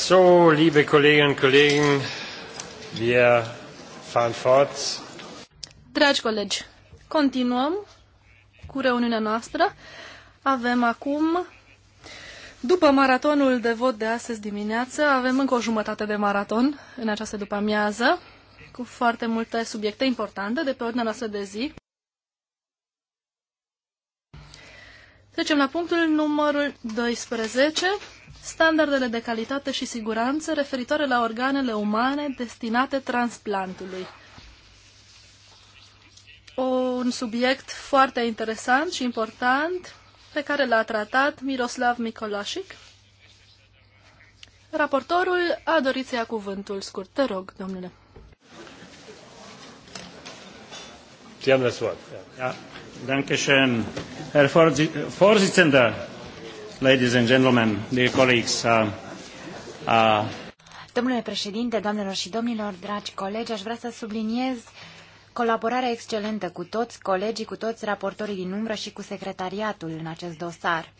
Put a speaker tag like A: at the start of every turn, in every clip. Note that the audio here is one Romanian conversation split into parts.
A: So, liebe Kolleginnen und Kollegen, wir fahren fort.
B: Dragi colegi, continuăm cu reuniunea noastră. Avem acum, după maratonul de vot de astăzi dimineață, avem încă o jumătate de maraton în această după-amiază, cu foarte multe subiecte importante de pe ordinea noastră de zi. Trecem la punctul numărul 12, standardele de calitate și siguranță referitoare la organele umane destinate transplantului. Un subiect foarte interesant și important pe care l-a tratat Miroslav Mikolașic. Raportorul a dorit să ia cuvântul scurt. Te rog, domnule.
A: Sie haben das Wort. Ja, danke schön. Herr Vorsitzender, Ladies and gentlemen, dear colleagues, uh, uh...
C: Domnule președinte, doamnelor și domnilor, dragi colegi, aș vrea să subliniez colaborarea excelentă cu toți colegii, cu toți raportorii din umbră și cu secretariatul în acest dosar.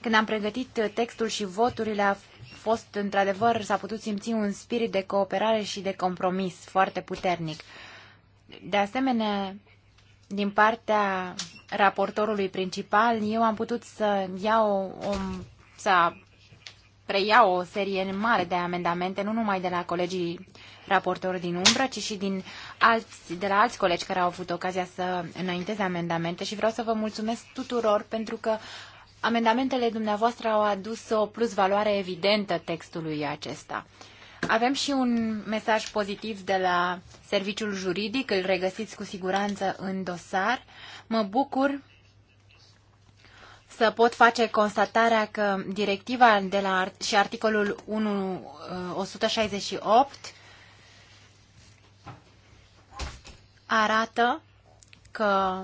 C: Când am pregătit textul și voturile, a fost, într-adevăr, s-a putut simți un spirit de cooperare și de compromis foarte puternic. De asemenea, din partea raportorului principal, eu am putut să iau o, să preiau o serie mare de amendamente, nu numai de la colegii raportori din umbră, ci și din alți, de la alți colegi care au avut ocazia să înainteze amendamente și vreau să vă mulțumesc tuturor pentru că amendamentele dumneavoastră au adus o plus valoare evidentă textului acesta. Avem și un mesaj pozitiv de la serviciul juridic, îl regăsiți cu siguranță în dosar. Mă bucur să pot face constatarea că directiva de la și articolul 1, 168 uh, arată că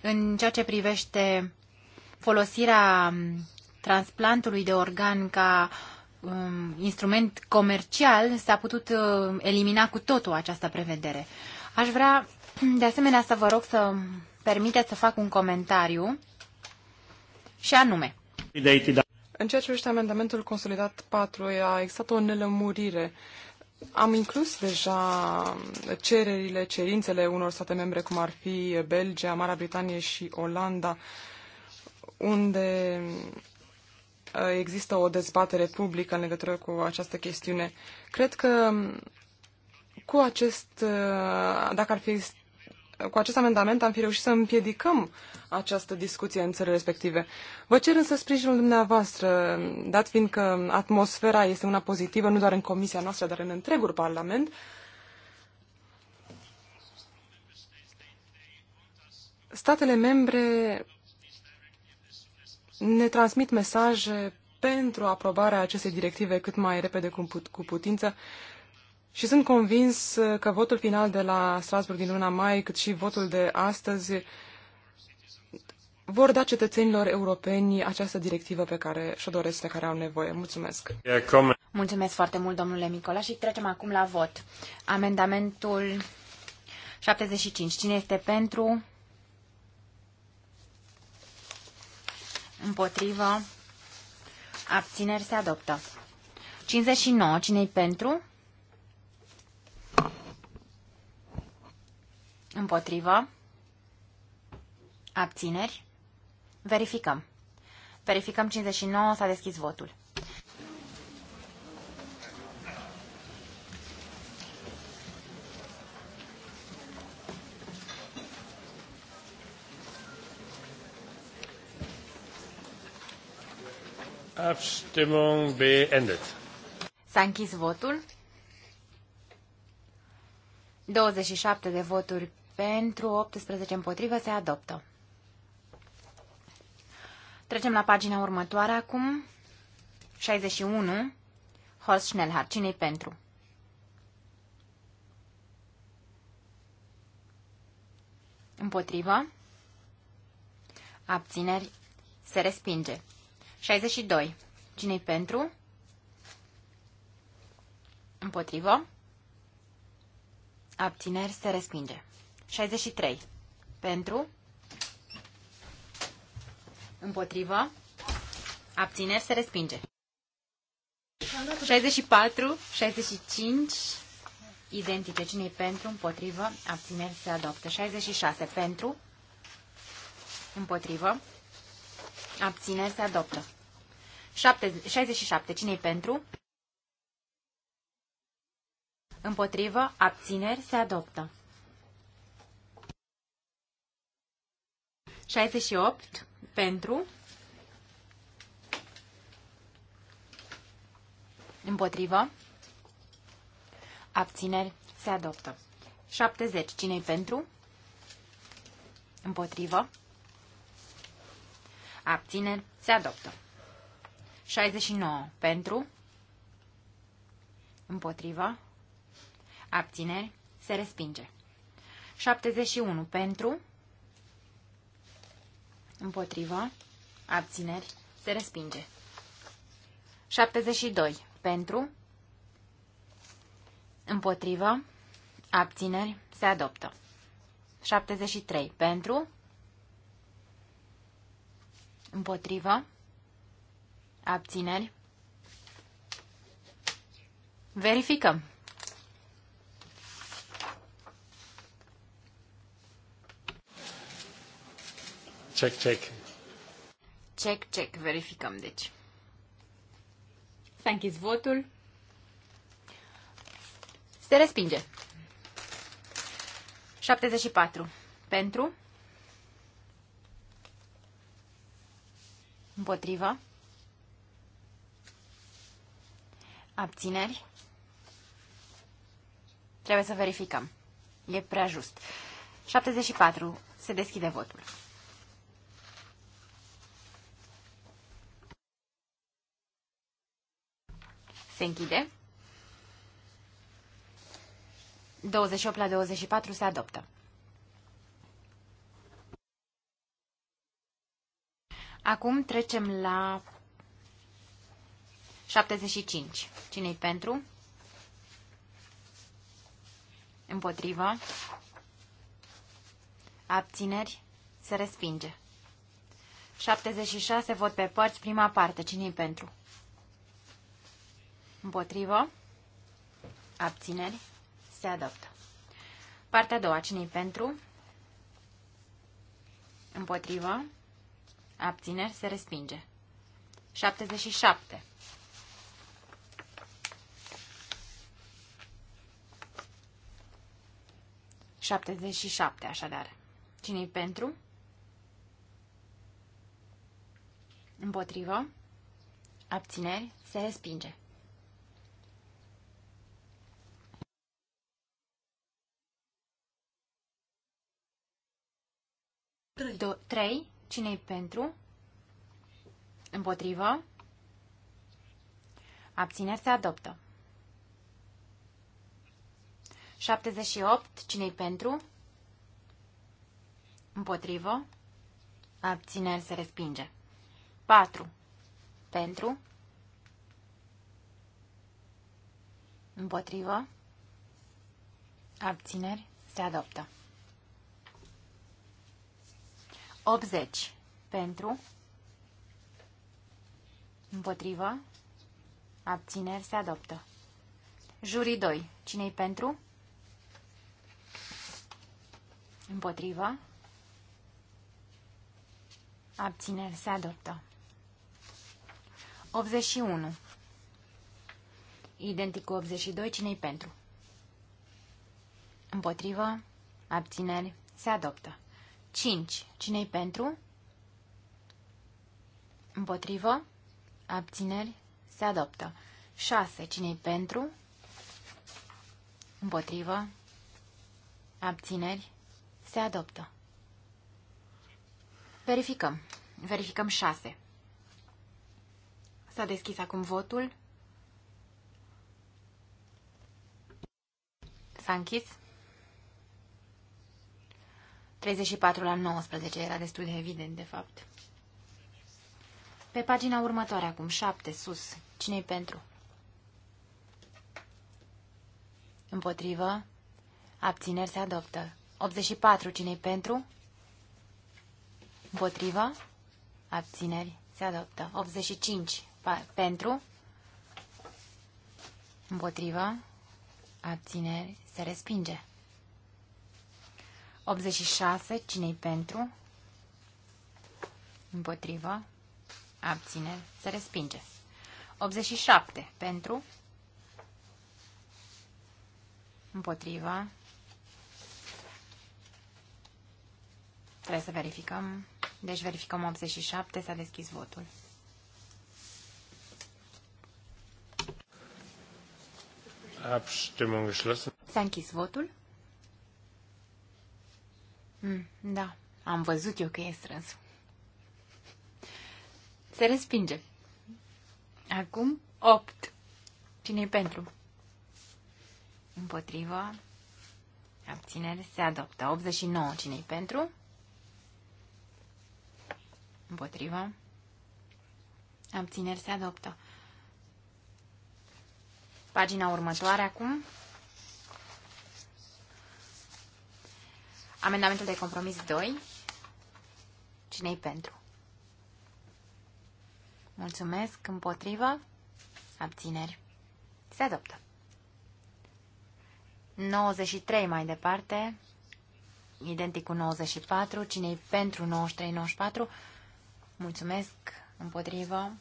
C: în ceea ce privește folosirea transplantului de organ ca um, instrument comercial, s-a putut uh, elimina cu totul această prevedere. Aș vrea, de asemenea, să vă rog să permite să fac un comentariu și anume.
D: În ceea ce privește amendamentul consolidat 4, a existat o nelămurire. Am inclus deja cererile, cerințele unor state membre, cum ar fi Belgia, Marea Britanie și Olanda, unde uh, există o dezbatere publică în legătură cu această chestiune. Cred că cu acest, uh, dacă ar fi cu acest amendament am fi reușit să împiedicăm această discuție în țările respective. Vă cer însă sprijinul dumneavoastră, dat fiind că atmosfera este una pozitivă, nu doar în comisia noastră, dar în întregul Parlament. Statele membre ne transmit mesaje pentru aprobarea acestei directive cât mai repede cu, cu putință și sunt convins uh, că votul final de la Strasburg din luna mai, cât și votul de astăzi, vor da cetățenilor europeni această directivă pe care și-o doresc, pe care au nevoie. Mulțumesc! Mulțumesc foarte mult, domnule Nicola, și trecem acum
C: la vot. Amendamentul 75. Cine este pentru? Împotrivă? Abțineri se adoptă. 59. Cine-i pentru? Împotrivă. Abțineri. Verificăm. Verificăm 59, s-a deschis votul.
A: Abstimmung beendet.
C: S-a închis votul. 27 de voturi pentru, 18 împotrivă, se adoptă. Trecem la pagina următoare acum, 61, Horst Schnellhar, cine pentru? Împotrivă. Abțineri. Se respinge. 62. cine pentru? Împotrivă. Abțineri. Se respinge. 63. Pentru. Împotrivă. Abțineri se respinge. 64, 65, identice. cine pentru, împotrivă, abțineri se adoptă. 66, pentru, împotrivă, abțineri se adoptă. 67, cine pentru, împotrivă, abțineri se adoptă. 68 pentru, împotrivă, abțineri, se adoptă. 70, cine pentru? Împotrivă, abțineri, se adoptă. 69 pentru, împotrivă, abțineri, se respinge. 71 pentru, Împotriva. Abțineri. Se respinge. 72. Pentru. Împotriva. Abțineri. Se adoptă. 73. Pentru. Împotriva. Abțineri. Verificăm. Check, check. Check, check. Verificăm, deci. S-a închis votul. Se respinge. 74. Pentru. Împotrivă. Abțineri. Trebuie să verificăm. E prea just. 74. Se deschide votul. se închide. 28 la 24 se adoptă. Acum trecem la 75. Cine-i pentru? Împotriva. Abțineri. Se respinge. 76 vot pe părți, prima parte. Cine-i pentru? Împotrivă. Abțineri. Se adoptă. Partea a doua. cine pentru? Împotrivă. Abțineri. Se respinge. 77. Șaptezeci și șapte, așadar. cine pentru? Împotrivă. Abțineri. Se respinge. 3. Cine-i pentru? Împotrivă? Abțineri se adoptă. 78. Cine-i pentru? Împotrivă? Abțineri se respinge. 4. Pentru? Împotrivă? Abțineri se adoptă. 80 pentru, împotrivă, abțineri se adoptă. Jurii 2, cine-i pentru? Împotrivă, abțineri se adoptă. 81, identic cu 82, cine-i pentru? Împotrivă, abțineri se adoptă. 5. Cine-i pentru? Împotrivă? Abțineri? Se adoptă. 6. Cine-i pentru? Împotrivă? Abțineri? Se adoptă. Verificăm. Verificăm 6. S-a deschis acum votul. S-a închis. 34 la 19 era destul de evident, de fapt. Pe pagina următoare, acum, 7, sus. Cine-i pentru? Împotrivă. Abțineri se adoptă. 84. Cine-i pentru? Împotrivă. Abțineri se adoptă. 85. pentru. Împotrivă. Abțineri se respinge. 86, cine-i pentru? Împotrivă. abține, Se respinge. 87, pentru? Împotriva. Trebuie să verificăm. Deci verificăm 87, s-a deschis votul. S-a închis votul. Mm, da, am văzut eu că e strâns. Se respinge. Acum opt. cine e pentru? Împotrivă. Abținere se adoptă. 89. cine e pentru? Împotrivă. Abținere se adoptă. Pagina următoare acum. Amendamentul de compromis 2. Cine-i pentru? Mulțumesc. Împotrivă. Abțineri. Se adoptă. 93 mai departe. Identic cu 94. Cine-i pentru 93-94? Mulțumesc. Împotrivă.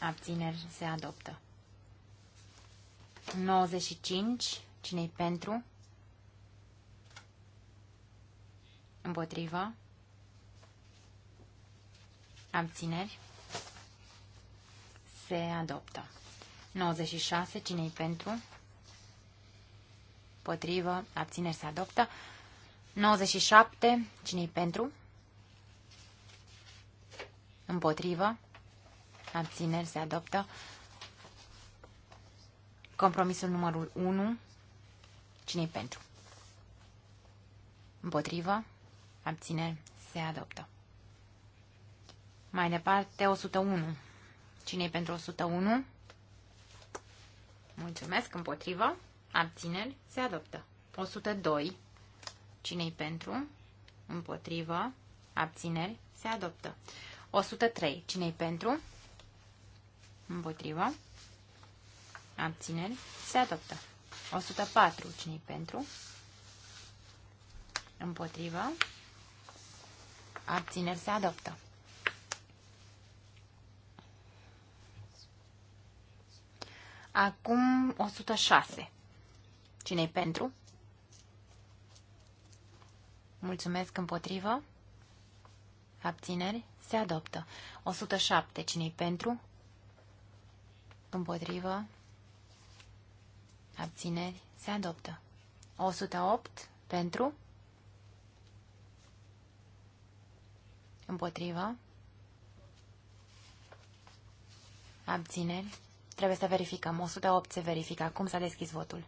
C: Abțineri. Se adoptă. 95. Cine-i pentru? Împotrivă? Abțineri. Se adoptă. 96. Cine-i pentru? Potrivă. Abțineri se adoptă. 97. Cine-i pentru? Împotrivă. Abțineri se adoptă. Compromisul numărul 1. Cine-i pentru? Împotrivă abțineri, se adoptă. Mai departe, 101. cine e pentru 101? Mulțumesc, împotrivă, abțineri, se adoptă. 102. cine e pentru? Împotrivă, abțineri, se adoptă. 103. cine e pentru? Împotrivă, abțineri, se adoptă. 104. cine e pentru? Împotrivă, abțineri se adoptă. Acum 106. cine e pentru? Mulțumesc împotrivă. Abțineri se adoptă. 107. cine e pentru? Împotrivă. Abțineri se adoptă. 108. Pentru? Împotrivă. Abțineri. Trebuie să verificăm. 108 se verifică. Acum s-a deschis votul.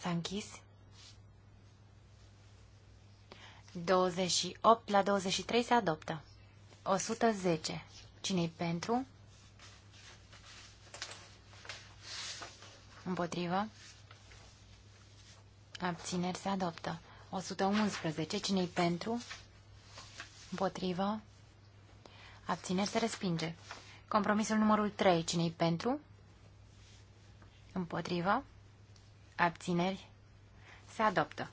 C: S-a închis. 28 la 23 se adoptă. 110. Cine-i pentru? Împotrivă. Abțineri se adoptă. 111. Cine-i pentru? Împotrivă. Abțineri se respinge. Compromisul numărul 3. Cine-i pentru? Împotrivă. Abțineri se adoptă.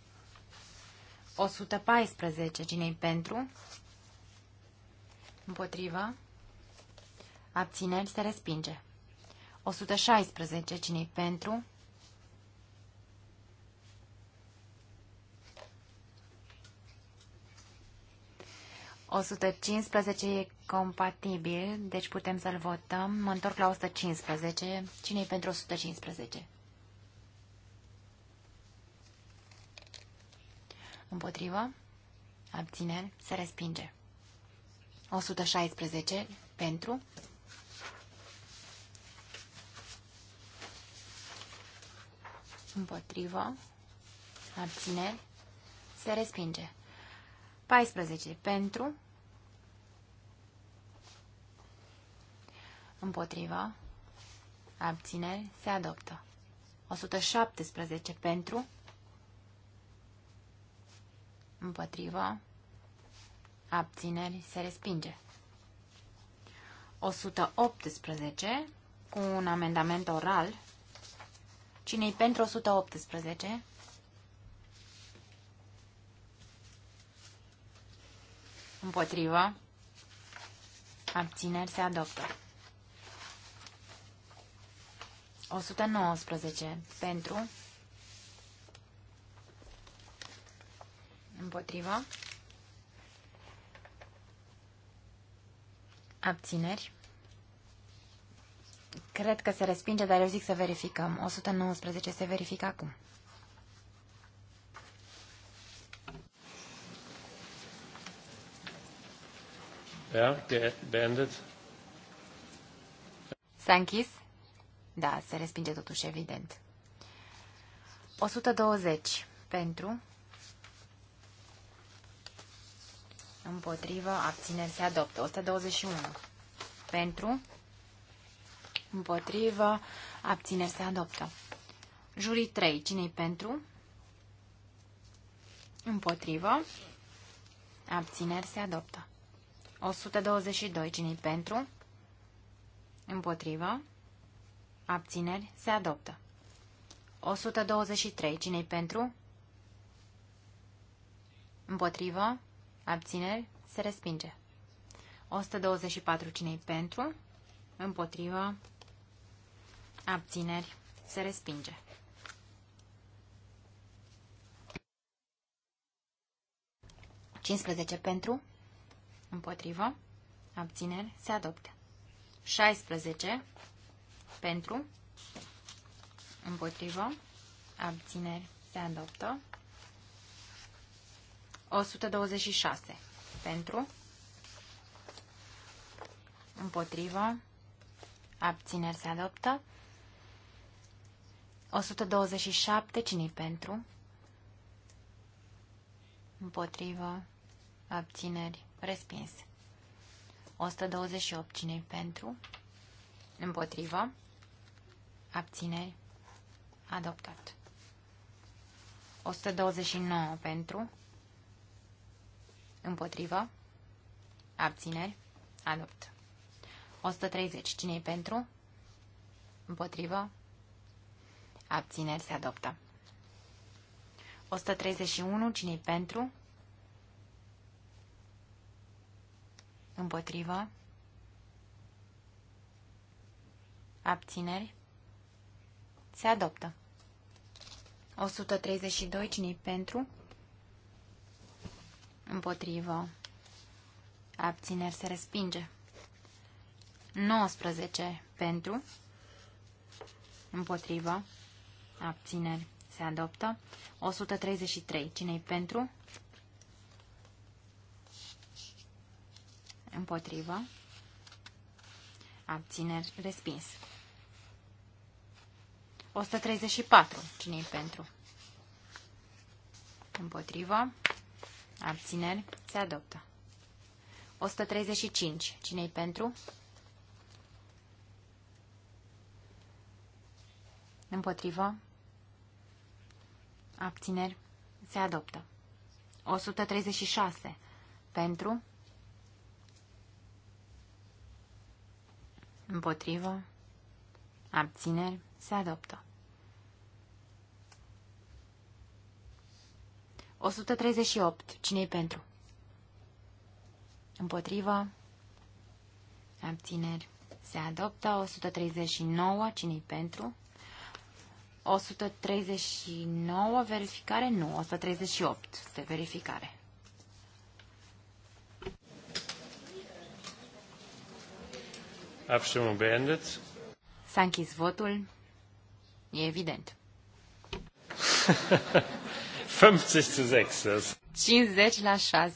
C: 114. Cine-i pentru? Împotrivă. Abțineri se respinge. 116. Cine-i pentru? Împotrivă. 115 e compatibil, deci putem să-l votăm. Mă întorc la 115. Cine e pentru 115? Împotrivă? Abțineri? Se respinge. 116 pentru. Împotrivă? Abțineri? Se respinge. 14 pentru, împotriva, abțineri, se adoptă. 117 pentru, împotriva, abțineri, se respinge. 118 cu un amendament oral. Cine-i pentru 118? Împotrivă. Abțineri se adoptă. 119. Pentru. Împotrivă. Abțineri. Cred că se respinge, dar eu zic să verificăm. 119 se verifică acum.
A: Da? Beendet?
C: S-a închis? Da, se respinge totuși, evident. 120 pentru, împotrivă, abțineri se adoptă. 121 pentru, împotrivă, abțineri se adoptă. Jurii 3, cine pentru? Împotrivă, abțineri se adoptă. 122. cine pentru? Împotrivă. Abțineri. Se adoptă. 123. cine pentru? Împotrivă. Abțineri. Se respinge. 124. cine pentru? Împotrivă. Abțineri. Se respinge. Cincisprezece pentru. Împotrivă. Abțineri. Se adoptă. 16. Pentru. Împotrivă. Abțineri. Se adoptă. 126. Pentru. Împotrivă. Abțineri. Se adoptă. 127. cine pentru? Împotrivă. Abțineri. Respins. 128. cine pentru? Împotrivă. Abțineri. Adoptat. 129 pentru. Împotrivă. Abțineri. Adopt. 130. cine pentru? Împotrivă. Abțineri se adoptă. 131. cine pentru? Împotrivă. Abțineri. Se adoptă. 132. Cine-i pentru? Împotrivă. Abțineri se respinge. 19 pentru. Împotrivă. Abțineri se adoptă. 133. Cine-i pentru? Împotrivă. Abțineri. Respins. 134. cine e pentru? Împotrivă. Abțineri. Se adoptă. 135. cine e pentru? Împotrivă. Abțineri. Se adoptă. 136. Pentru. Împotrivă. Abțineri. Se adoptă. 138. Cine-i pentru? Împotrivă. Abțineri. Se adoptă. 139. Cine-i pentru? 139. Verificare? Nu. 138. Este verificare.
A: Abstimmung beendet.
C: S-a închis votul. E evident.
A: 50 la 6.
C: 50 la 6.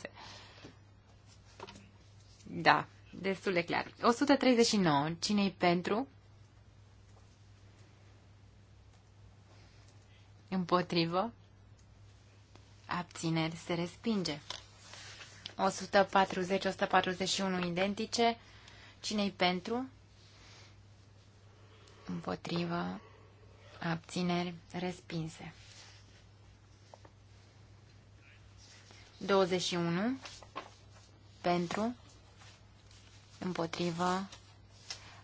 C: Da, destul de clar. 139. Cine-i pentru? Împotrivă? Abțineri se respinge. 140-141 identice. Cine-i pentru? Împotrivă. Abțineri respinse. 21. Pentru. Împotrivă.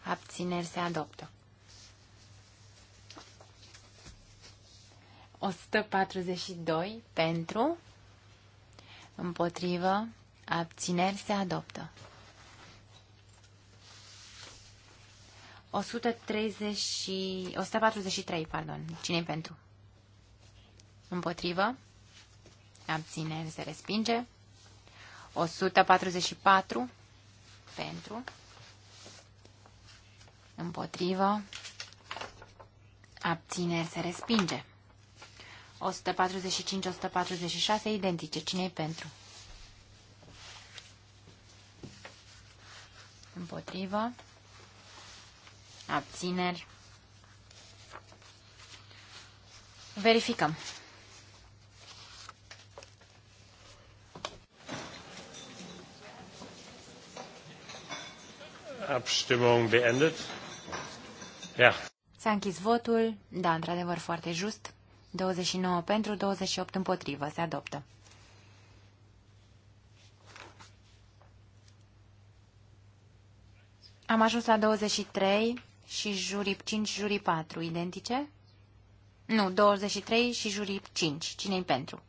C: Abțineri se adoptă. 142. Pentru. Împotrivă. Abțineri se adoptă. 130 143, pardon. Cine-i pentru? Împotrivă. Abțineri se respinge. 144 pentru. Împotrivă. Abțineri se respinge. 145-146 identice. cine e pentru? Împotrivă abțineri. Verificăm.
A: Abstimmung beendet. Ja.
C: S-a închis votul. Da, într-adevăr, foarte just. 29 pentru, 28 împotrivă. Se adoptă. Am ajuns la 23 și jurii 5, jurii 4, identice? Nu, 23 și jurii 5. Cine-i pentru?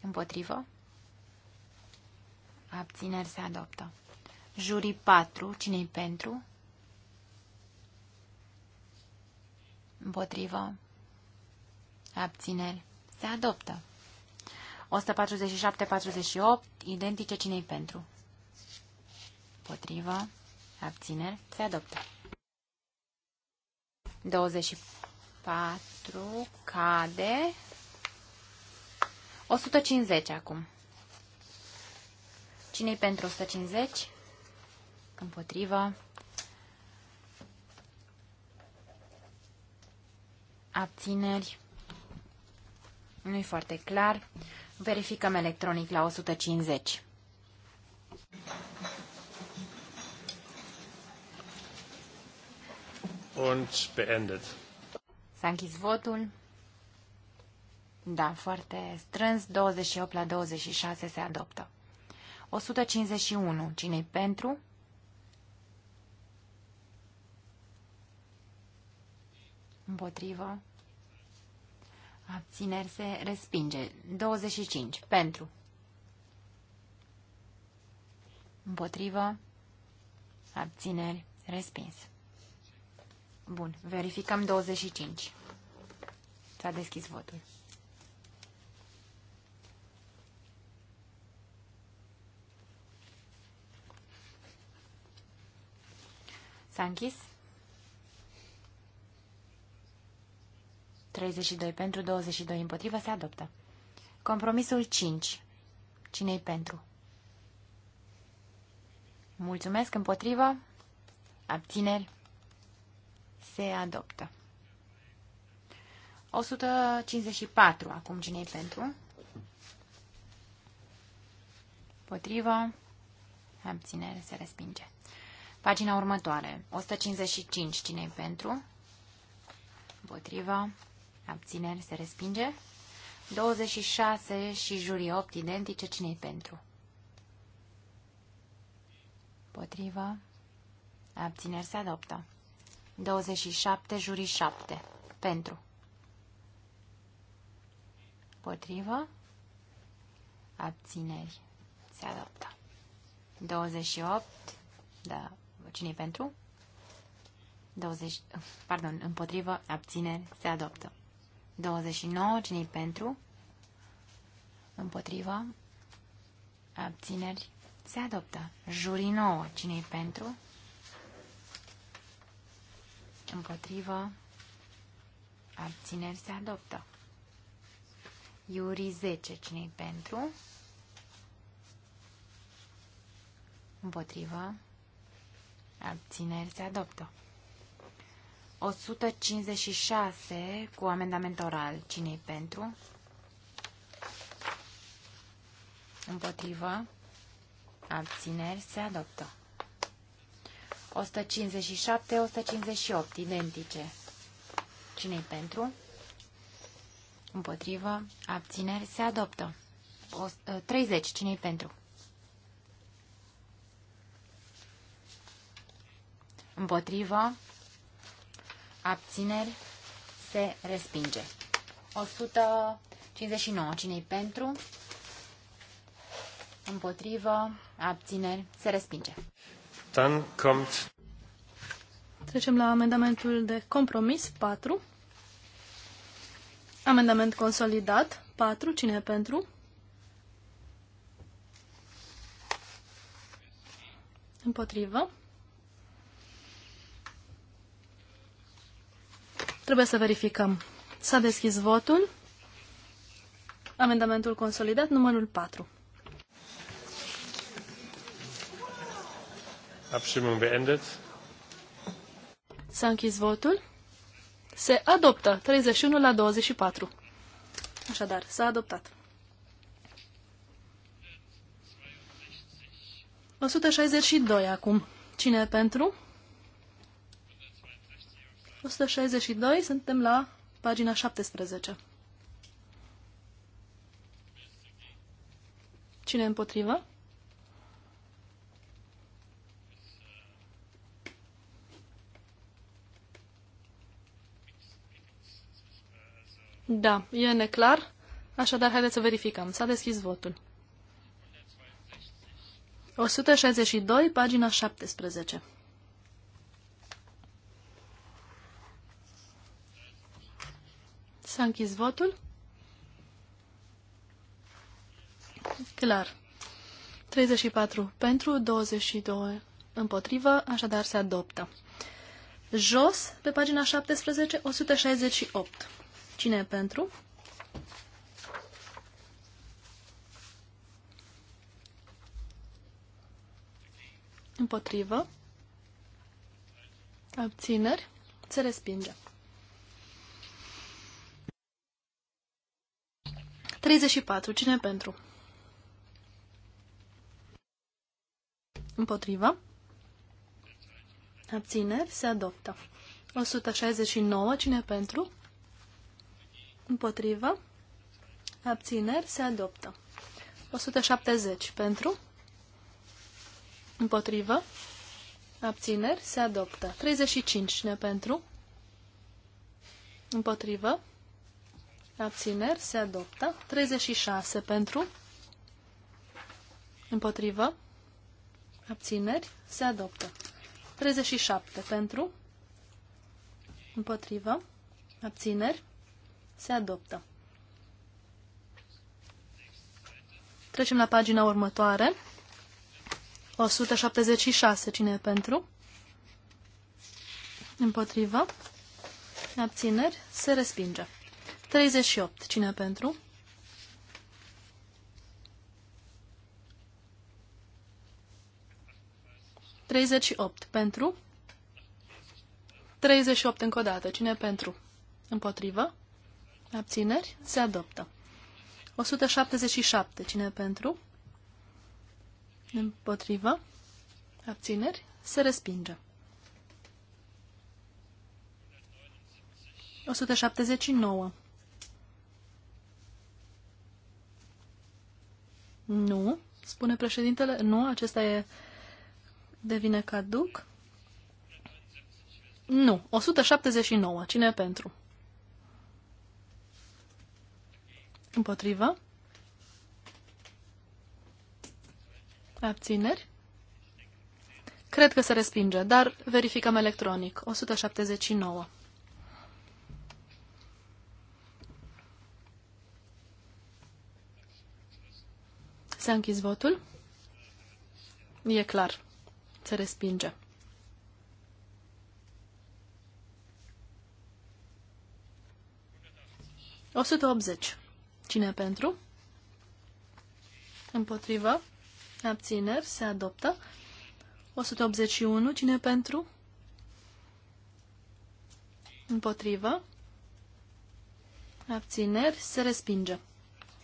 C: Împotrivă? Abțineri se adoptă. Jurii 4. Cine-i pentru? Împotrivă? Abțineri se adoptă. 147-48. Identice cine-i pentru? Împotrivă? abțineri, se adoptă. 24 cade. 150 acum. cine e pentru 150? Împotrivă. Abțineri. Nu-i foarte clar. Verificăm electronic la 150.
A: und beendet.
C: S-a închis votul. Da, foarte strâns. 28 la 26 se adoptă. 151. Cine-i pentru? Împotrivă. Abțineri se respinge. 25. Pentru. Împotrivă. Abțineri. Respins. Bun, verificăm 25. S-a deschis votul. S-a închis? 32 pentru, 22 împotrivă, se adoptă. Compromisul 5. Cine-i pentru? Mulțumesc, împotrivă, abțineri, se adoptă. 154. Acum cine pentru? Potrivă. Abținere se respinge. Pagina următoare. 155. cine pentru? Potrivă. Abțineri se respinge. 26 și jurii 8 identice. cine pentru? Potrivă. Abțineri se adoptă. 27, jurii 7. Pentru. Potrivă. Abțineri. Se adoptă. 28. Da. cine pentru? 20, pardon, împotrivă, abțineri, se adoptă. 29, cine pentru? Împotrivă, abțineri, se adoptă. Juri 9, cine pentru? Împotrivă. Abțineri se adoptă. Iuri 10. cine pentru? Împotrivă. Abțineri se adoptă. 156 cu amendament oral. cine pentru? Împotrivă. Abțineri se adoptă. 157-158, identice. Cine-i pentru? Împotrivă. Abțineri se adoptă. 30. Ă, cine-i pentru? Împotrivă. Abțineri se respinge. 159. Cine-i pentru? Împotrivă. Abțineri se respinge.
A: Dann kommt
C: Trecem la amendamentul de
B: compromis 4. Amendament consolidat 4. Cine e pentru? Împotrivă. Trebuie să verificăm. S-a deschis votul. Amendamentul consolidat numărul 4.
A: Abstimmung beendet.
B: S-a închis votul. Se adoptă 31 la 24. Așadar, s-a adoptat. 162 acum. Cine e pentru? 162, suntem la pagina 17. Cine e împotrivă? Da, e neclar. Așadar, haideți să verificăm. S-a deschis votul. 162, pagina 17. S-a închis votul. Clar. 34 pentru, 22 împotrivă, așadar se adoptă. Jos, pe pagina 17, 168. Cine e pentru? Împotrivă. Abțineri. Se respinge. 34. Cine pentru? Împotrivă. Abțineri. Se adoptă. 169. Cine pentru? Împotrivă. Abțineri se adoptă. 170 pentru. Împotrivă. Abțineri se adoptă. 35 ne pentru. Împotrivă. Abțineri se adoptă. 36 pentru. Împotrivă. Abțineri se adoptă. 37 pentru. Împotrivă. Abțineri se adoptă. Trecem la pagina următoare. 176. Cine e pentru? Împotrivă. Abțineri. Se respinge. 38. Cine e pentru? Treizeci opt pentru. Treizeci opt încă o dată. Cine pentru? Împotrivă. Abțineri? Se adoptă. 177. Cine pentru? Împotrivă? Abțineri? Se respinge. 179. Nu, spune președintele. Nu, acesta e devine caduc. Nu, 179. Cine pentru? Împotrivă. Abțineri. Cred că se respinge, dar verificăm electronic. 179. S-a închis votul? E clar. Se respinge. O sută Cine pentru? Împotrivă. Abțineri. Se adoptă. 181. Cine pentru? Împotrivă. Abțineri. Se respinge.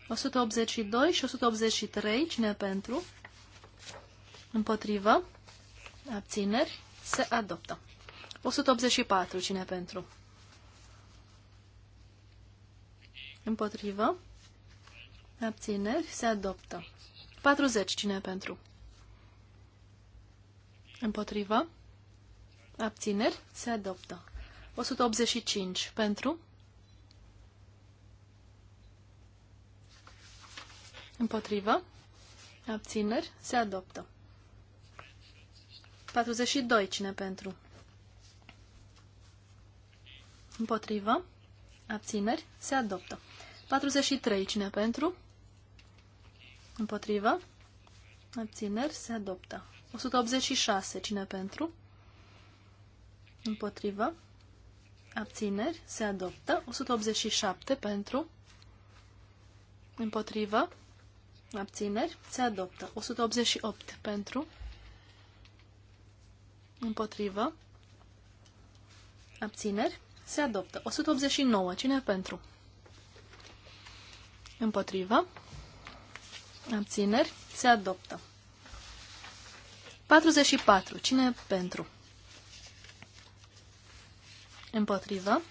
B: 182 și 183. Cine pentru? Împotrivă. Abțineri. Se adoptă. 184. Cine pentru? Împotrivă. Abțineri se adoptă. 40. Cine pentru? Împotrivă. Abțineri se adoptă. 185. Pentru? Împotrivă. Abțineri se adoptă. 42. Cine pentru? Împotrivă. Abțineri se adoptă. 43. Cine pentru? Împotrivă. Abțineri se adoptă. 186. Cine pentru? Împotrivă. Abțineri se adoptă. 187 pentru. Împotrivă. Abțineri se adoptă. 188 pentru. Împotrivă. Abțineri se adoptă. 189. Cine pentru? Împotrivă. Abțineri. Se adoptă. 44. Cine pentru? Împotrivă.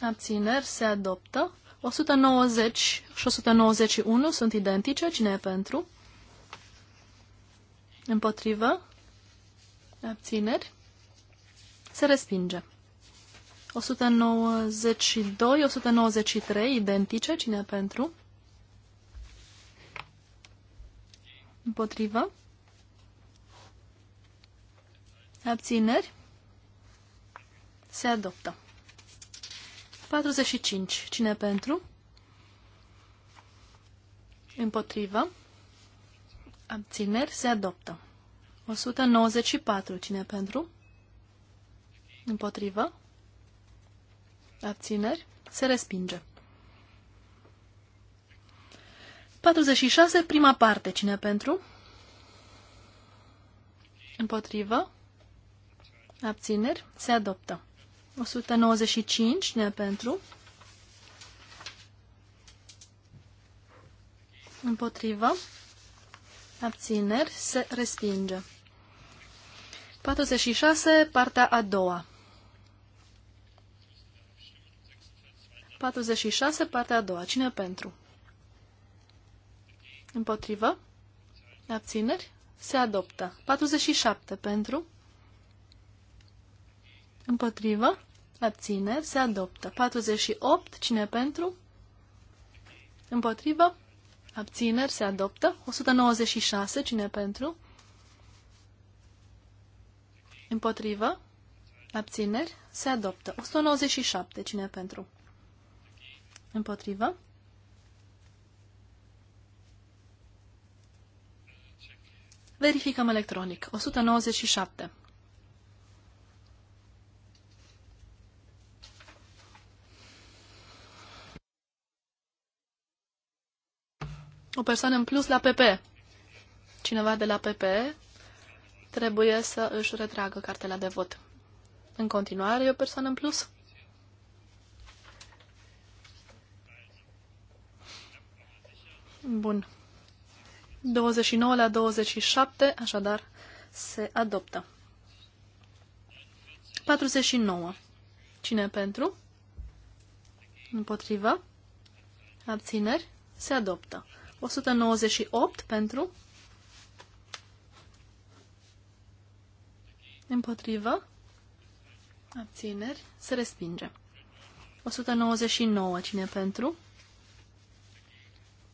B: Abțineri. Se adoptă. 190 și 191 sunt identice. Cine e pentru? Împotrivă. Abțineri. Se respinge. 192, 193, identice, cine pentru? Împotrivă? Abțineri? Se adoptă. 45. Cine pentru? Împotrivă? Abțineri? Se adoptă. 194. Cine pentru? Împotrivă? Abțineri? Se respinge. 46, prima parte. Cine pentru? Împotrivă. Abțineri. Se adoptă. 195. Cine pentru? Împotrivă. Abțineri. Se respinge. 46. Partea a doua. 46. Partea a doua. Cine pentru? Împotrivă. Abțineri. Se adoptă. 47 pentru. Împotrivă. Abțineri. Se adoptă. 48. Cine pentru? Împotrivă. Abțineri. Se adoptă. 196. Cine pentru? Împotrivă. Abțineri. Se adoptă. 197. Cine pentru? Împotrivă. Verificăm electronic. 197. O persoană în plus la PP. Cineva de la PP trebuie să își retragă cartela de vot. În continuare, e o persoană în plus? Bun. 29 la 27, așadar, se adoptă. 49. Cine pentru? Împotrivă? Abțineri? Se adoptă. 198 pentru? Împotrivă? Abțineri? Se respinge. 199. Cine pentru?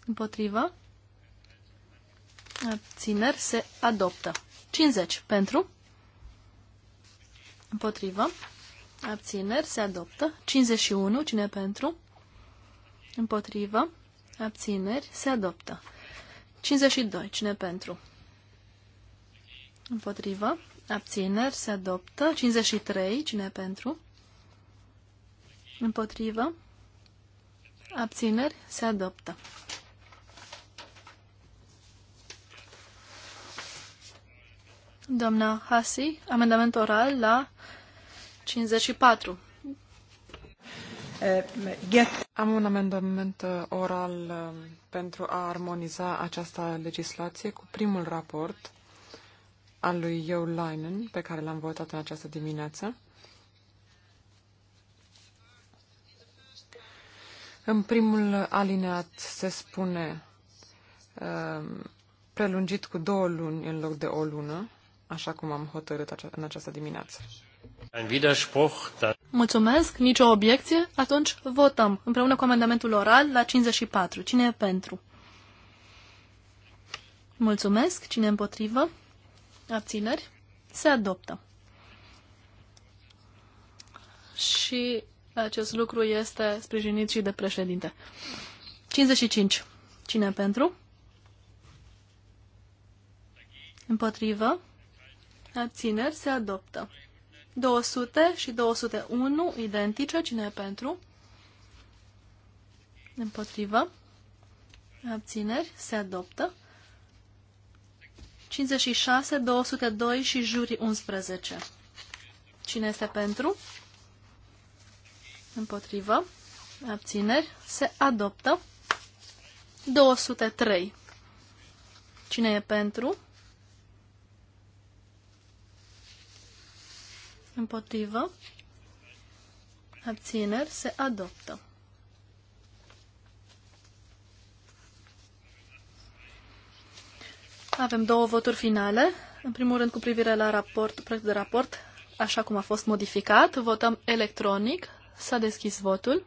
B: Împotrivă? Abțineri se adoptă. 50 pentru. Împotrivă. Abțineri se adoptă. 51. Cine pentru? Împotrivă. Abțineri se adoptă. 52. Cine pentru? Împotrivă. Abțineri se adoptă. 53. Cine pentru? Împotrivă. Abțineri se adoptă. Doamna Hasi, amendament oral la 54.
D: Eh, Am un amendament eh, oral eh, pentru a armoniza această legislație cu primul raport al lui Jo Leinen, pe care l-am votat în această dimineață. În primul alineat se spune prelungit cu două luni în loc de o lună așa cum am hotărât în această dimineață. Da. Mulțumesc,
B: nicio obiecție? Atunci votăm împreună cu amendamentul oral la 54. Cine e pentru? Mulțumesc, cine împotrivă? Abțineri? Se adoptă. Și acest lucru este sprijinit și de președinte. 55. Cine pentru? Împotrivă? abțineri, se adoptă. 200 și 201 identice, cine e pentru? Împotrivă. Abțineri, se adoptă. 56, 202 și juri 11. Cine este pentru? Împotrivă. Abțineri, se adoptă. 203. Cine e pentru? împotrivă, abțineri, se adoptă. Avem două voturi finale. În primul rând, cu privire la raport, proiect de raport, așa cum a fost modificat, votăm electronic. S-a deschis votul.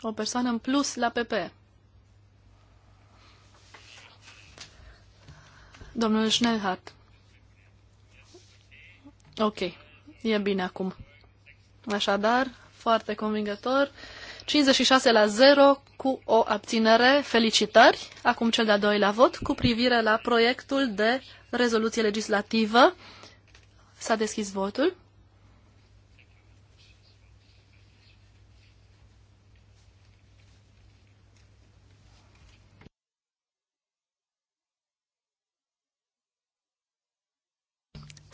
B: O persoană în plus la PP. Domnul Schnellhardt. Ok, e bine acum. Așadar, foarte convingător. 56 la 0 cu o abținere. Felicitări! Acum cel de-al doilea vot cu privire la proiectul de rezoluție legislativă. S-a deschis votul.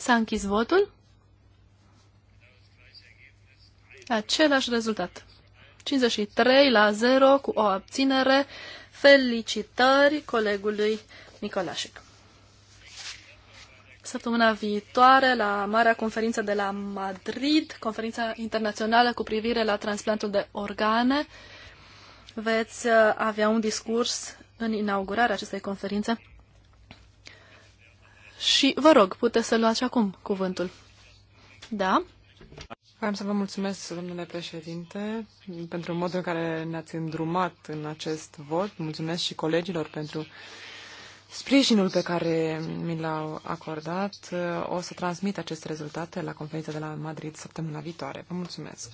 B: S-a închis votul. Același rezultat. 53 la 0 cu o abținere. Felicitări colegului Nicolașic. Săptămâna viitoare, la marea conferință de la Madrid, conferința internațională cu privire la transplantul de organe, veți uh, avea un discurs în inaugurarea acestei conferințe și vă rog, puteți să luați acum cuvântul. Da?
D: Vreau să vă mulțumesc, domnule președinte, pentru modul în care ne-ați îndrumat în acest vot. Mulțumesc și colegilor pentru sprijinul pe care mi l-au acordat. O să transmit aceste rezultate la conferința de la Madrid săptămâna viitoare. Vă mulțumesc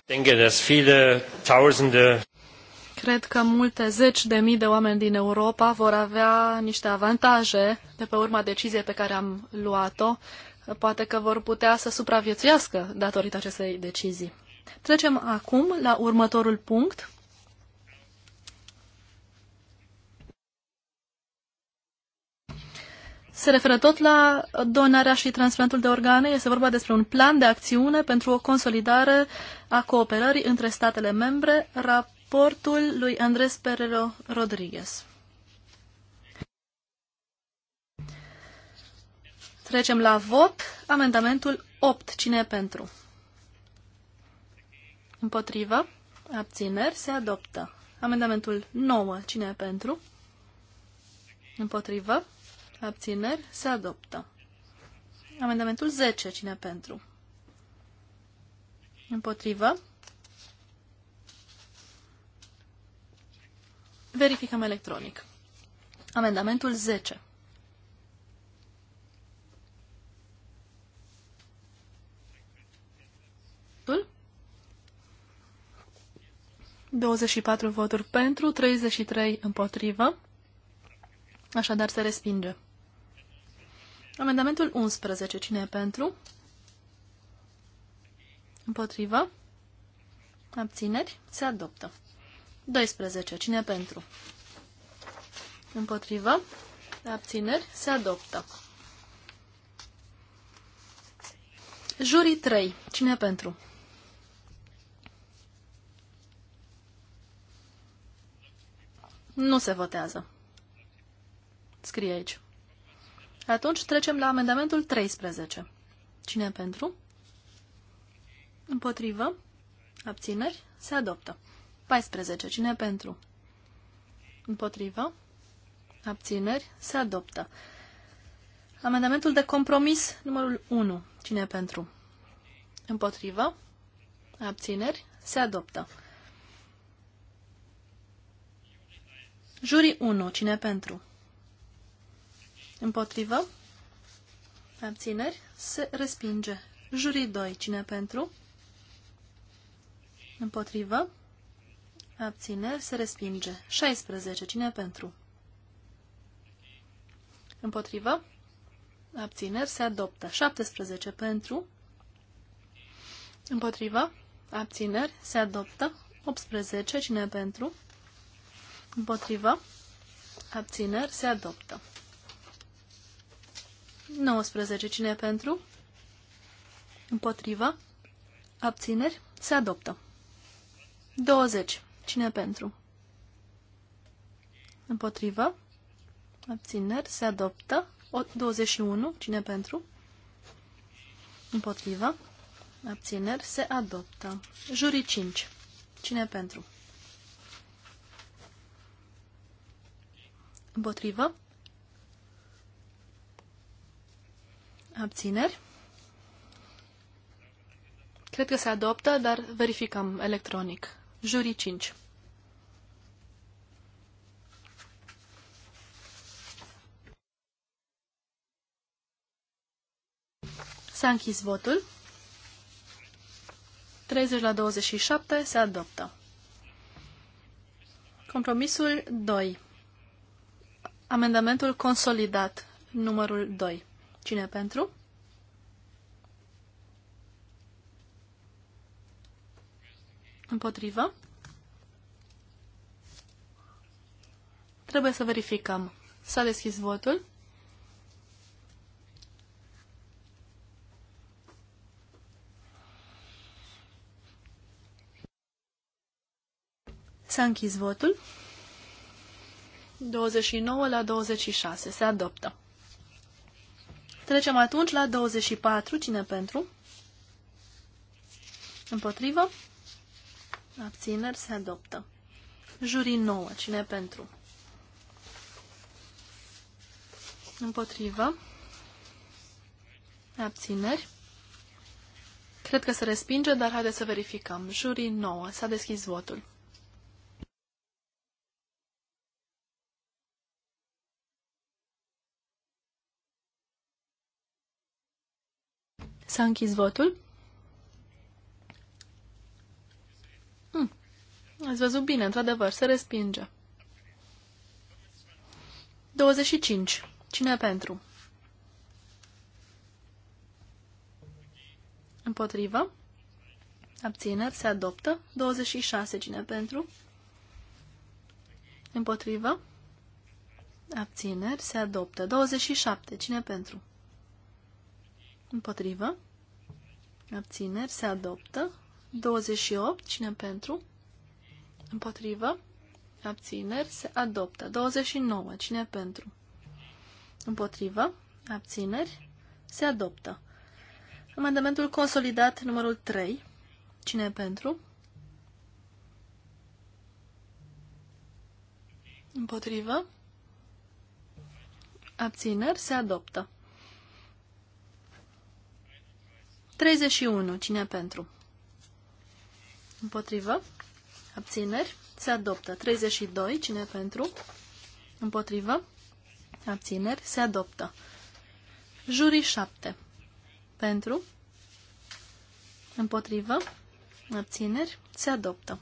B: cred că multe zeci de mii de oameni din Europa vor avea niște avantaje de pe urma deciziei pe care am luat-o. Poate că vor putea să supraviețuiască datorită acestei decizii. Trecem acum la următorul punct. Se referă tot la donarea și transplantul de organe. Este vorba despre un plan de acțiune pentru o consolidare a cooperării între statele membre. Rap Portul lui Andres Perero Rodriguez. Trecem la vot. Amendamentul 8. Cine e pentru? Împotrivă. Abțineri. Se adoptă. Amendamentul 9. Cine e pentru? Împotrivă. Abțineri. Se adoptă. Amendamentul 10. Cine e pentru? Împotrivă. Verificăm electronic. Amendamentul 10. votul. 24 voturi pentru, 33 împotrivă. Așadar se respinge. Amendamentul 11. Cine e pentru? Împotrivă. Abțineri. Se adoptă. 12. Cine pentru? Împotrivă. Abțineri. Se adoptă. Jurii 3. Cine pentru? Nu se votează. Scrie aici. Atunci trecem la amendamentul 13. Cine pentru? Împotrivă. Abțineri. Se adoptă. 14. Cine pentru? Împotrivă? Abțineri? Se adoptă. Amendamentul de compromis numărul 1. Cine pentru? Împotrivă? Abțineri? Se adoptă. Jurii 1. Cine pentru? Împotrivă? Abțineri? Se respinge. Jurii 2. Cine pentru? Împotrivă? Abțineri se respinge. 16. Cine pentru? Împotrivă. Abțineri se adoptă. 17. Pentru. Împotrivă. Abțineri se adoptă. 18. Cine pentru? Împotrivă. Abțineri se adoptă. 19. Cine pentru? Împotrivă. Abțineri se adoptă. 20. Cine pentru? Împotrivă. Abțineri. Se adoptă. O, 21. Cine pentru? Împotrivă. Abțineri. Se adoptă. Juri 5. Cine pentru? Împotrivă. Abțineri. Cred că se adoptă, dar verificăm electronic. Juri 5. S-a închis votul. 30 la 27 se adoptă. Compromisul 2. Amendamentul consolidat numărul 2. Cine pentru? Împotrivă. Trebuie să verificăm. S-a deschis votul. S-a închis votul. 29 la 26. Se adoptă. Trecem atunci la 24. Cine pentru? Împotrivă? Abțineri se adoptă. Jurii nouă. Cine pentru? Împotrivă. Abțineri. Cred că se respinge, dar haideți să verificăm. Jurii nouă. S-a deschis votul. S-a închis votul. Ați văzut bine, într-adevăr, se respinge. 25. Cine pentru? Împotrivă. Abțineri se adoptă. 26. Cine pentru? Împotrivă. Abțineri se adoptă. 27. Cine pentru? Împotrivă. Abțineri se adoptă. 28. Cine pentru? Împotrivă. Abțineri se adoptă. 29. Cine pentru? Împotrivă. Abțineri se adoptă. Amendamentul consolidat numărul 3. Cine pentru? Împotrivă. Abțineri se adoptă. 31. Cine pentru? Împotrivă. Abțineri. Se adoptă. 32. Cine pentru? Împotrivă. Abțineri. Se adoptă. Jurii 7. Pentru. Împotrivă. Abțineri. Se adoptă.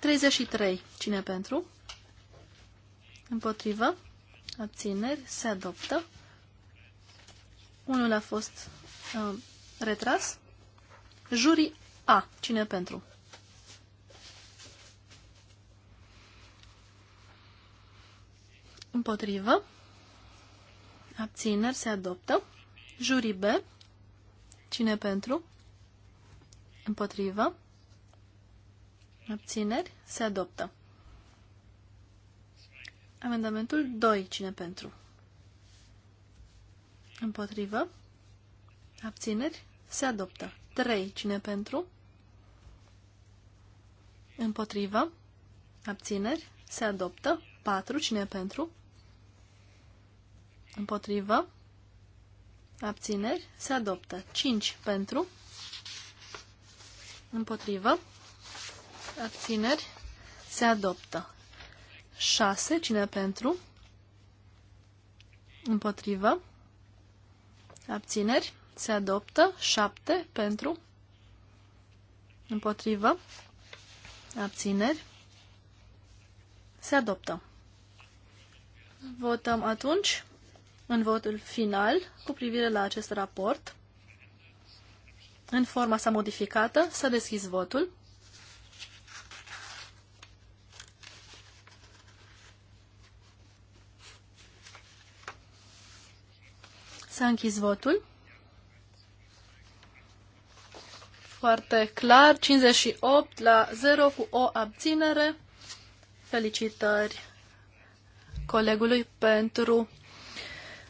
B: 33. Cine pentru? Împotrivă. Abțineri. Se adoptă. Unul a fost uh, retras. Jurii A. Cine pentru? Împotrivă. Abțineri se adoptă. Jurii B. Cine pentru? Împotrivă. Abțineri se adoptă. Amendamentul 2. Cine pentru? Împotrivă. Abțineri se adoptă. 3. Cine pentru? Împotrivă. Abțineri se adoptă. 4. Cine pentru? Împotrivă. Abțineri. Se adoptă. 5 pentru. Împotrivă. Abțineri. Se adoptă. 6. Cine pentru? Împotrivă. Abțineri. Se adoptă. 7 pentru. Împotrivă. Abțineri. Se adoptă. Votăm atunci în votul final cu privire la acest raport. În forma sa modificată, să deschis votul. S-a închis votul. Foarte clar, 58 la 0 cu o abținere. Felicitări colegului pentru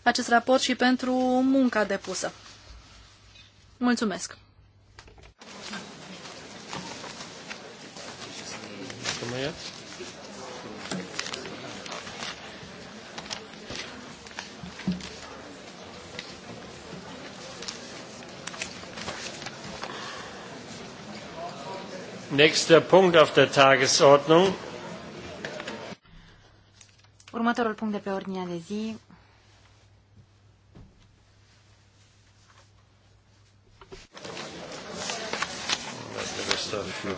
B: acest raport și pentru munca depusă. Mulțumesc!
A: Nächster uh, Punkt auf der Tagesordnung.
C: Următorul punct de pe ordinea de zi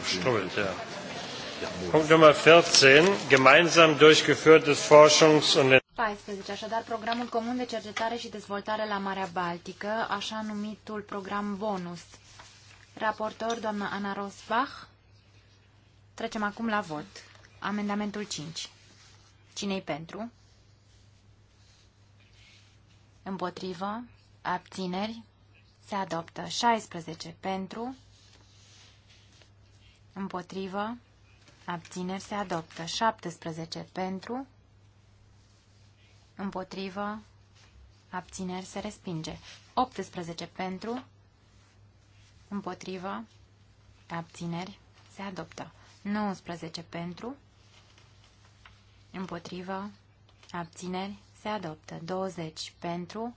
A: Stolz, ja. Nummer 14. Gemeinsam durchgeführtes Forschungs- und
C: 14, așadar programul comun de cercetare și dezvoltare la Marea Baltică, așa numitul program bonus. Raportor, doamna Ana Rosbach. Trecem acum la vot. Amendamentul 5. Cine-i pentru? Împotrivă? Abțineri? Se adoptă 16 pentru, împotrivă, abțineri se adoptă. 17 pentru, împotrivă, abțineri se respinge. 18 pentru, împotrivă, abțineri se adoptă. 19 pentru, împotrivă, abțineri se adoptă. 20 pentru,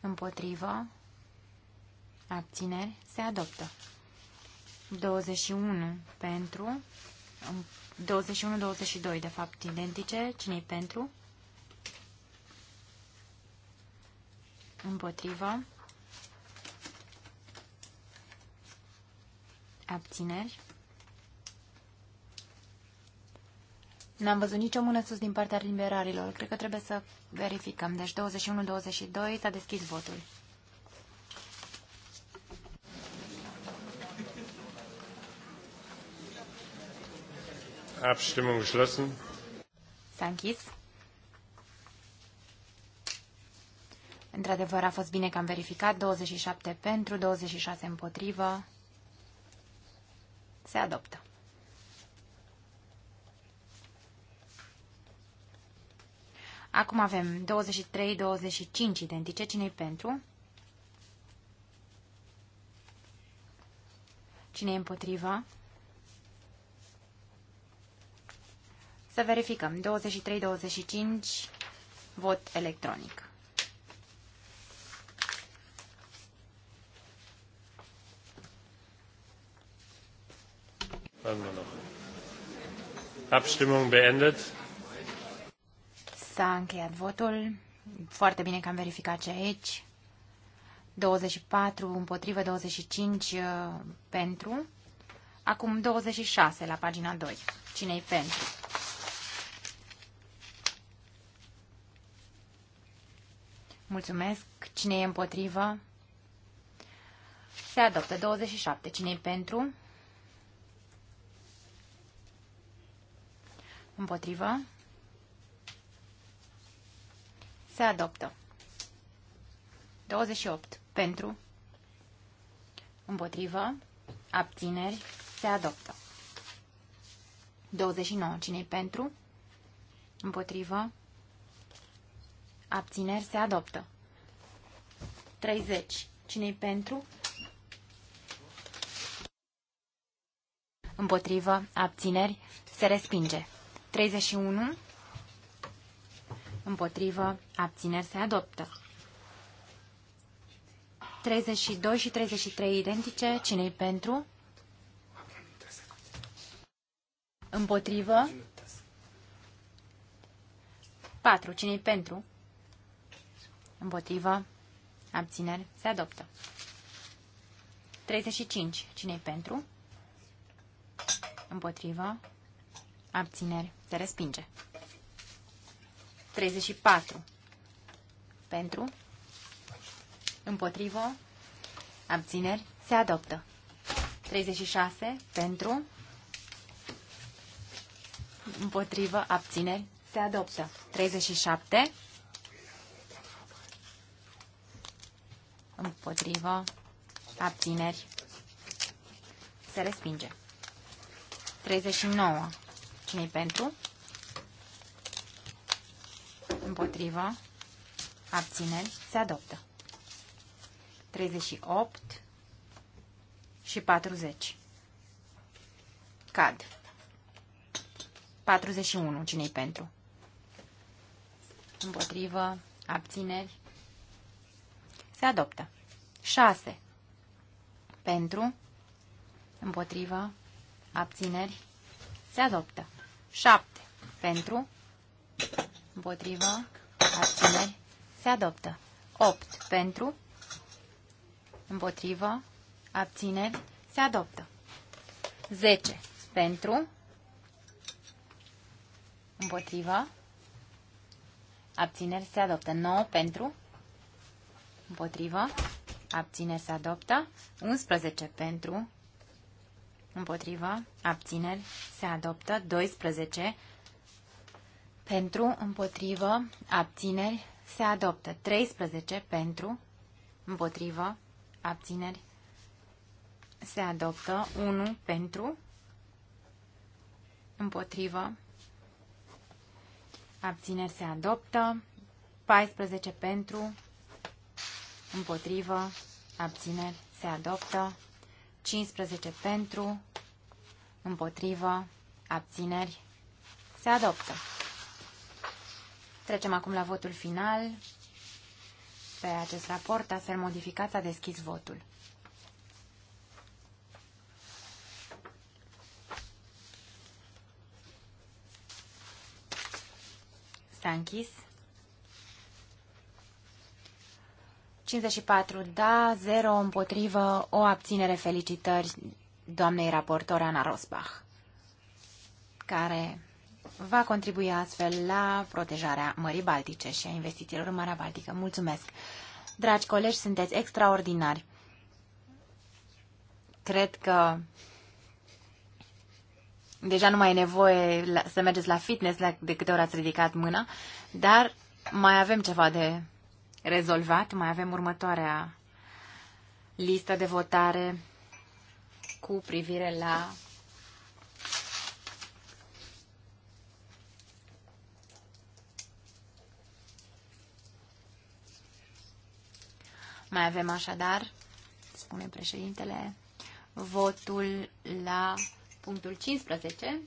C: împotrivă, abțineri se adoptă. 21 pentru, 21-22 um, de fapt identice, cine pentru? Împotrivă. Abțineri. N-am văzut nicio mână sus din partea liberalilor. Cred că trebuie să verificăm. Deci 21-22 s-a deschis votul.
A: Abstimmung geschlossen.
C: s Într-adevăr, a fost bine că am verificat. 27 pentru, 26 împotrivă. Se adoptă. Acum avem 23-25 identice. cine pentru? cine împotrivă? împotriva? Să verificăm. 23-25, vot electronic.
A: Abstimmung beendet.
C: S-a încheiat votul. Foarte bine că am verificat ce aici. 24 împotrivă, 25 uh, pentru. Acum 26 la pagina 2. Cine-i pentru? Mulțumesc. Cine e împotrivă? Se adoptă 27. Cine e pentru? Împotrivă? Se adoptă. 28. Pentru? Împotrivă? Abțineri? Se adoptă. 29. Cine-i pentru? Împotrivă? Abțineri se adoptă. 30. Cine-i pentru? Împotrivă. Abțineri se respinge. 31. Împotrivă. Abțineri se adoptă. 32 și 33 identice. Cine-i pentru? Împotrivă. 4. Cine-i pentru? Împotrivă. Abțineri. Se adoptă. 35. cine pentru? Împotrivă. Abțineri. Se respinge. 34. Pentru. Împotrivă. Abțineri. Se adoptă. 36. Pentru. Împotrivă. Abțineri. Se adoptă. 37. împotrivă, abțineri, se respinge. 39. cine pentru? Împotrivă, abțineri, se adoptă. 38 și 40. Cad. 41. cine pentru? Împotrivă, abțineri, se adoptă. 6. Pentru, împotrivă, abțineri, se adoptă. 7. Pentru, împotrivă, abțineri, se adoptă. 8. Pentru, împotrivă, abțineri, se adoptă. 10. Pentru, împotrivă, abțineri, se adoptă. 9. Pentru, împotrivă, abțineri se adoptă, 11 pentru, împotrivă, abțineri se adoptă, 12 pentru, împotrivă, abțineri se adoptă, 13 pentru, împotrivă, abțineri se adoptă, 1 pentru, împotrivă, abțineri se adoptă, 14 pentru, împotrivă, abțineri, se adoptă. 15 pentru, împotrivă, abțineri, se adoptă. Trecem acum la votul final. Pe acest raport, astfel modificat, s-a deschis votul. S-a închis. 54 da, 0 împotrivă, o abținere felicitări doamnei raportor Ana Rosbach, care va contribui astfel la protejarea Mării Baltice și a investițiilor în Marea Baltică. Mulțumesc! Dragi colegi, sunteți extraordinari! Cred că deja nu mai e nevoie să mergeți la fitness de câte ori ați ridicat mâna, dar mai avem ceva de rezolvat. Mai avem următoarea listă de votare cu privire la Mai avem așadar, spune președintele, votul la punctul 15.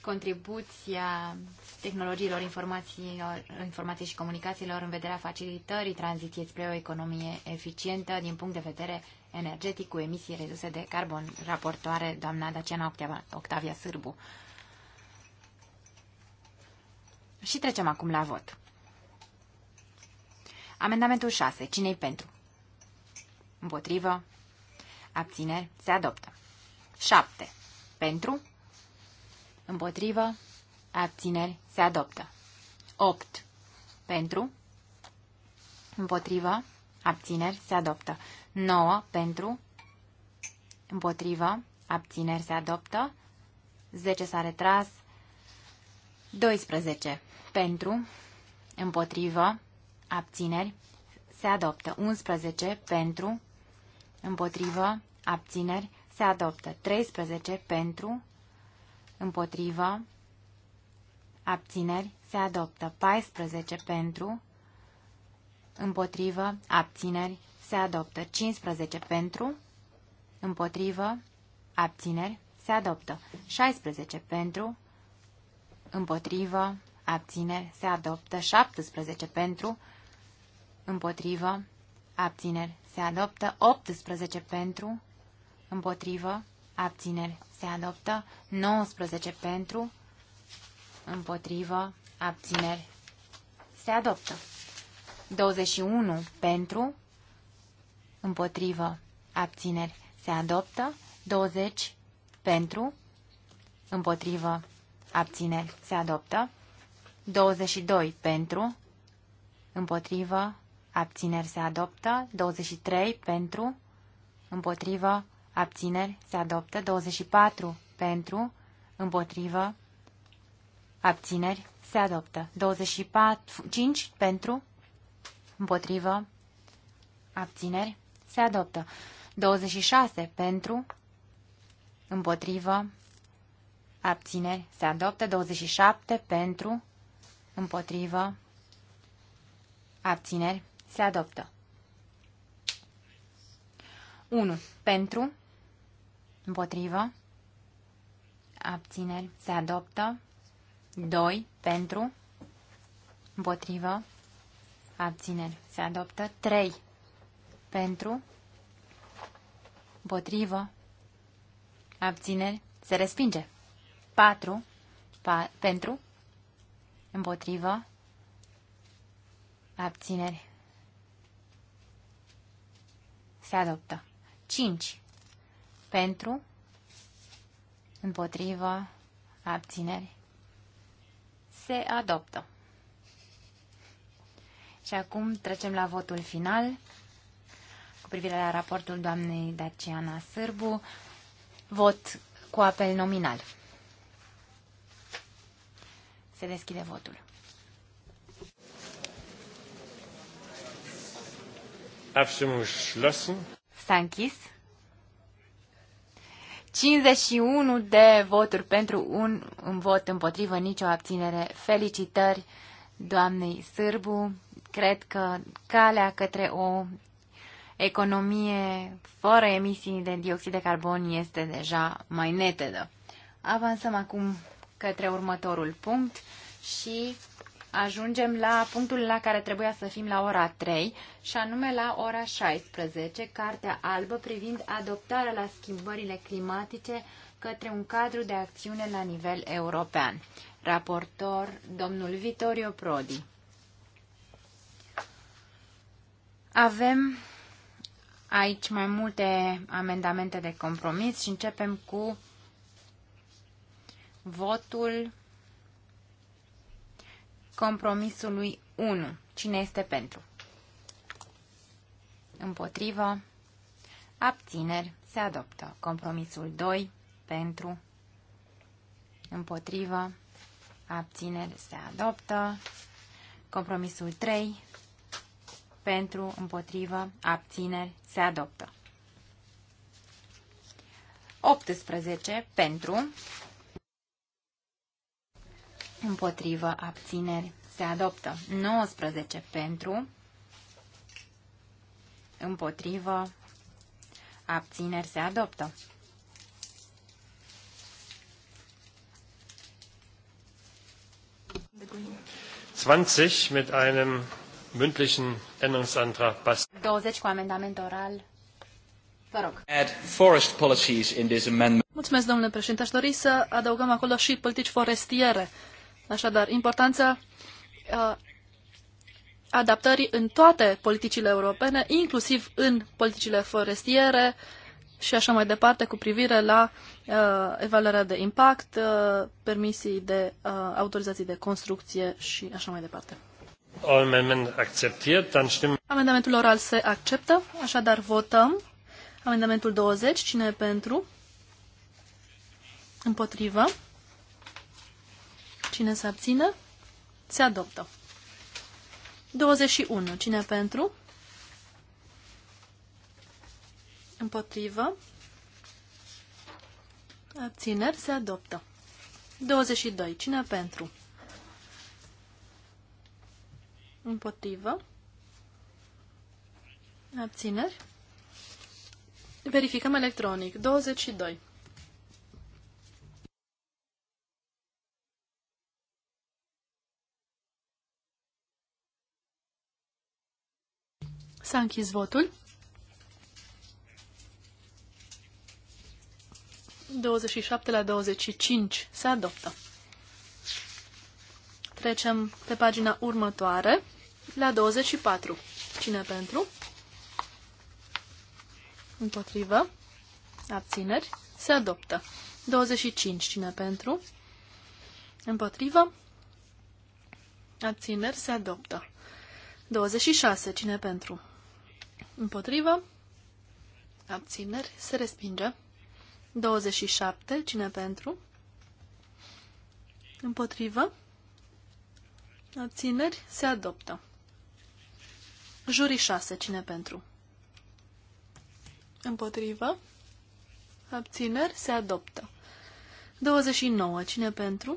C: Contribuția tehnologiilor informațiilor, informației și comunicațiilor în vederea facilitării tranziției spre o economie eficientă din punct de vedere energetic cu emisii reduse de carbon, raportoare doamna Daciana Octavia, Octavia Sârbu. Și trecem acum la vot. Amendamentul 6. Cine-i pentru? Împotrivă? Abțineri? Se adoptă. 7. Pentru? Împotrivă? abțineri, se adoptă. 8. Pentru, împotrivă, abțineri, se adoptă. 9. Pentru, împotrivă, abțineri, se adoptă. 10 s-a retras. 12. Pentru, împotrivă, abțineri, se adoptă. 11. Pentru, împotrivă, abțineri, se adoptă. 13. Pentru, împotrivă, abțineri, se adoptă. 14 pentru, împotrivă, abțineri, se adoptă. 15 pentru, împotrivă, abțineri, se adoptă. 16 pentru, împotrivă, abțineri, se adoptă. 17 pentru, împotrivă, abțineri, se adoptă. 18 pentru, împotrivă, abțineri, se adoptă. 19 pentru, împotrivă, abțineri, se adoptă. 21 pentru, împotrivă, abțineri, se adoptă. 20 pentru, împotrivă, abțineri, se adoptă. 22 pentru, împotrivă, abțineri, se adoptă. 23 pentru, împotrivă, abțineri, se adoptă. 24 pentru, împotrivă, Abțineri. Se adoptă. 24, 5 pentru. Împotrivă. Abțineri. Se adoptă. 26 pentru. Împotrivă. Abțineri. Se adoptă. 27 pentru. Împotrivă. Abțineri. Se adoptă. 1. Pentru. Împotrivă. Abțineri. Se adoptă. 2 pentru, împotrivă, abțineri se adoptă, 3 pentru, împotrivă, abțineri se respinge, 4 pa, pentru, împotrivă, abțineri se adoptă, 5 pentru, împotrivă, abțineri se adoptă. Și acum trecem la votul final cu privire la raportul doamnei Daciana Sârbu. Vot cu apel nominal. Se deschide votul. S-a închis. 51 de voturi pentru un, un vot împotrivă, nicio abținere. Felicitări doamnei Sârbu. Cred că calea către o economie fără emisii de dioxid de carbon este deja mai netedă. Avansăm acum către următorul punct și ajungem la punctul la care trebuia să fim la ora 3, și anume la ora 16, Cartea Albă privind adoptarea la schimbările climatice către un cadru de acțiune la nivel european. Raportor, domnul Vittorio Prodi. Avem aici mai multe amendamente de compromis și începem cu votul compromisului 1. Cine este pentru? Împotrivă. Abțineri. Se adoptă. Compromisul 2. Pentru. Împotrivă. Abțineri. Se adoptă. Compromisul 3. Pentru. Împotrivă. Abțineri. Se adoptă. 18. Pentru împotrivă, abțineri, se adoptă. 19 pentru, împotrivă, abțineri, se adoptă.
A: mit einem mündlichen Änderungsantrag.
C: 20 cu amendament oral. Vă rog.
A: Add forest policies in this amendment.
B: Mulțumesc, domnule președinte. Aș dori să adăugăm acolo și politici forestiere Așadar, importanța uh, adaptării în toate politicile europene, inclusiv în politicile forestiere și așa mai departe, cu privire la uh, evaluarea de impact, uh, permisii de uh, autorizații de construcție și așa mai departe. Amendamentul oral se acceptă, așadar votăm. Amendamentul 20, cine e pentru? Împotrivă. Cine se abține? Se adoptă. 21. Cine pentru? Împotrivă. Abțineri se adoptă. 22. Cine pentru? Împotrivă. Abțineri. Verificăm electronic. 22. S-a închis votul. 27 la 25 se adoptă. Trecem pe pagina următoare, la 24. Cine pentru? Împotrivă. Abțineri. Se adoptă. 25. Cine pentru? Împotrivă. Abțineri. Se adoptă. 26. Cine pentru? Împotrivă. Abțineri. Se respinge. 27. Cine pentru? Împotrivă. Abțineri. Se adoptă. Jurii 6. Cine pentru? Împotrivă. Abțineri. Se adoptă. 29. Cine pentru?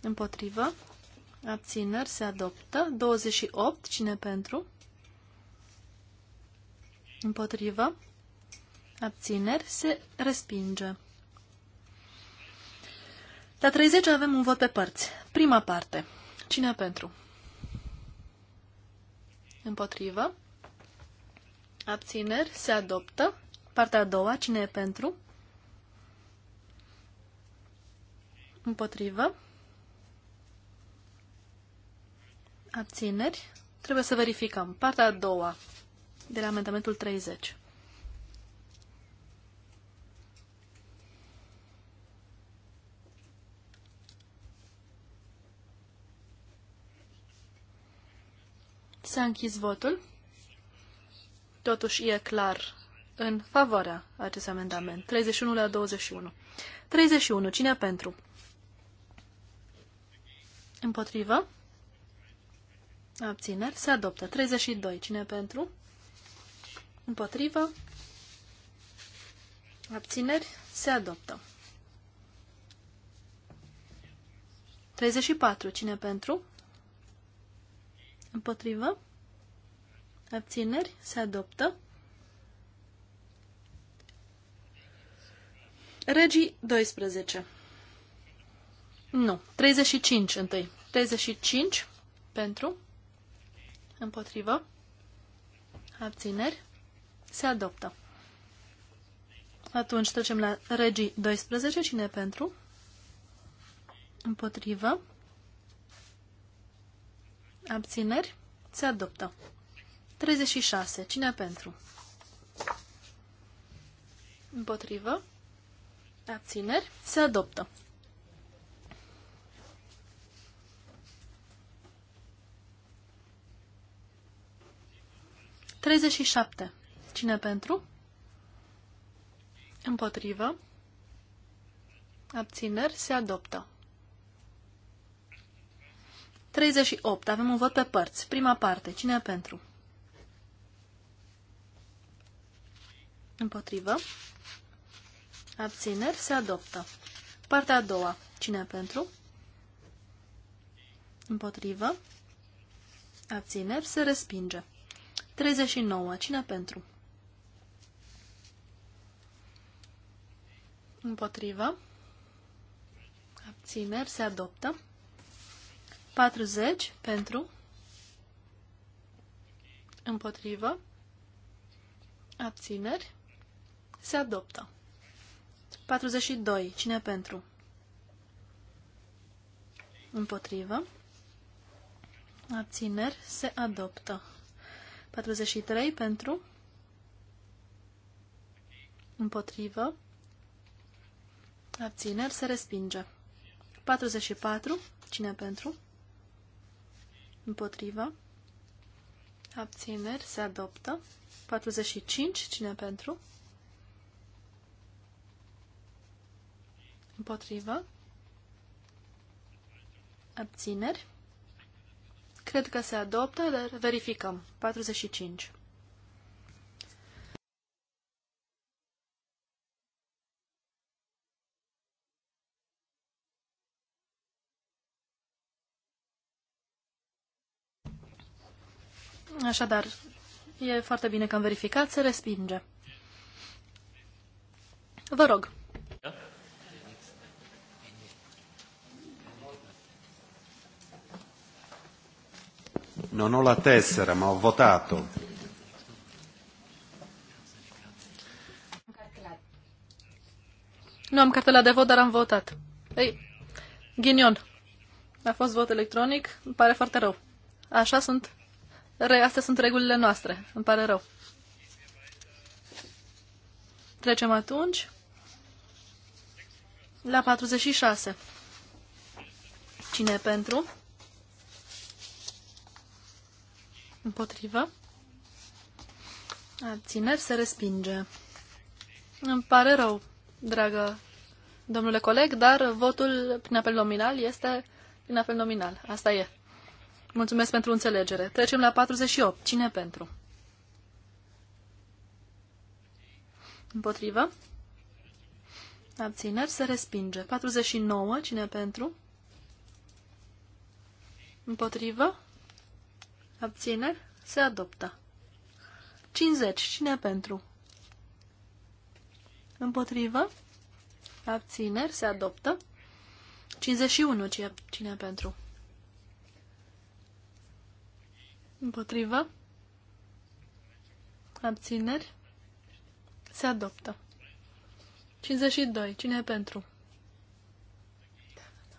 B: Împotrivă. Abțineri. Se adoptă. 28. Cine pentru? Împotrivă. Abțineri. Se respinge. La 30 avem un vot pe părți. Prima parte. Cine pentru? Împotrivă. Abțineri. Se adoptă. Partea a doua. Cine e pentru? Împotrivă. Abțineri. Trebuie să verificăm. Partea a doua de la amendamentul 30. S-a închis votul. Totuși e clar în favoarea acestui amendament. 31 la 21. 31. Cine pentru? Împotrivă? Abțineri. Se adoptă. 32. Cine pentru? Împotrivă. Abțineri. Se adoptă. 34. Cine pentru? Împotrivă. Abțineri. Se adoptă. Regii 12. Nu. 35 întâi. 35 pentru. Împotrivă. Abțineri. Se adoptă. Atunci trecem la regii 12. Cine pentru? Împotrivă. Abțineri. Se adoptă. 36. Cine pentru? Împotrivă. Abțineri. Se adoptă. Treizeci și șapte. Cine pentru? Împotrivă. Abțineri se adoptă. 38. Avem un vot pe părți. Prima parte. Cine pentru? Împotrivă. Abțineri se adoptă. Partea a doua. Cine pentru? Împotrivă. Abțineri se respinge. 39. Cine pentru? Împotrivă. Abțineri se adoptă. 40 pentru. Împotrivă. Abțineri se adoptă. 42. Cine pentru? Împotrivă. Abțineri se adoptă. 43 pentru. Împotrivă. Abțineri se respinge. 44. Cine pentru? Împotriva. Abțineri se adoptă. 45. Cine pentru? Împotriva. Abțineri. Cred că se adoptă, dar verificăm. 45. Așadar, e foarte bine că am verificat, se respinge. Vă rog.
A: Non ho la tessera, ma ho
E: votato.
B: Nu am cartela de vot, dar am votat. Ei, ghinion. A fost vot electronic, îmi pare foarte rău. Așa sunt Re, astea sunt regulile noastre. Îmi pare rău. Trecem atunci la 46. Cine e pentru? Împotrivă. Abțineri se respinge. Îmi pare rău, dragă domnule coleg, dar votul prin apel nominal este prin apel nominal. Asta e. Mulțumesc pentru înțelegere. Trecem la 48. Cine pentru? Împotrivă? Abțineri se respinge. 49. Cine pentru? Împotrivă? Abțineri se adoptă. 50. Cine pentru? Împotrivă? Abțineri se adoptă. 51. Cine pentru? Împotrivă. Abțineri. Se adoptă. 52. Cine e pentru?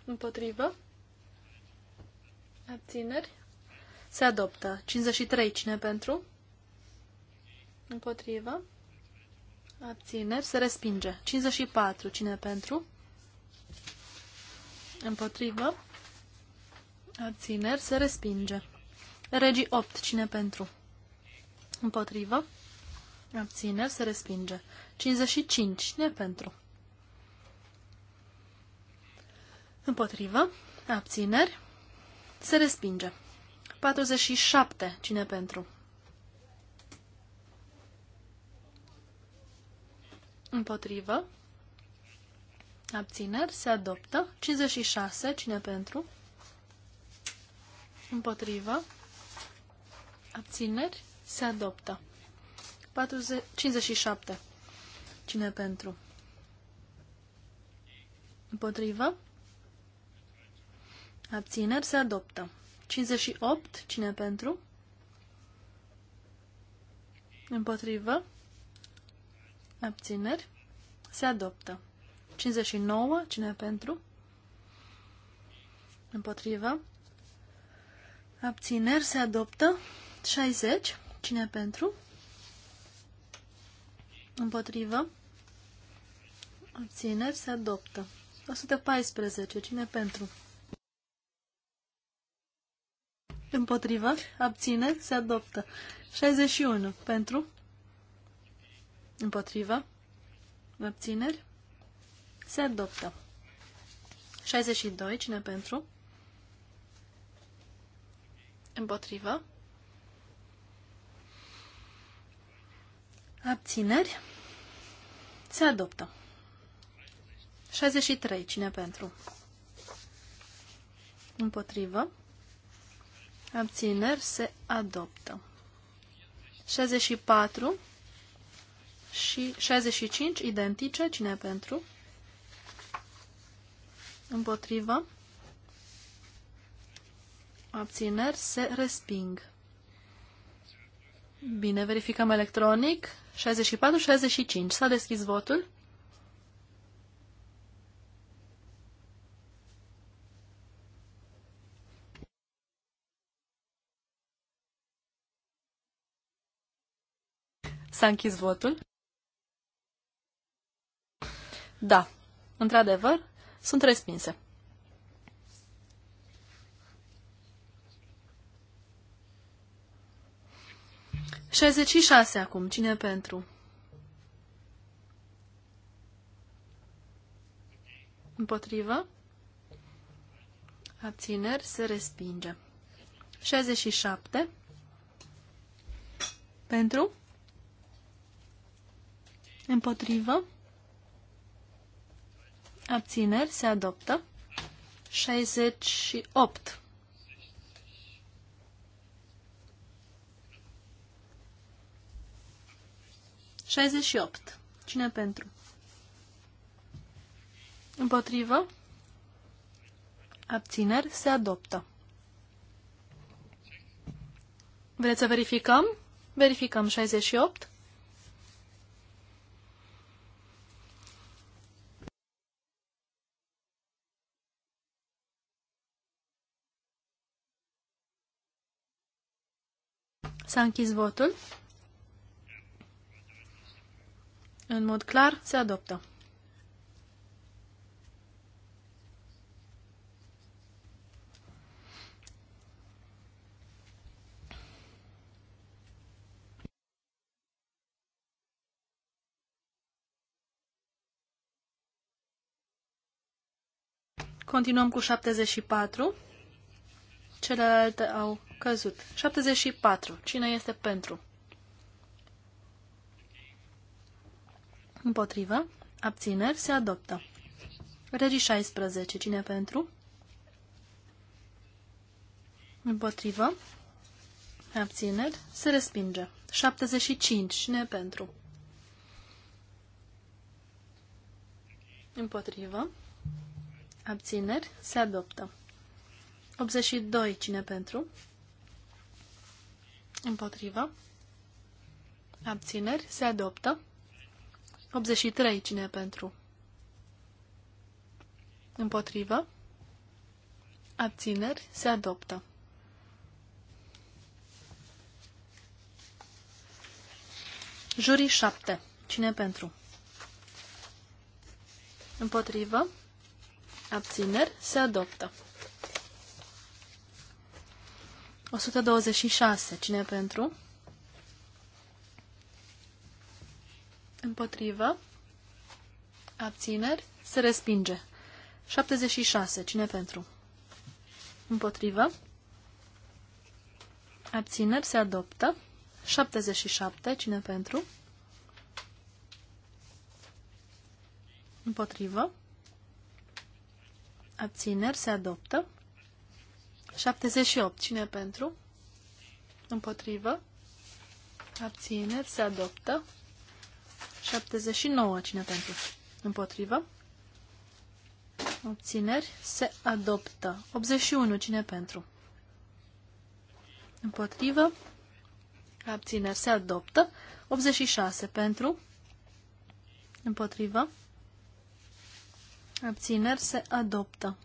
B: Împotrivă. Abțineri. Se adoptă. 53. Cine pentru? Împotrivă. Abțineri. Se respinge. 54. Cine pentru? Împotrivă. Abțineri. Se respinge. Regii 8. Cine pentru? Împotrivă. Abțineri. Se respinge. 55. Cine pentru? Împotrivă. Abțineri. Se respinge. 47. Cine pentru? Împotrivă. Abțineri. Se adoptă. 56. Cine pentru? Împotrivă. Abțineri? Se adoptă. 40, 57. Cine pentru? Împotrivă? Abțineri? Se adoptă. 58. Cine pentru? Împotrivă? Abțineri? Se adoptă. 59. Cine pentru? Împotrivă? Abțineri? Se adoptă. 60. Cine pentru? Împotrivă. Abțineri se adoptă. 114. Cine pentru? Împotrivă. Abțineri se adoptă. 61. Pentru? Împotrivă. Abțineri se adoptă. 62. Cine pentru? Împotrivă. Abțineri. Se adoptă. 63. Cine pentru? Împotrivă. Abțineri se adoptă. 64 și 65 identice. Cine pentru? Împotrivă. Abțineri se resping. Bine, verificăm electronic. 64-65. S-a deschis votul. S-a închis votul. Da, într-adevăr, sunt respinse. 66 acum. Cine pentru? Împotrivă. Abțineri se respinge. 67. Pentru. Împotrivă. Abțineri se adoptă. 68. 68. 68. Cine pentru? Împotrivă? Abțineri se adoptă. Vreți să verificăm? Verificăm 68. S-a închis votul. În mod clar, se adoptă. Continuăm cu 74. Celelalte au căzut. 74. Cine este pentru? Împotrivă. Abțineri. Se adoptă. Regii 16. Cine pentru? Împotrivă. Abțineri. Se respinge. 75. Cine pentru? Împotrivă. Abțineri. Se adoptă. 82. Cine pentru? Împotrivă. Abțineri. Se adoptă. 83. Cine e pentru? Împotrivă. Abțineri. Se adoptă. Jurii 7. Cine pentru? Împotrivă. Abțineri. Se adoptă. 126. Cine pentru? Împotrivă. Abțineri. Se respinge. 76. Cine pentru? Împotrivă. Abțineri. Se adoptă. 77. Cine pentru? Împotrivă. Abțineri. Se adoptă. 78. Cine pentru? Împotrivă. Abțineri. Se adoptă. 79. Cine pentru? Împotrivă. Obțineri. Se adoptă. 81. Cine pentru? Împotrivă. Abțineri. Se adoptă. 86. Pentru. Împotrivă. Abțineri. Se adoptă.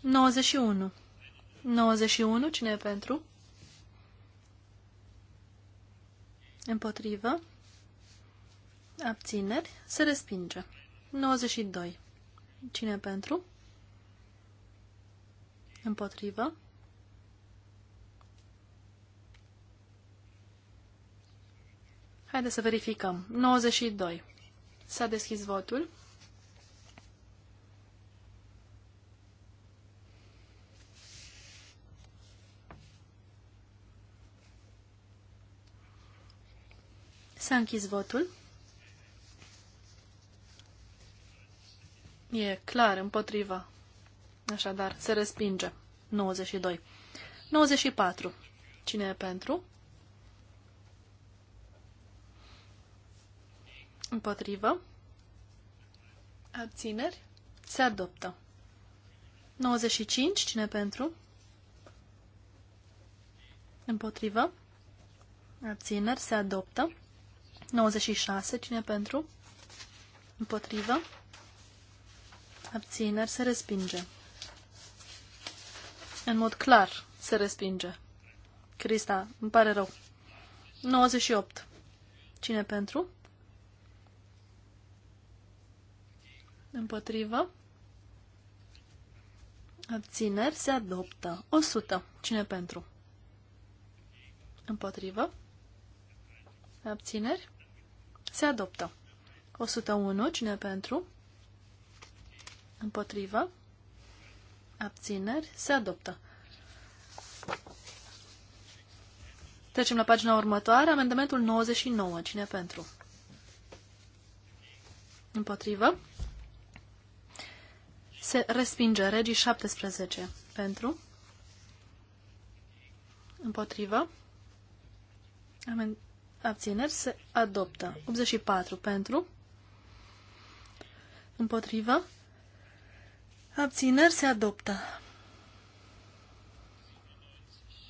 B: Nouăzeci și unu. Nouăzeci și unu. Cine e pentru? Împotrivă. Abțineri. Se respinge. 92. Cine pentru? Împotrivă. Haideți să verificăm. 92. S-a deschis votul. S-a închis votul. E clar, împotriva. Așadar, se respinge. 92. 94. Cine e pentru? Împotrivă. Abțineri. Se adoptă. 95. Cine e pentru? Împotrivă. Abțineri. Se adoptă. 96. Cine pentru? Împotrivă. Abțineri se respinge. În mod clar se respinge. Crista, îmi pare rău. 98. Cine pentru? Împotrivă. Abțineri se adoptă. 100. Cine pentru? Împotrivă. Abțineri. Se adoptă. 101. Cine pentru? Împotrivă. Abțineri. Se adoptă. Trecem la pagina următoare. Amendamentul 99. Cine pentru? Împotrivă. Se respinge. Regii 17. Pentru. Împotrivă. Amen abțineri se adoptă. 84 pentru, împotrivă, abțineri se adoptă.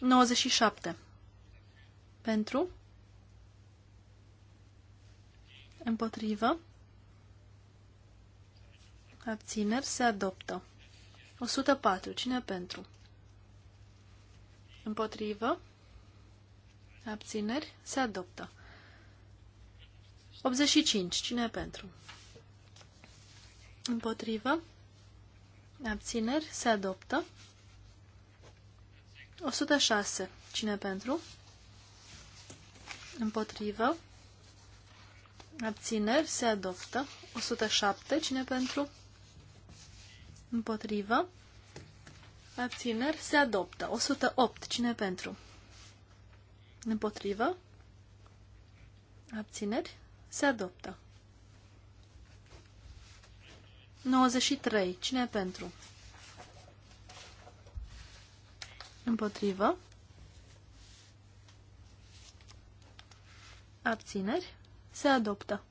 B: 97 pentru, împotrivă, abțineri se adoptă. 104. Cine pentru? Împotrivă. Abțineri? Se adoptă. 85. Cine pentru? Împotrivă? Abțineri? Se adoptă. 106. Cine pentru? Împotrivă. Abțineri se adoptă. 107. Cine pentru? Împotrivă. Abțineri se adoptă. 108. Cine pentru? Împotrivă. Abțineri. Se adoptă. 93. Cine e pentru? Împotrivă. Abțineri. Se adoptă.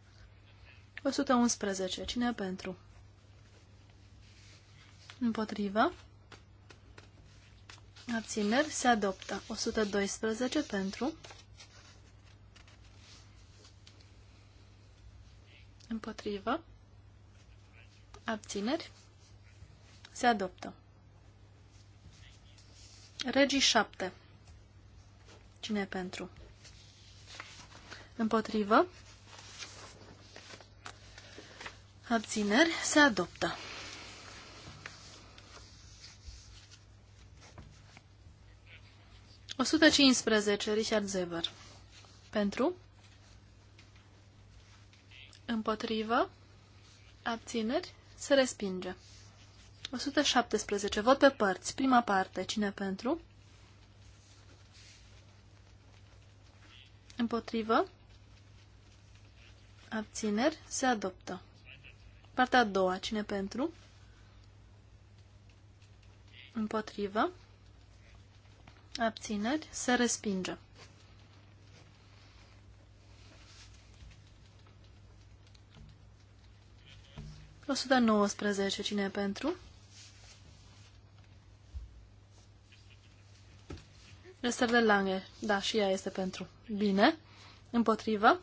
B: 111. Cine e pentru? Împotrivă. Abțineri se adoptă. 112 pentru. Împotrivă. Abțineri se adoptă. Regii 7. Cine pentru? Împotrivă. Abțineri se adoptă. 115, Richard Zeber. Pentru? Împotrivă? Abțineri? Se respinge. 117. Vot pe părți. Prima parte. Cine pentru? Împotrivă? Abțineri? Se adoptă. Partea a doua. Cine pentru? Împotrivă? abțineri, se respinge. O Osuta 19, cine e pentru? Esther de Lange, da, și ea este pentru. Bine. Împotrivă.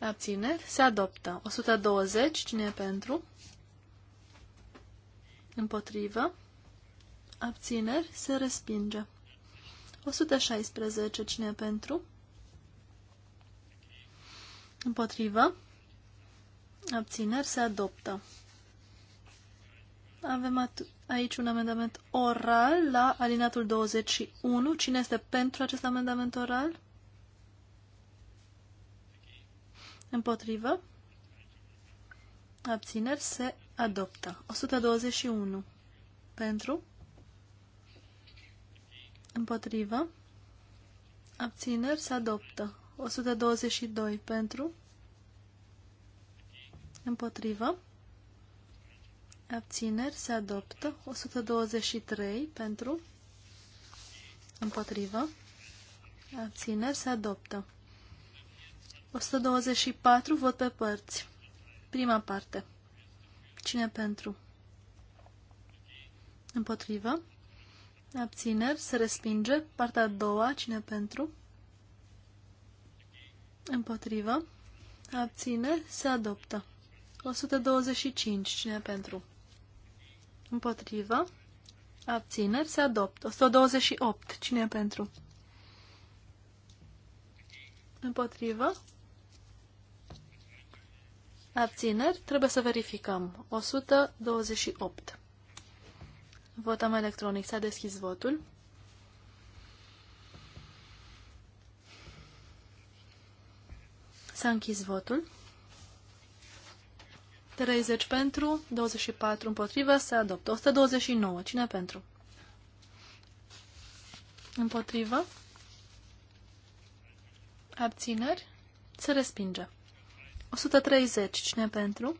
B: Abțineri. Se adoptă. 120. Cine e pentru? Împotrivă abțineri, se respinge. 116. Cine pentru? Împotrivă. Abțineri se adoptă. Avem aici un amendament oral la alinatul 21. Cine este pentru acest amendament oral? Împotrivă. Abțineri se adoptă. 121. Pentru. Împotrivă. Abțineri se adoptă. 122 pentru. Împotrivă. Abțineri se adoptă. 123 pentru. Împotrivă. Abțineri se adoptă. 124 vot pe părți. Prima parte. Cine pentru? Împotrivă. Abțineri. Se respinge. Partea a doua. Cine pentru? Împotrivă. Abțineri. Se adoptă. 125. Cine pentru? Împotrivă. Abțineri. Se adoptă. 128. Cine pentru? Împotrivă. Abțineri. Trebuie să verificăm. 128. Votăm electronic. S-a deschis votul. S-a închis votul. 30 pentru, 24 împotrivă, se adoptă. 129. Cine pentru? Împotrivă. Abțineri. Se respinge. 130. Cine pentru?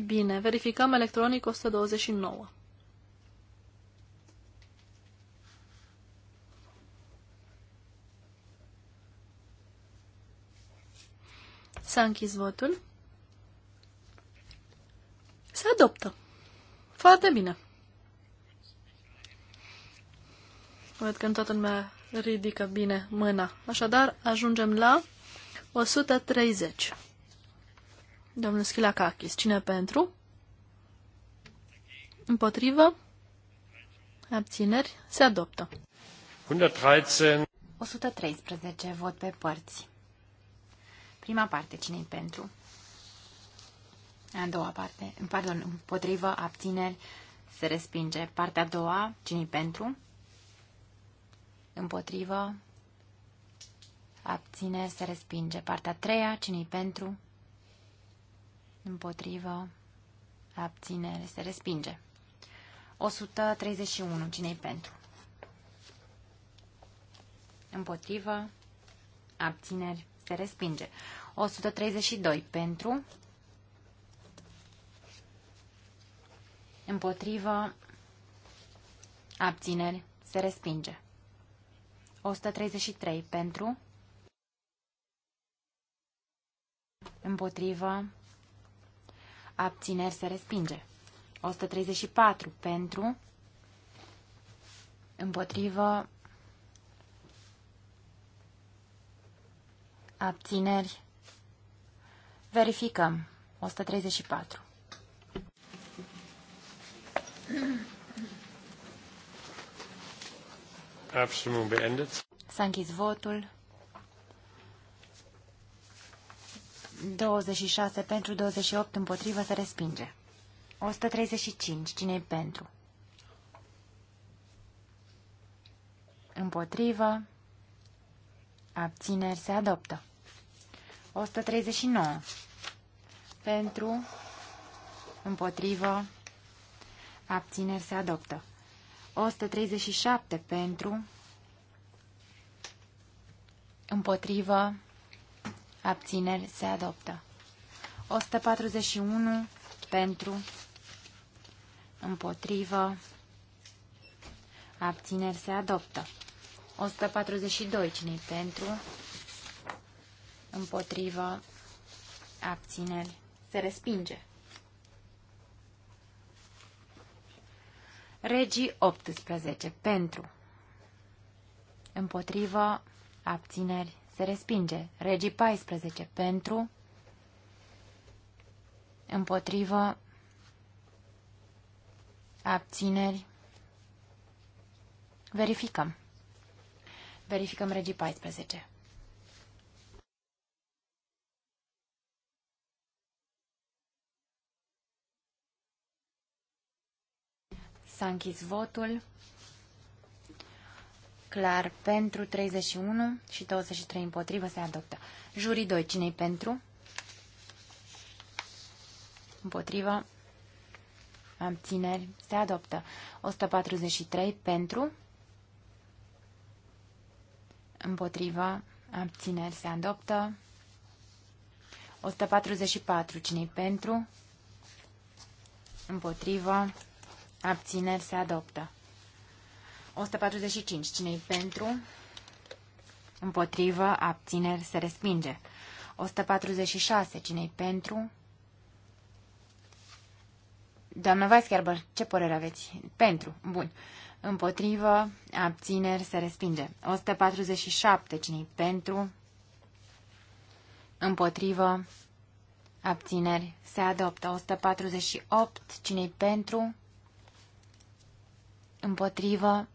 B: Bine, verificăm electronic 129. S-a închis votul. Se adoptă. Foarte bine. Văd că toată lumea ridică bine mâna. Așadar, ajungem la 130. Domnul Schilacakis, cine pentru? Împotrivă? Abțineri? Se adoptă.
A: 113.
C: 113. Vot pe părți. Prima parte, cine pentru? A doua parte, pardon, împotrivă, abțineri, se respinge. Partea a doua, cine pentru? Împotrivă, abțineri, se respinge. Partea a treia, cine pentru? împotrivă, abținere, se respinge. 131. Cine-i pentru? Împotrivă, abțineri, se respinge. 132. Pentru, împotrivă, abțineri, se respinge. 133. Pentru, împotrivă, abțineri se respinge. 134 pentru, împotrivă, abțineri, verificăm, 134.
A: Abstimmung beendet.
C: S-a închis votul. 26 pentru, 28 împotrivă, se respinge. 135. Cine-i pentru? Împotrivă. Abțineri se adoptă. 139. Pentru. Împotrivă. Abțineri se adoptă. 137 pentru. Împotrivă abțineri, se adoptă. 141 pentru, împotrivă, abțineri, se adoptă. 142, cine pentru, împotrivă, abțineri, se respinge. Regii 18. Pentru. Împotrivă. Abțineri se respinge. Regii 14 pentru, împotrivă, abțineri. Verificăm. Verificăm regii 14. S-a închis votul clar pentru 31 și 23 împotrivă se adoptă. Jurii 2, cine pentru? Împotrivă. Abțineri. Se adoptă. 143 pentru. Împotrivă. Abțineri. Se adoptă. 144. cine pentru? Împotrivă. Abțineri. Se adoptă. 145. Cine-i pentru? Împotrivă, abțineri, se respinge. 146. Cine-i pentru? Doamna Weisgerber, ce părere aveți? Pentru. Bun. Împotrivă, abțineri, se respinge. 147. Cine-i pentru? Împotrivă, abțineri, se adoptă. 148. Cine-i pentru? Împotrivă,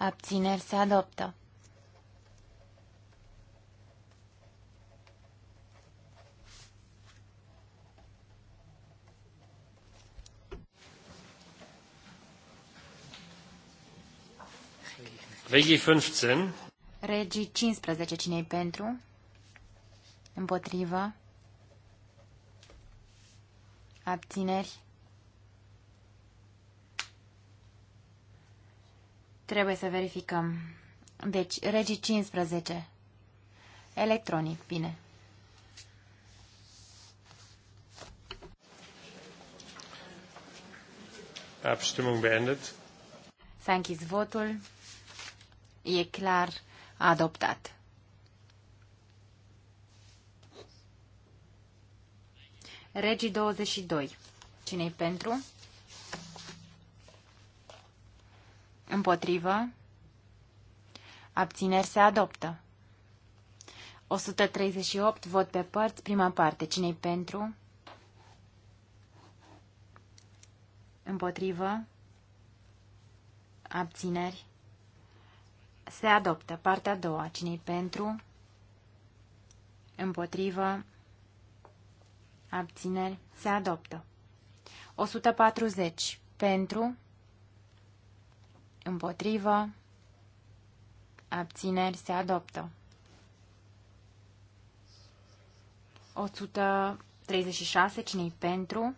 C: Abțineri se adoptă.
A: Regii 15.
C: Regii 15. Cine-i pentru? Împotrivă? Abțineri? Trebuie să verificăm. Deci, regii 15. Electronic, bine.
A: Abstimmung beendet.
C: S-a închis votul. E clar adoptat. Regii 22. Cine-i pentru? Împotrivă. Abțineri se adoptă. 138 vot pe părți, prima parte. Cine-i pentru? Împotrivă. Abțineri. Se adoptă. Partea a doua. Cine-i pentru? Împotrivă. Abțineri. Se adoptă. 140. Pentru. Împotrivă. Abțineri se adoptă. 136. cine pentru?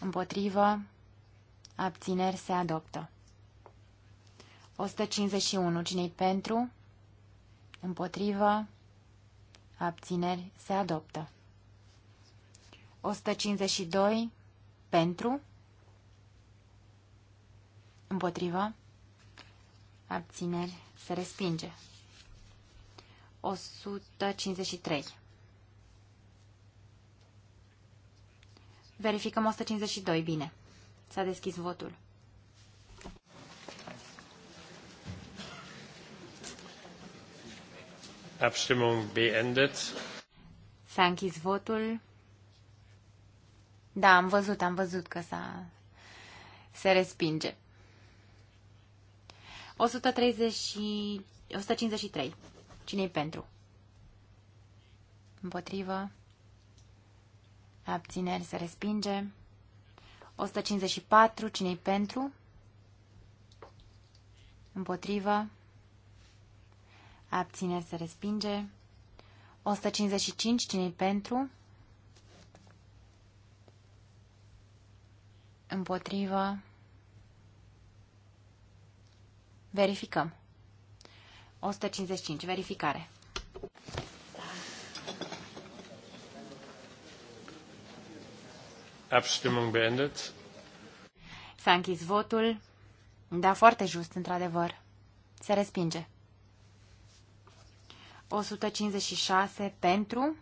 C: Împotrivă. Abțineri se adoptă. 151. cine pentru? Împotrivă. Abțineri se adoptă. 152. Pentru. Împotrivă. Abțineri. Se respinge. 153. Verificăm 152. Bine. S-a deschis votul.
A: Abstimmung beendet.
C: S-a închis votul. Da, am văzut, am văzut că s-a... se respinge. 130, 153. Cine-i pentru? Împotrivă. Abțineri se respinge. 154. Cine-i pentru? Împotrivă. Abțineri se respinge. 155. Cine-i pentru? Împotrivă. Verificăm. 155. Verificare.
A: Abstimmung beendet.
C: S-a închis votul. Da, foarte just, într-adevăr. Se respinge. 156 pentru.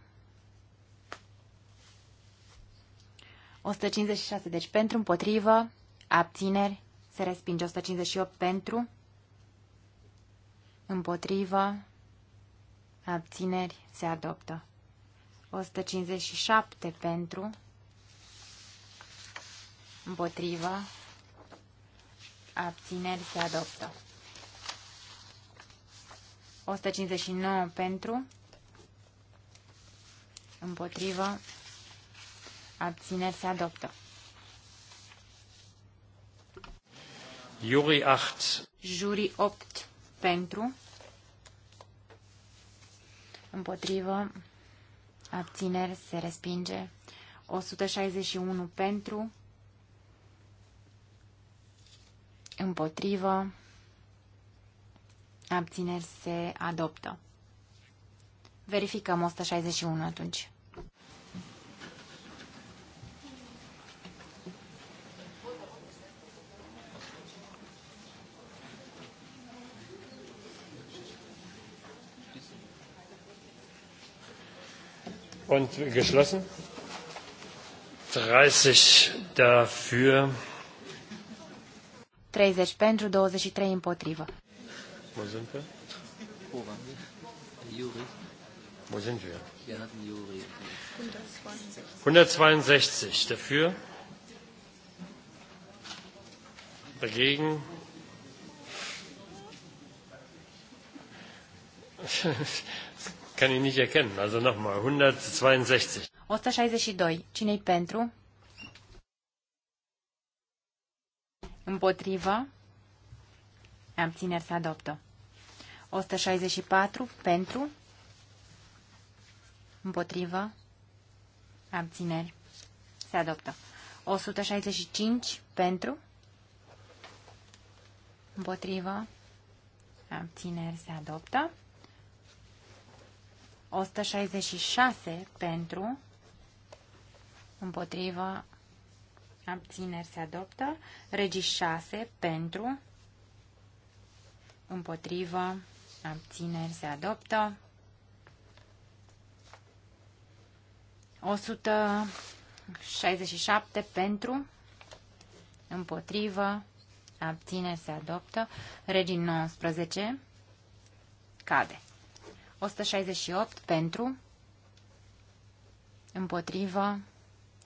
C: 156, deci pentru, împotrivă, abțineri, se respinge. 158 pentru, împotrivă, abțineri, se adoptă. 157 pentru, împotrivă, abțineri, se adoptă. 159 pentru, împotrivă, abțineri, se adoptă.
A: Juri 8.
C: Juri 8 pentru, împotrivă, abțineri, se respinge. 161 pentru, împotrivă, abțineri, se adoptă. Verificăm 161 atunci.
A: und geschlossen. 30 dafür.
C: 30 pentru, 23 împotrivă.
A: Wo sind wir? Juri. Wo sind wir?
E: Wir hatten Juri.
A: 162 dafür. Dagegen. kann ich nicht erkennen. Also nochmal, 162.
C: 162. Cine-i pentru? Împotrivă? Abțineri se adoptă. 164. Pentru? Împotrivă? Abțineri. Se adoptă. 165. Pentru? Împotrivă? Abțineri se adoptă. 166 pentru, împotrivă, abțineri se adoptă, regi 6 pentru, împotrivă, abțineri se adoptă, 167 pentru, împotrivă, abțineri se adoptă, regi 19 cade. 168 pentru, împotrivă,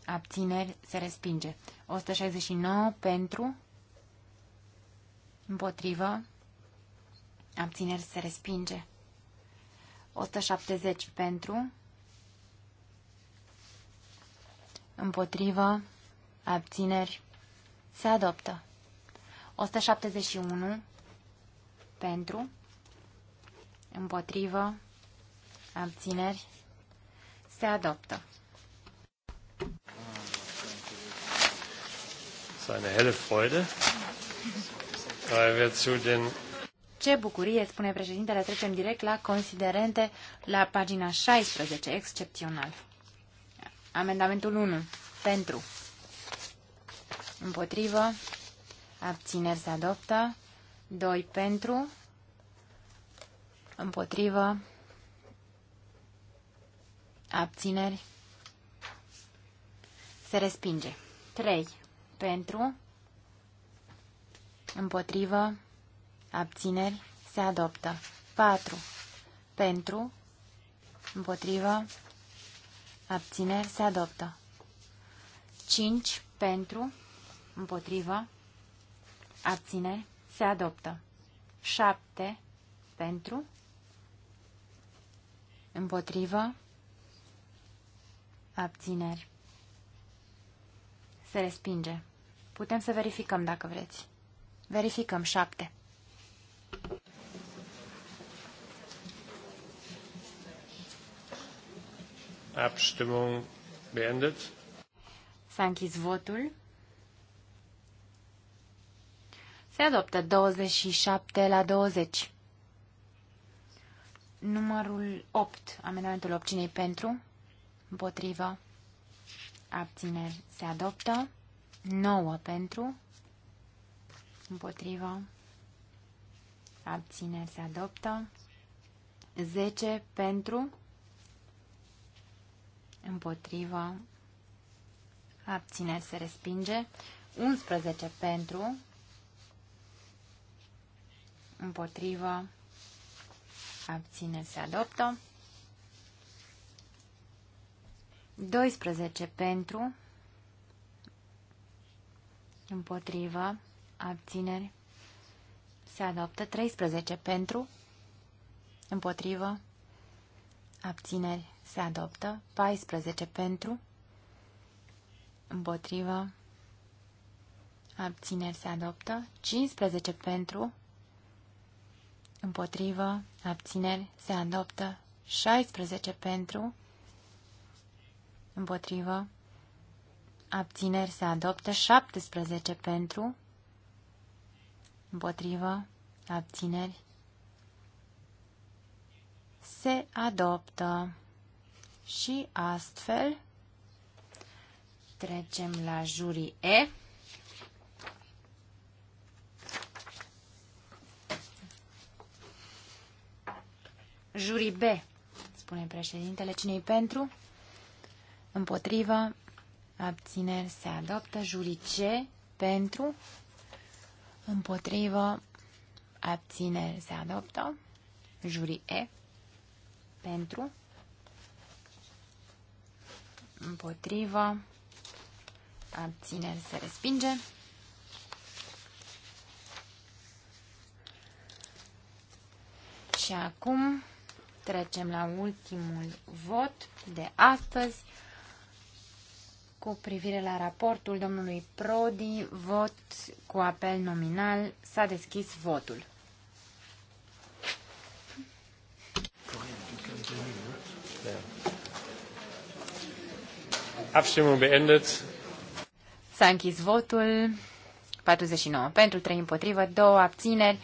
C: abțineri, se respinge. 169 pentru, împotrivă, abțineri, se respinge. 170 pentru, împotrivă, abțineri, se adoptă. 171 pentru, împotrivă, abțineri, se adoptă.
A: Seine helle Freude,
C: ce bucurie, spune președintele, trecem direct la considerente, la pagina 16, excepțional. Amendamentul 1. Pentru. Împotrivă. Abțineri se adoptă. 2. Pentru. Împotrivă. Abțineri. Se respinge. 3. Pentru. Împotrivă. Abțineri. Se adoptă. 4. Pentru. Împotrivă. Abțineri. Se adoptă. 5. Pentru. Împotrivă. Abțineri. Se adoptă. 7. Pentru. Împotrivă abțineri. Se respinge. Putem să verificăm dacă vreți. Verificăm șapte.
A: Abstimmung beendet.
C: S-a închis votul. Se adoptă 27 la 20. Numărul 8. Amendamentul 8. cine pentru? împotrivă, abțineri se adoptă, 9 pentru, împotrivă, abțineri se adoptă, 10 pentru, împotrivă, abțineri se respinge, 11 pentru, împotrivă, abțineri se adoptă, 12 pentru, împotrivă, abțineri, se adoptă. 13 pentru, împotrivă, abțineri, se adoptă. 14 pentru, împotrivă, abțineri, se adoptă. 15 pentru, împotrivă, abțineri, se adoptă. 16 pentru, împotrivă, abțineri se adoptă, 17 pentru, împotrivă, abțineri se adoptă. Și astfel trecem la jurii E. Jurii B, spune președintele. Cine-i pentru? împotrivă, abțineri se adoptă, jurii C, pentru, împotrivă, abțineri se adoptă, jurii E, pentru, împotrivă, abțineri se respinge. Și acum trecem la ultimul vot de astăzi cu privire la raportul domnului Prodi, vot cu apel nominal, s-a deschis votul.
A: Abstimmung beendet.
C: S-a închis votul. 49 pentru, 3 împotrivă, 2 abțineri.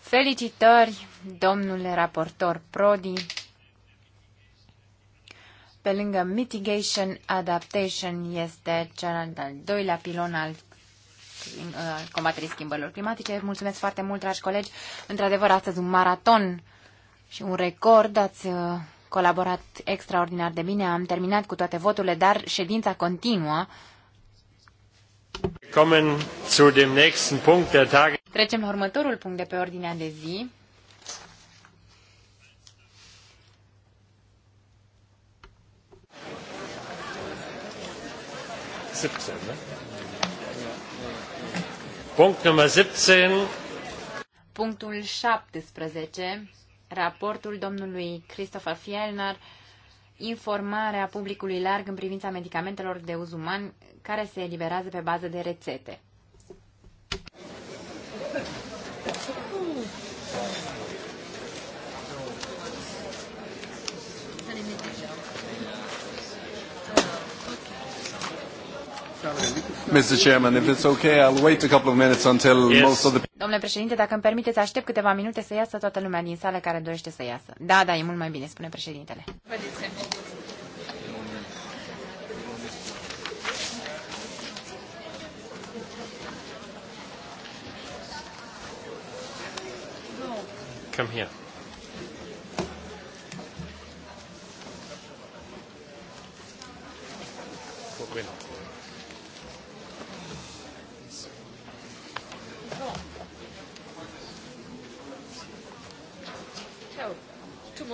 C: Felicitări, domnule raportor Prodi. Pe lângă mitigation, adaptation este cel al doilea pilon uh, al combaterii schimbărilor climatice. Mulțumesc foarte mult, dragi colegi. Într-adevăr, astăzi un maraton și un record. Ați uh, colaborat extraordinar de bine. Am terminat cu toate voturile, dar ședința continuă. Trecem la următorul punct de pe ordinea de zi.
A: 17. Ne? Punct număr 17.
C: Punctul 17. Raportul domnului Christopher Fielner informarea publicului larg în privința medicamentelor de uz uman care se eliberează pe bază de rețete.
E: Mr. Chairman, if it's okay, I'll wait a couple of minutes until yes. most of the...
C: Domnule președinte, dacă îmi permiteți, aștept câteva minute să iasă toată lumea din sală care dorește să iasă. Da, da, e mult mai bine, spune președintele.
A: Come here.
E: Bueno.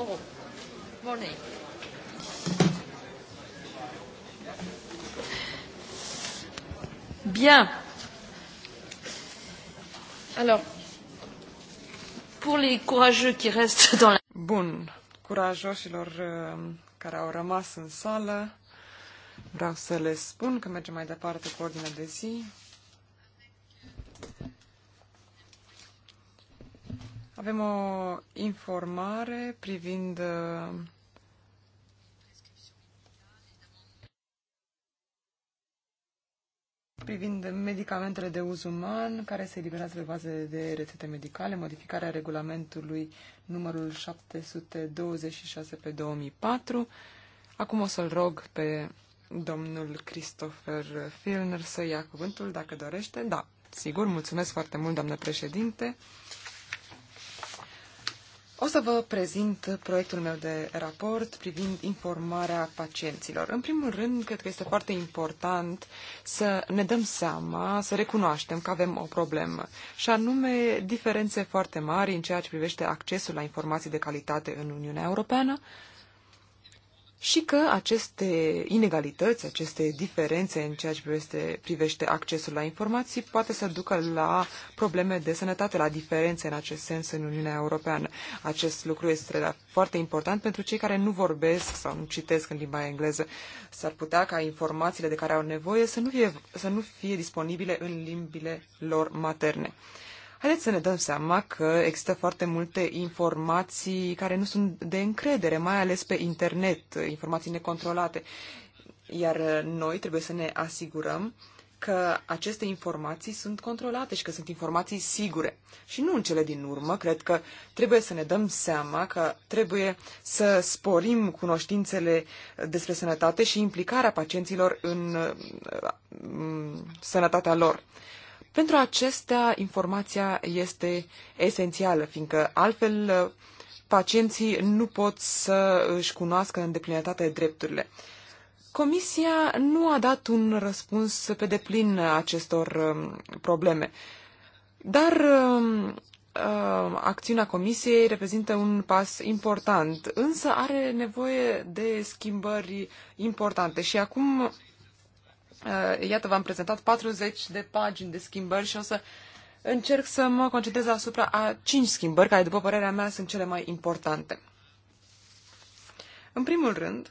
E: Europe. Morning.
B: Bien.
D: Alors, pour les courageux qui restent dans la... Bun. Curajoșilor uh, care au rămas în sală, vreau să le spun că mergem mai departe cu ordinea de zi. Avem o informare privind uh, privind medicamentele de uz uman care se eliberează pe bază de rețete medicale, modificarea regulamentului numărul 726 pe 2004. Acum o să-l rog pe domnul Christopher Filner să ia cuvântul dacă dorește. Da, sigur, mulțumesc foarte mult, doamnă președinte. O să vă prezint proiectul meu de raport privind informarea pacienților. În primul rând, cred că este foarte important să ne dăm seama, să recunoaștem că avem o problemă, și anume diferențe foarte mari în ceea ce privește accesul la informații de calitate în Uniunea Europeană, și că aceste inegalități, aceste diferențe în ceea ce privește, privește accesul la informații poate să ducă la probleme de sănătate, la diferențe în acest sens în Uniunea Europeană. Acest lucru este da, foarte important pentru cei care nu vorbesc sau nu citesc în limba engleză. S-ar putea ca informațiile de care au nevoie să nu fie, să nu fie disponibile în limbile lor materne. Haideți să ne dăm seama că există foarte multe informații care nu sunt de încredere, mai ales pe internet, informații necontrolate. Iar uh, noi trebuie să ne asigurăm că aceste informații sunt controlate și că sunt informații sigure. Și nu în cele din urmă, cred că trebuie să ne dăm seama că trebuie să sporim cunoștințele despre sănătate și implicarea pacienților în, uh, în sănătatea lor. Pentru acestea, informația este esențială, fiindcă altfel uh, pacienții nu pot să își cunoască în deplinitate drepturile. Comisia nu a dat un răspuns pe deplin acestor um, probleme, dar um, uh, acțiunea Comisiei reprezintă un pas important, însă are nevoie de schimbări importante. Și acum Eh, iată, v-am prezentat 40 de pagini de schimbări și o să încerc să mă concentrez asupra a 5 schimbări, care, după părerea mea, sunt cele mai importante. În primul rând,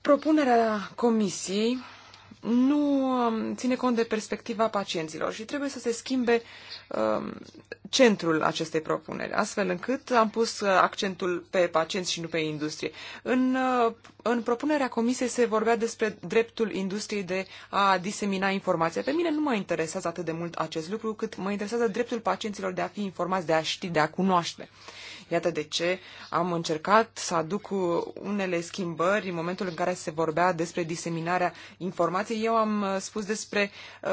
D: propunerea Comisiei nu um, ține cont de perspectiva pacienților și trebuie să se schimbe um, centrul acestei propuneri, astfel încât am pus uh, accentul pe pacienți și nu pe industrie. În, uh, în propunerea comisiei se vorbea despre dreptul industriei de a disemina informația. Pe mine nu mă interesează atât de mult acest lucru, cât mă interesează dreptul pacienților de a fi informați, de a ști, de a cunoaște. Iată de ce am încercat să aduc unele schimbări în momentul în care se vorbea despre diseminarea informației. Eu am uh, spus despre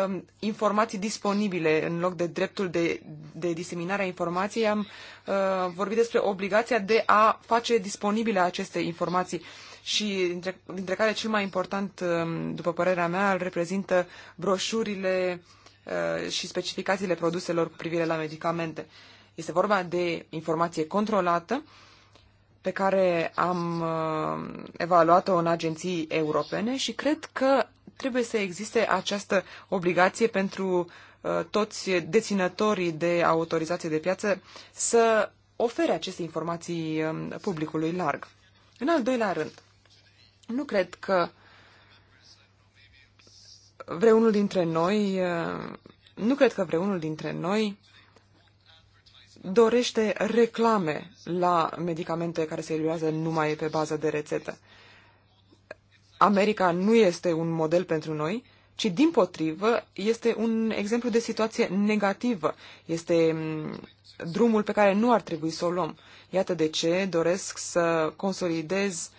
D: um, informații disponibile în loc de dreptul de, de diseminare a informației. Am uh, vorbit despre obligația de a face disponibile aceste informații și dintre, dintre care cel mai important, um, după părerea mea, îl reprezintă broșurile uh, și specificațiile produselor cu privire la medicamente. Este vorba de informație controlată pe care am uh, evaluat-o în agenții europene și cred că trebuie să existe această obligație pentru uh, toți deținătorii de autorizație de piață să ofere aceste informații um, publicului larg. În al doilea rând, nu cred că vreunul dintre noi, uh, nu cred că vreunul dintre noi dorește reclame la medicamente care se eluează numai pe bază de rețetă. America nu este un model pentru noi, ci din potrivă este un exemplu de situație negativă. Este mm, drumul pe care nu ar trebui să o luăm. Iată de ce doresc să consolidez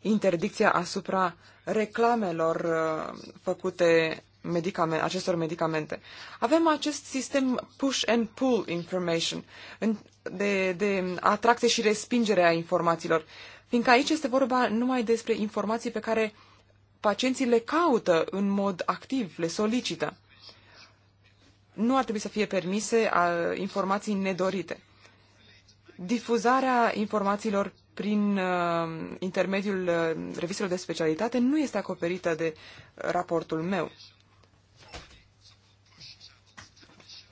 D: interdicția asupra reclamelor uh, făcute medicament, acestor medicamente. Avem acest sistem push and pull information, de, de atracție și respingere a informațiilor, fiindcă aici este vorba numai despre informații pe care pacienții le caută în mod activ, le solicită. Nu ar trebui să fie permise a informații nedorite. Difuzarea informațiilor prin uh, intermediul uh, revistelor de specialitate nu este acoperită de raportul meu.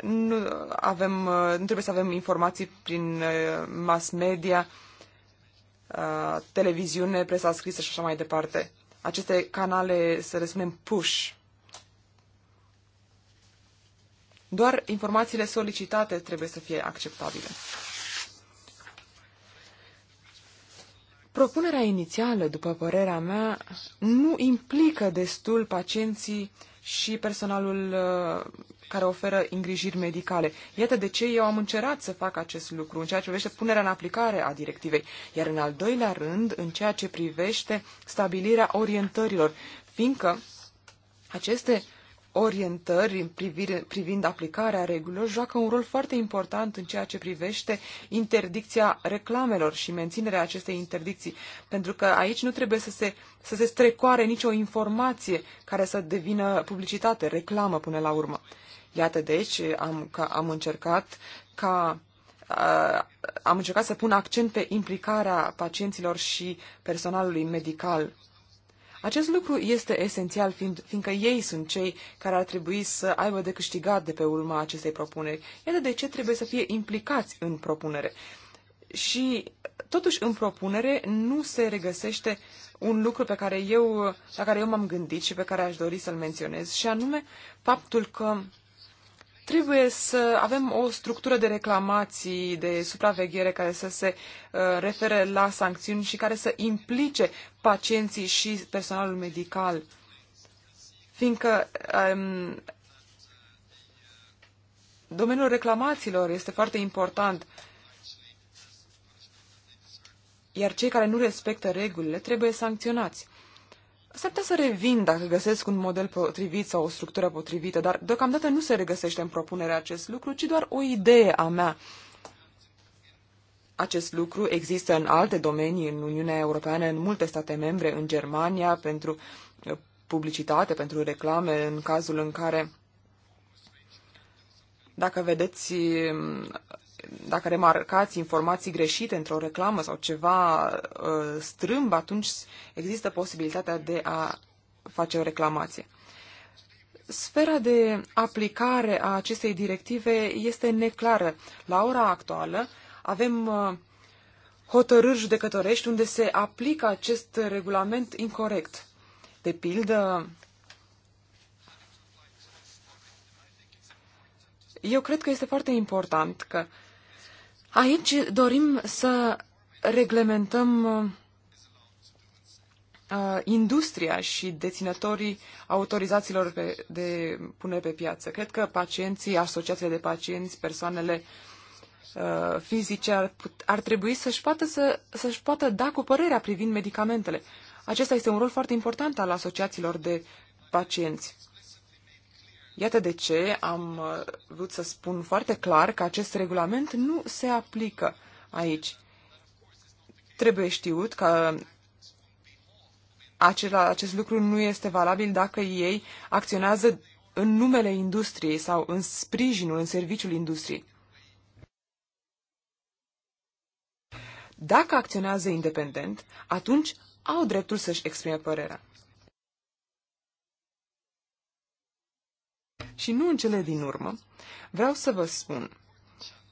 D: nu, avem, uh, nu trebuie să avem informații prin uh, mass media, uh, televiziune, presa scrisă și așa mai departe. Aceste canale, să le spunem, push. Doar informațiile solicitate trebuie să fie acceptabile. Propunerea inițială, după părerea mea, nu implică destul pacienții uh, și personalul uh, care oferă îngrijiri medicale. Iată de ce eu am încerat să fac acest lucru în ceea ce privește punerea în aplicare a directivei, iar în al doilea rând în ceea ce privește stabilirea orientărilor, fiindcă aceste uh, orientări privire, privind aplicarea regulilor joacă un rol foarte important în ceea ce privește interdicția reclamelor și menținerea acestei interdicții, pentru că aici nu trebuie să se, să se strecoare nicio informație care să devină publicitate, reclamă până la urmă. Iată, deci, am, ca, am încercat ca am încercat să pun accent pe implicarea pacienților și personalului medical acest lucru este esențial, fiind, fiindcă ei sunt cei care ar trebui să aibă de câștigat de pe urma acestei propuneri. Iată de ce trebuie să fie implicați în propunere. Și totuși în propunere nu se regăsește un lucru pe care eu, la care eu m-am gândit și pe care aș dori să-l menționez, și anume faptul că Trebuie să avem o structură de reclamații, de supraveghere care să se uh, refere la sancțiuni și care să implice pacienții și personalul medical. Fiindcă um, domeniul reclamațiilor este foarte important, iar cei care nu respectă regulile trebuie sancționați. S-ar putea să revin dacă găsesc un model potrivit sau o structură potrivită, dar deocamdată nu se regăsește în propunerea acest lucru, ci doar o idee a mea. Acest lucru există în alte domenii în Uniunea Europeană, în multe state membre, în Germania, pentru uh, publicitate, pentru reclame, în cazul în care, dacă vedeți um, dacă remarcați informații greșite într-o reclamă sau ceva uh, strâmb, atunci există posibilitatea de a face o reclamație. Sfera de aplicare a acestei directive este neclară. La ora actuală avem uh, hotărâri judecătorești unde se aplică acest regulament incorrect. De pildă, eu cred că este foarte important că uh, Aici dorim să reglementăm uh, industria și deținătorii autorizațiilor pe, de pune pe piață. Cred că pacienții, asociațiile de pacienți, persoanele uh, fizice ar, ar trebui să-și poată, să, să-și poată da cu părerea privind medicamentele. Acesta este un rol foarte important al asociațiilor de pacienți. Iată de ce am uh, vrut să spun foarte clar că acest regulament nu se aplică aici. Trebuie știut că acela, acest lucru nu este valabil dacă ei acționează în numele industriei sau în sprijinul, în serviciul industriei. Dacă acționează independent, atunci au dreptul să-și exprime părerea. și nu în cele din urmă, vreau să vă spun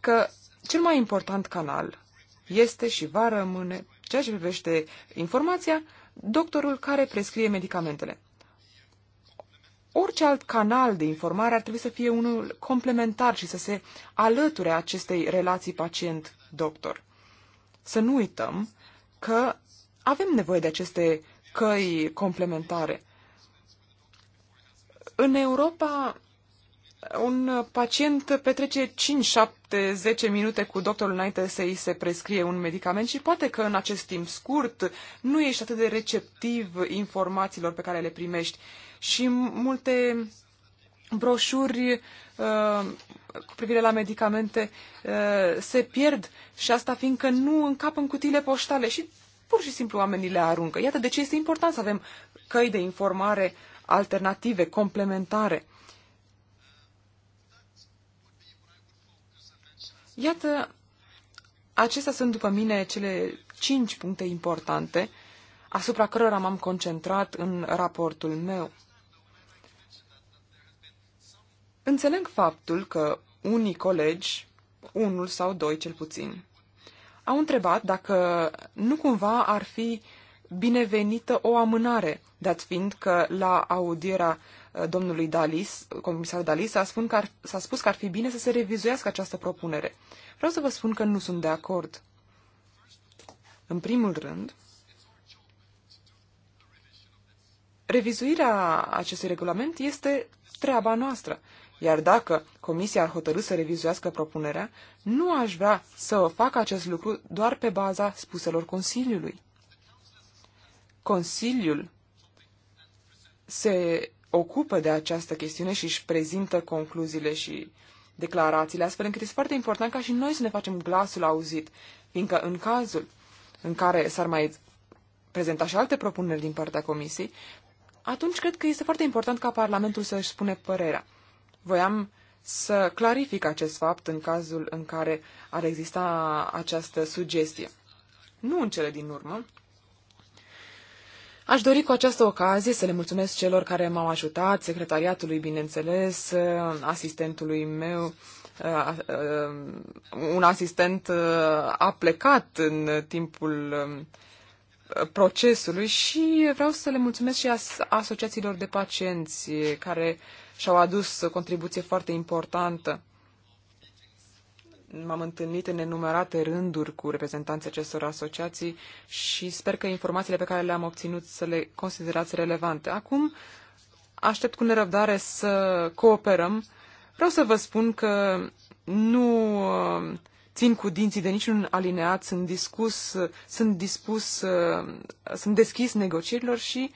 D: că cel mai important canal este și va rămâne, ceea ce privește informația, doctorul care prescrie medicamentele. Orice alt canal de informare ar trebui să fie unul complementar și să se alăture acestei relații pacient-doctor. Să nu uităm că avem nevoie de aceste căi complementare. În Europa un pacient petrece 5, 7, 10 minute cu doctorul înainte să îi se prescrie un medicament și poate că în acest timp scurt nu ești atât de receptiv informațiilor pe care le primești. Și multe broșuri uh, cu privire la medicamente uh, se pierd și asta fiindcă nu încap în cutiile poștale și pur și simplu oamenii le aruncă. Iată de ce este important să avem căi de informare alternative, complementare Iată, acestea sunt, după mine, cele cinci puncte importante asupra cărora m-am concentrat în raportul meu. Înțeleg faptul că unii colegi, unul sau doi cel puțin, au întrebat dacă nu cumva ar fi binevenită o amânare, dat fiind că la audierea domnului Dalis, comisar Dalis, s-a, spun că ar, s-a spus că ar fi bine să se revizuiască această propunere. Vreau să vă spun că nu sunt de acord. În primul rând, revizuirea acestui regulament este treaba noastră. Iar dacă comisia ar hotărâ să revizuiască propunerea, nu aș vrea să fac acest lucru doar pe baza spuselor Consiliului. Consiliul se ocupă de această chestiune și își prezintă concluziile și declarațiile, astfel încât este foarte important ca și noi să ne facem glasul auzit, fiindcă în cazul în care s-ar mai prezenta și alte propuneri din partea Comisiei, atunci cred că este foarte important ca Parlamentul să își spune părerea. Voiam să clarific acest fapt în cazul în care ar exista această sugestie. Nu în cele din urmă, Aș dori cu această ocazie să le mulțumesc celor care m-au ajutat, secretariatului, bineînțeles, uh, asistentului meu, uh, uh, un asistent a plecat în timpul um, procesului și vreau să le mulțumesc și asociațiilor de pacienți care și-au adus contribuție foarte importantă m-am întâlnit în nenumărate rânduri cu reprezentanții acestor asociații și sper că informațiile pe care le-am obținut să le considerați relevante. Acum aștept cu nerăbdare să cooperăm. Vreau să vă spun că nu uh, țin cu dinții de niciun alineat, sunt discus, sunt dispus, uh, sunt deschis negocierilor și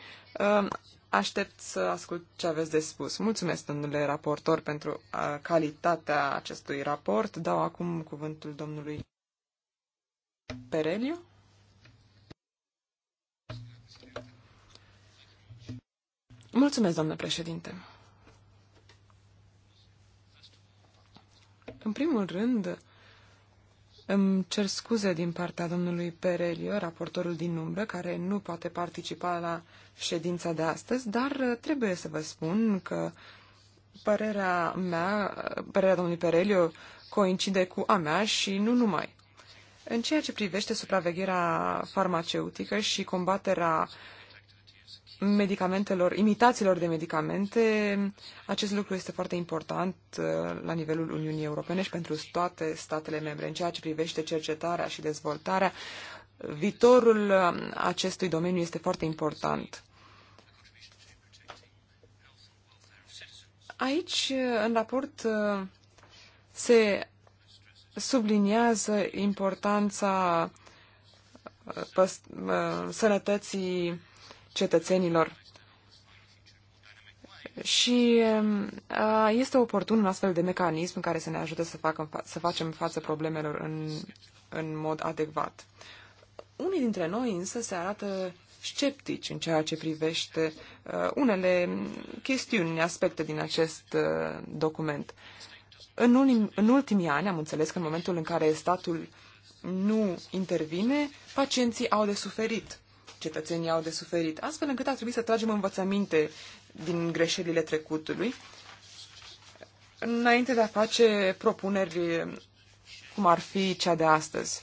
D: uh, Aștept să ascult ce aveți de spus. Mulțumesc, domnule raportor, pentru calitatea acestui raport. Dau acum cuvântul domnului Pereliu. Mulțumesc, domnule președinte. În primul rând, îmi cer scuze din partea domnului Perelio, raportorul din umbră, care nu poate participa la ședința de astăzi, dar uh, trebuie să vă spun că părerea mea, uh, părerea domnului Perelio, coincide cu a mea și nu numai. În ceea ce privește supravegherea farmaceutică și combaterea uh, medicamentelor, imitațiilor de medicamente, acest lucru este foarte important uh, la nivelul Uniunii Europene și pentru toate statele membre. În ceea ce privește cercetarea și dezvoltarea, viitorul um, acestui domeniu este foarte important. Aici, uh, în raport, uh, se subliniază importanța sănătății cetățenilor. Și um, este oportun un astfel de mecanism care să ne ajute să, facă, să facem față problemelor în, în mod adecvat. Unii dintre noi însă se arată sceptici în ceea ce privește uh, unele chestiuni, aspecte din acest uh, document. În, unim, în ultimii ani am înțeles că în momentul în care statul nu intervine, pacienții au de suferit cetățenii au de suferit, astfel încât ar trebui să tragem învățăminte din greșelile trecutului, înainte de a face propuneri cum ar fi cea de astăzi.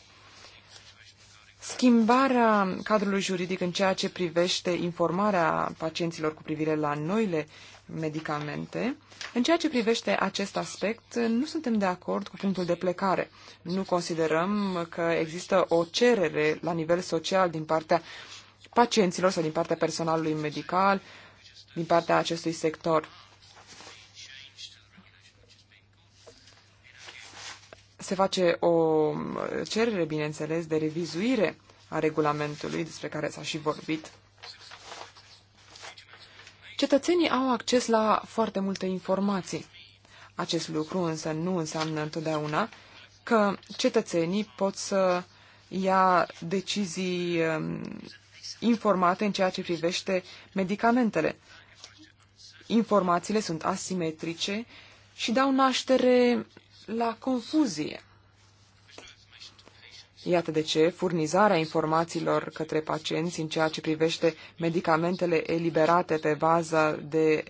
D: Schimbarea cadrului juridic în ceea ce privește informarea pacienților cu privire la noile medicamente. În ceea ce privește acest aspect, nu suntem de acord cu punctul de plecare. Nu considerăm că există o cerere la nivel social din partea pacienților sau din partea personalului medical, din partea acestui sector. Se face o cerere, bineînțeles, de revizuire a regulamentului despre care s-a și vorbit. Cetățenii au acces la foarte multe informații. Acest lucru însă nu înseamnă întotdeauna că cetățenii pot să ia decizii um, informate în ceea ce privește medicamentele. Informațiile sunt asimetrice și dau naștere la confuzie. Iată de ce furnizarea informațiilor către pacienți în ceea ce privește medicamentele eliberate pe bază de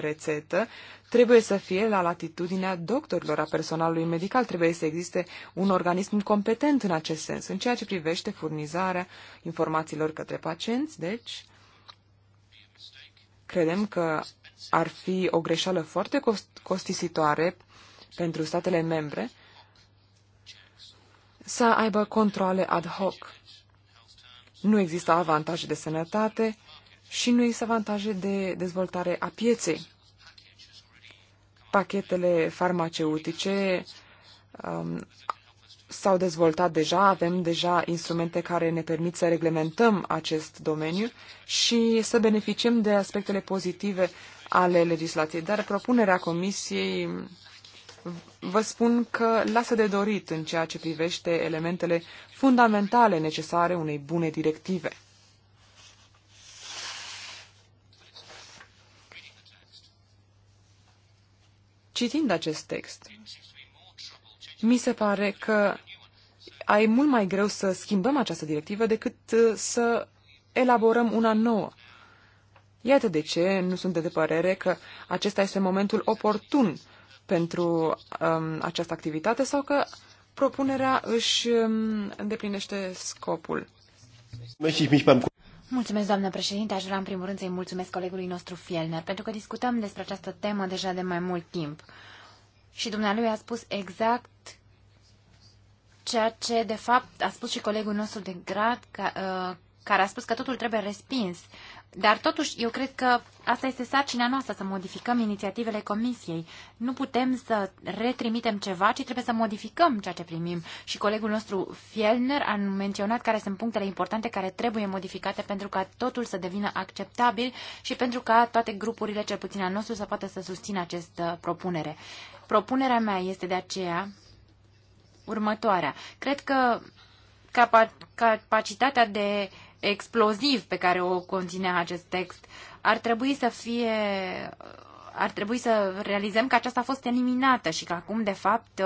D: rețetă trebuie să fie la latitudinea doctorilor, a personalului medical. Trebuie să existe un organism competent în acest sens, în ceea ce privește furnizarea informațiilor către pacienți. Deci, credem că ar fi o greșeală foarte costisitoare pentru statele membre să aibă controle ad hoc. Nu există avantaje de sănătate și nu există avantaje de dezvoltare a pieței. Pachetele farmaceutice um, s-au dezvoltat deja, avem deja instrumente care ne permit să reglementăm acest domeniu și să beneficiem de aspectele pozitive ale legislației. Dar propunerea Comisiei vă spun că lasă de dorit în ceea ce privește elementele fundamentale necesare unei bune directive. Citind acest text, mi se pare că ai mult mai greu să schimbăm această directivă decât uh, să elaborăm una nouă. Iată de ce nu sunt de părere că acesta este momentul oportun pentru um, această activitate sau că propunerea își um, îndeplinește scopul.
C: Mulțumesc, doamnă președinte. Aș vrea în primul rând să-i mulțumesc colegului nostru Fielner, pentru că discutăm despre această temă deja de mai mult timp. Și dumnealui a spus exact ceea ce, de fapt, a spus și colegul nostru de grad, ca, uh, care a spus că totul trebuie respins. Dar totuși, eu cred că asta este sarcina noastră, să modificăm inițiativele Comisiei. Nu putem să retrimitem ceva, ci trebuie să modificăm ceea ce primim. Și colegul nostru Fielner a menționat care sunt punctele importante care trebuie modificate pentru ca totul să devină acceptabil și pentru ca toate grupurile, cel puțin al nostru, să poată să susțină această propunere. Propunerea mea este de aceea următoarea. Cred că capacitatea de exploziv pe care o conținea acest text. Ar trebui să fie ar trebui să realizăm că aceasta a fost eliminată și că acum, de fapt,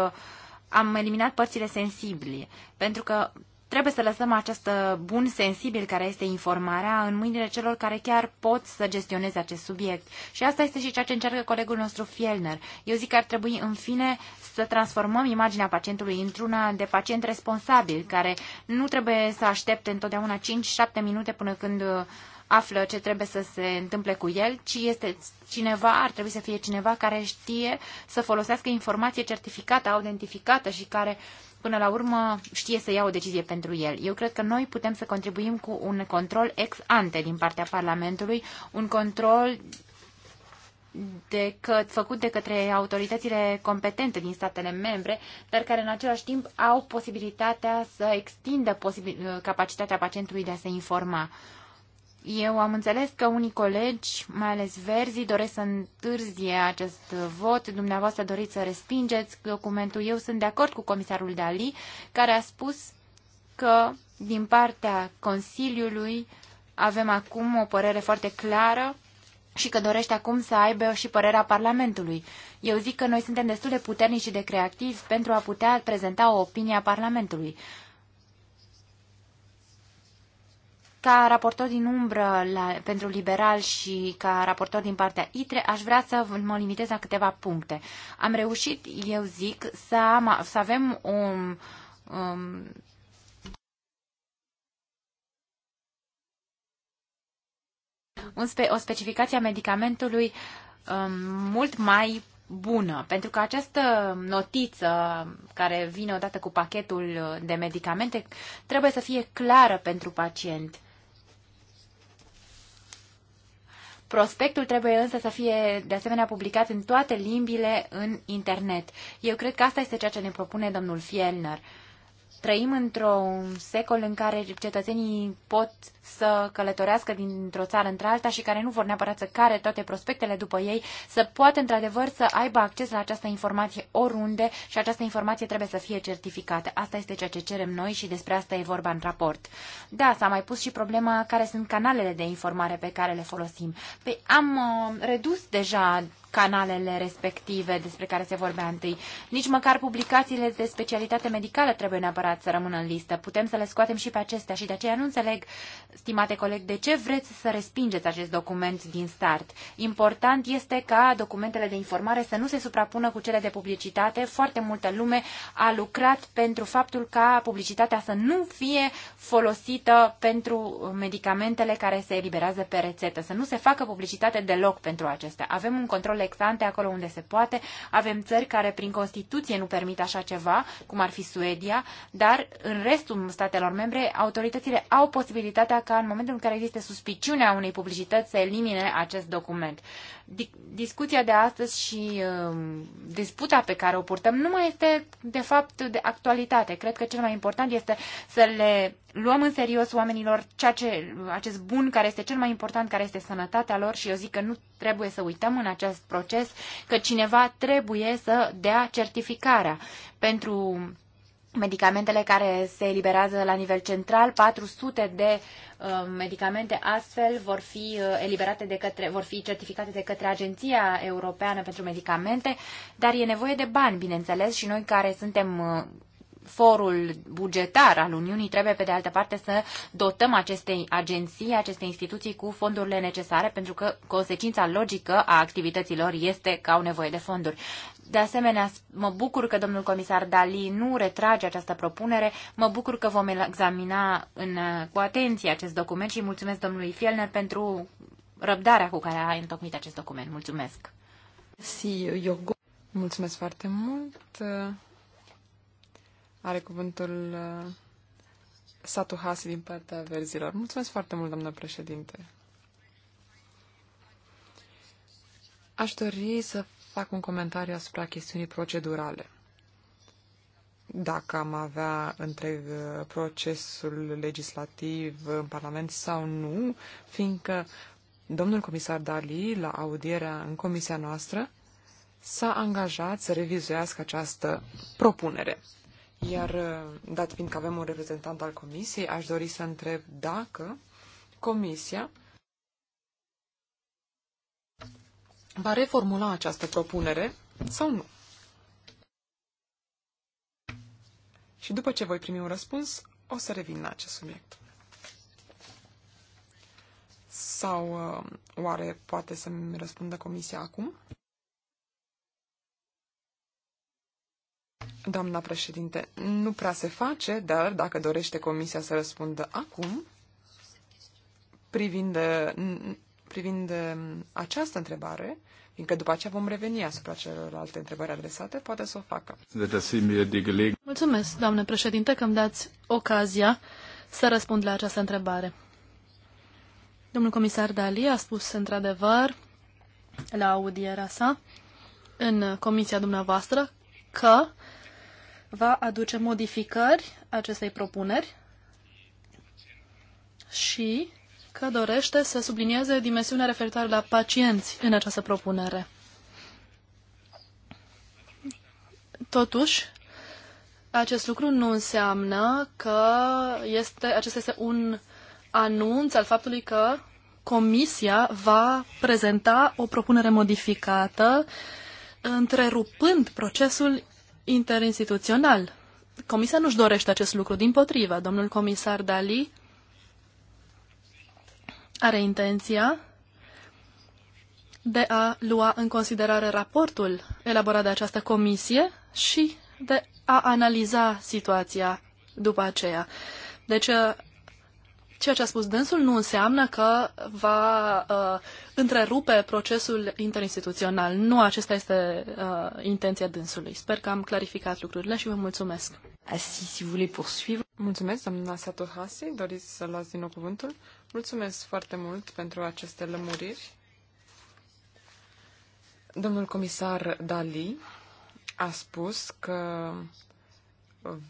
C: am eliminat părțile sensibile. Pentru că Trebuie să lăsăm acest uh, bun sensibil care este informarea în mâinile celor care chiar pot să gestioneze acest subiect. Și asta este și ceea ce încearcă colegul nostru Fielner. Eu zic că ar trebui, în fine, să transformăm imaginea pacientului într-una de pacient responsabil, care nu trebuie să aștepte întotdeauna 5-7 minute până când uh, află ce trebuie să se întâmple cu el, ci este cineva, ar trebui să fie cineva care știe să folosească informație certificată, autentificată și care până la urmă știe să ia o decizie pentru el. Eu cred că noi putem să contribuim cu un control ex ante din partea Parlamentului, un control de că, făcut de către autoritățile competente din statele membre, dar care în același timp au posibilitatea să extindă posibil, capacitatea pacientului de a se informa. Eu am înțeles că unii colegi, mai ales verzii, doresc să întârzie acest vot. Dumneavoastră doriți să respingeți documentul. Eu sunt de acord cu comisarul Dali, care a spus că din partea Consiliului avem acum o părere foarte clară și că dorește acum să aibă și părerea Parlamentului. Eu zic că noi suntem destul de puternici și de creativi pentru a putea prezenta o opinie a Parlamentului. Ca raportor din umbră la, pentru liberal și ca raportor din partea ITRE, aș vrea să mă limitez la câteva puncte. Am reușit, eu zic, să, am, să avem un, um, un spe, o specificație a medicamentului um, mult mai bună, pentru că această notiță care vine odată cu pachetul de medicamente trebuie să fie clară pentru pacient. Prospectul trebuie însă să fie de asemenea publicat în toate limbile în internet. Eu cred că asta este ceea ce ne propune domnul Fielner trăim într-un secol în care cetățenii pot să călătorească dintr-o țară într-alta și care nu vor neapărat să care toate prospectele după ei, să poată într-adevăr să aibă acces la această informație oriunde și această informație trebuie să fie certificată. Asta este ceea ce cerem noi și despre asta e vorba în raport. Da, s-a mai pus și problema care sunt canalele de informare pe care le folosim. Păi am uh, redus deja canalele respective despre care se vorbea întâi. Nici măcar publicațiile de specialitate medicală trebuie neapărat să rămână în listă. Putem să le scoatem și pe acestea și de aceea nu înțeleg, stimate coleg, de ce vreți să respingeți acest document din start. Important este ca documentele de informare să nu se suprapună cu cele de publicitate. Foarte multă lume a lucrat pentru faptul ca publicitatea să nu fie folosită pentru medicamentele care se eliberează pe rețetă, să nu se facă publicitate deloc pentru acestea. Avem un control exante acolo unde se poate. Avem țări care prin Constituție nu permit așa ceva, cum ar fi Suedia, dar în restul statelor membre autoritățile au posibilitatea ca în momentul în care există suspiciunea unei publicități să elimine acest document. Discuția de astăzi și uh, disputa pe care o purtăm nu mai este de fapt de actualitate. Cred că cel mai important este să le luăm în serios oamenilor ceea ce, acest bun care este cel mai important, care este sănătatea lor și eu zic că nu trebuie să uităm în acest proces că cineva trebuie să dea certificarea pentru medicamentele care se eliberează la nivel central, 400 de uh, medicamente astfel vor fi uh, eliberate de către, vor fi certificate de către Agenția Europeană pentru Medicamente, dar e nevoie de bani, bineînțeles, și noi care suntem uh, forul bugetar al Uniunii, trebuie pe de altă parte să dotăm aceste agenții, aceste instituții cu fondurile necesare, pentru că consecința logică a activităților este că au nevoie de fonduri. De asemenea, mă bucur că domnul comisar Dali nu retrage această propunere, mă bucur că vom examina în, cu atenție acest document și mulțumesc domnului Fielner pentru răbdarea cu care a întocmit acest document. Mulțumesc!
D: Mulțumesc foarte mult! Are cuvântul uh, Satu Hasi din partea verzilor. Mulțumesc foarte mult, doamnă președinte. Aș dori să fac un comentariu asupra chestiunii procedurale. Dacă am avea întreg uh, procesul legislativ în Parlament sau nu, fiindcă domnul comisar Dali, la audierea în comisia noastră, s-a angajat să revizuiască această propunere. Iar uh, dat fiind că avem un reprezentant al comisiei, aș dori să întreb dacă comisia va reformula această propunere sau nu. Și după ce voi primi un răspuns, o să revin la acest subiect. Sau uh, oare poate să-mi răspundă comisia acum? Doamna președinte, nu prea se face, dar dacă dorește comisia să răspundă acum, privind, privind această întrebare, fiindcă după aceea vom reveni asupra celorlalte întrebări adresate, poate să o facă.
B: Mulțumesc, doamnă președinte, că îmi dați ocazia să răspund la această întrebare. Domnul comisar Dali a spus într-adevăr la audierea sa în comisia dumneavoastră că va aduce modificări acestei propuneri și că dorește să sublinieze dimensiunea referitoare la pacienți în această propunere. Totuși, acest lucru nu înseamnă că este, acesta este un anunț al faptului că Comisia va prezenta o propunere modificată, întrerupând procesul interinstituțional. Comisia nu-și dorește acest lucru, din potrivă. Domnul comisar Dali are intenția de a lua în considerare raportul elaborat de această comisie și de a analiza situația după aceea. Deci, ceea ce a spus dânsul nu înseamnă că va uh, întrerupe procesul interinstituțional. Nu acesta este uh, intenția dânsului.
D: Sper că am clarificat lucrurile și vă mulțumesc. Asi, si vous poursuivre. Mulțumesc, doamna Satohasi. Doriți să luați din nou cuvântul. Mulțumesc foarte mult pentru aceste lămuriri. Domnul comisar Dali a spus că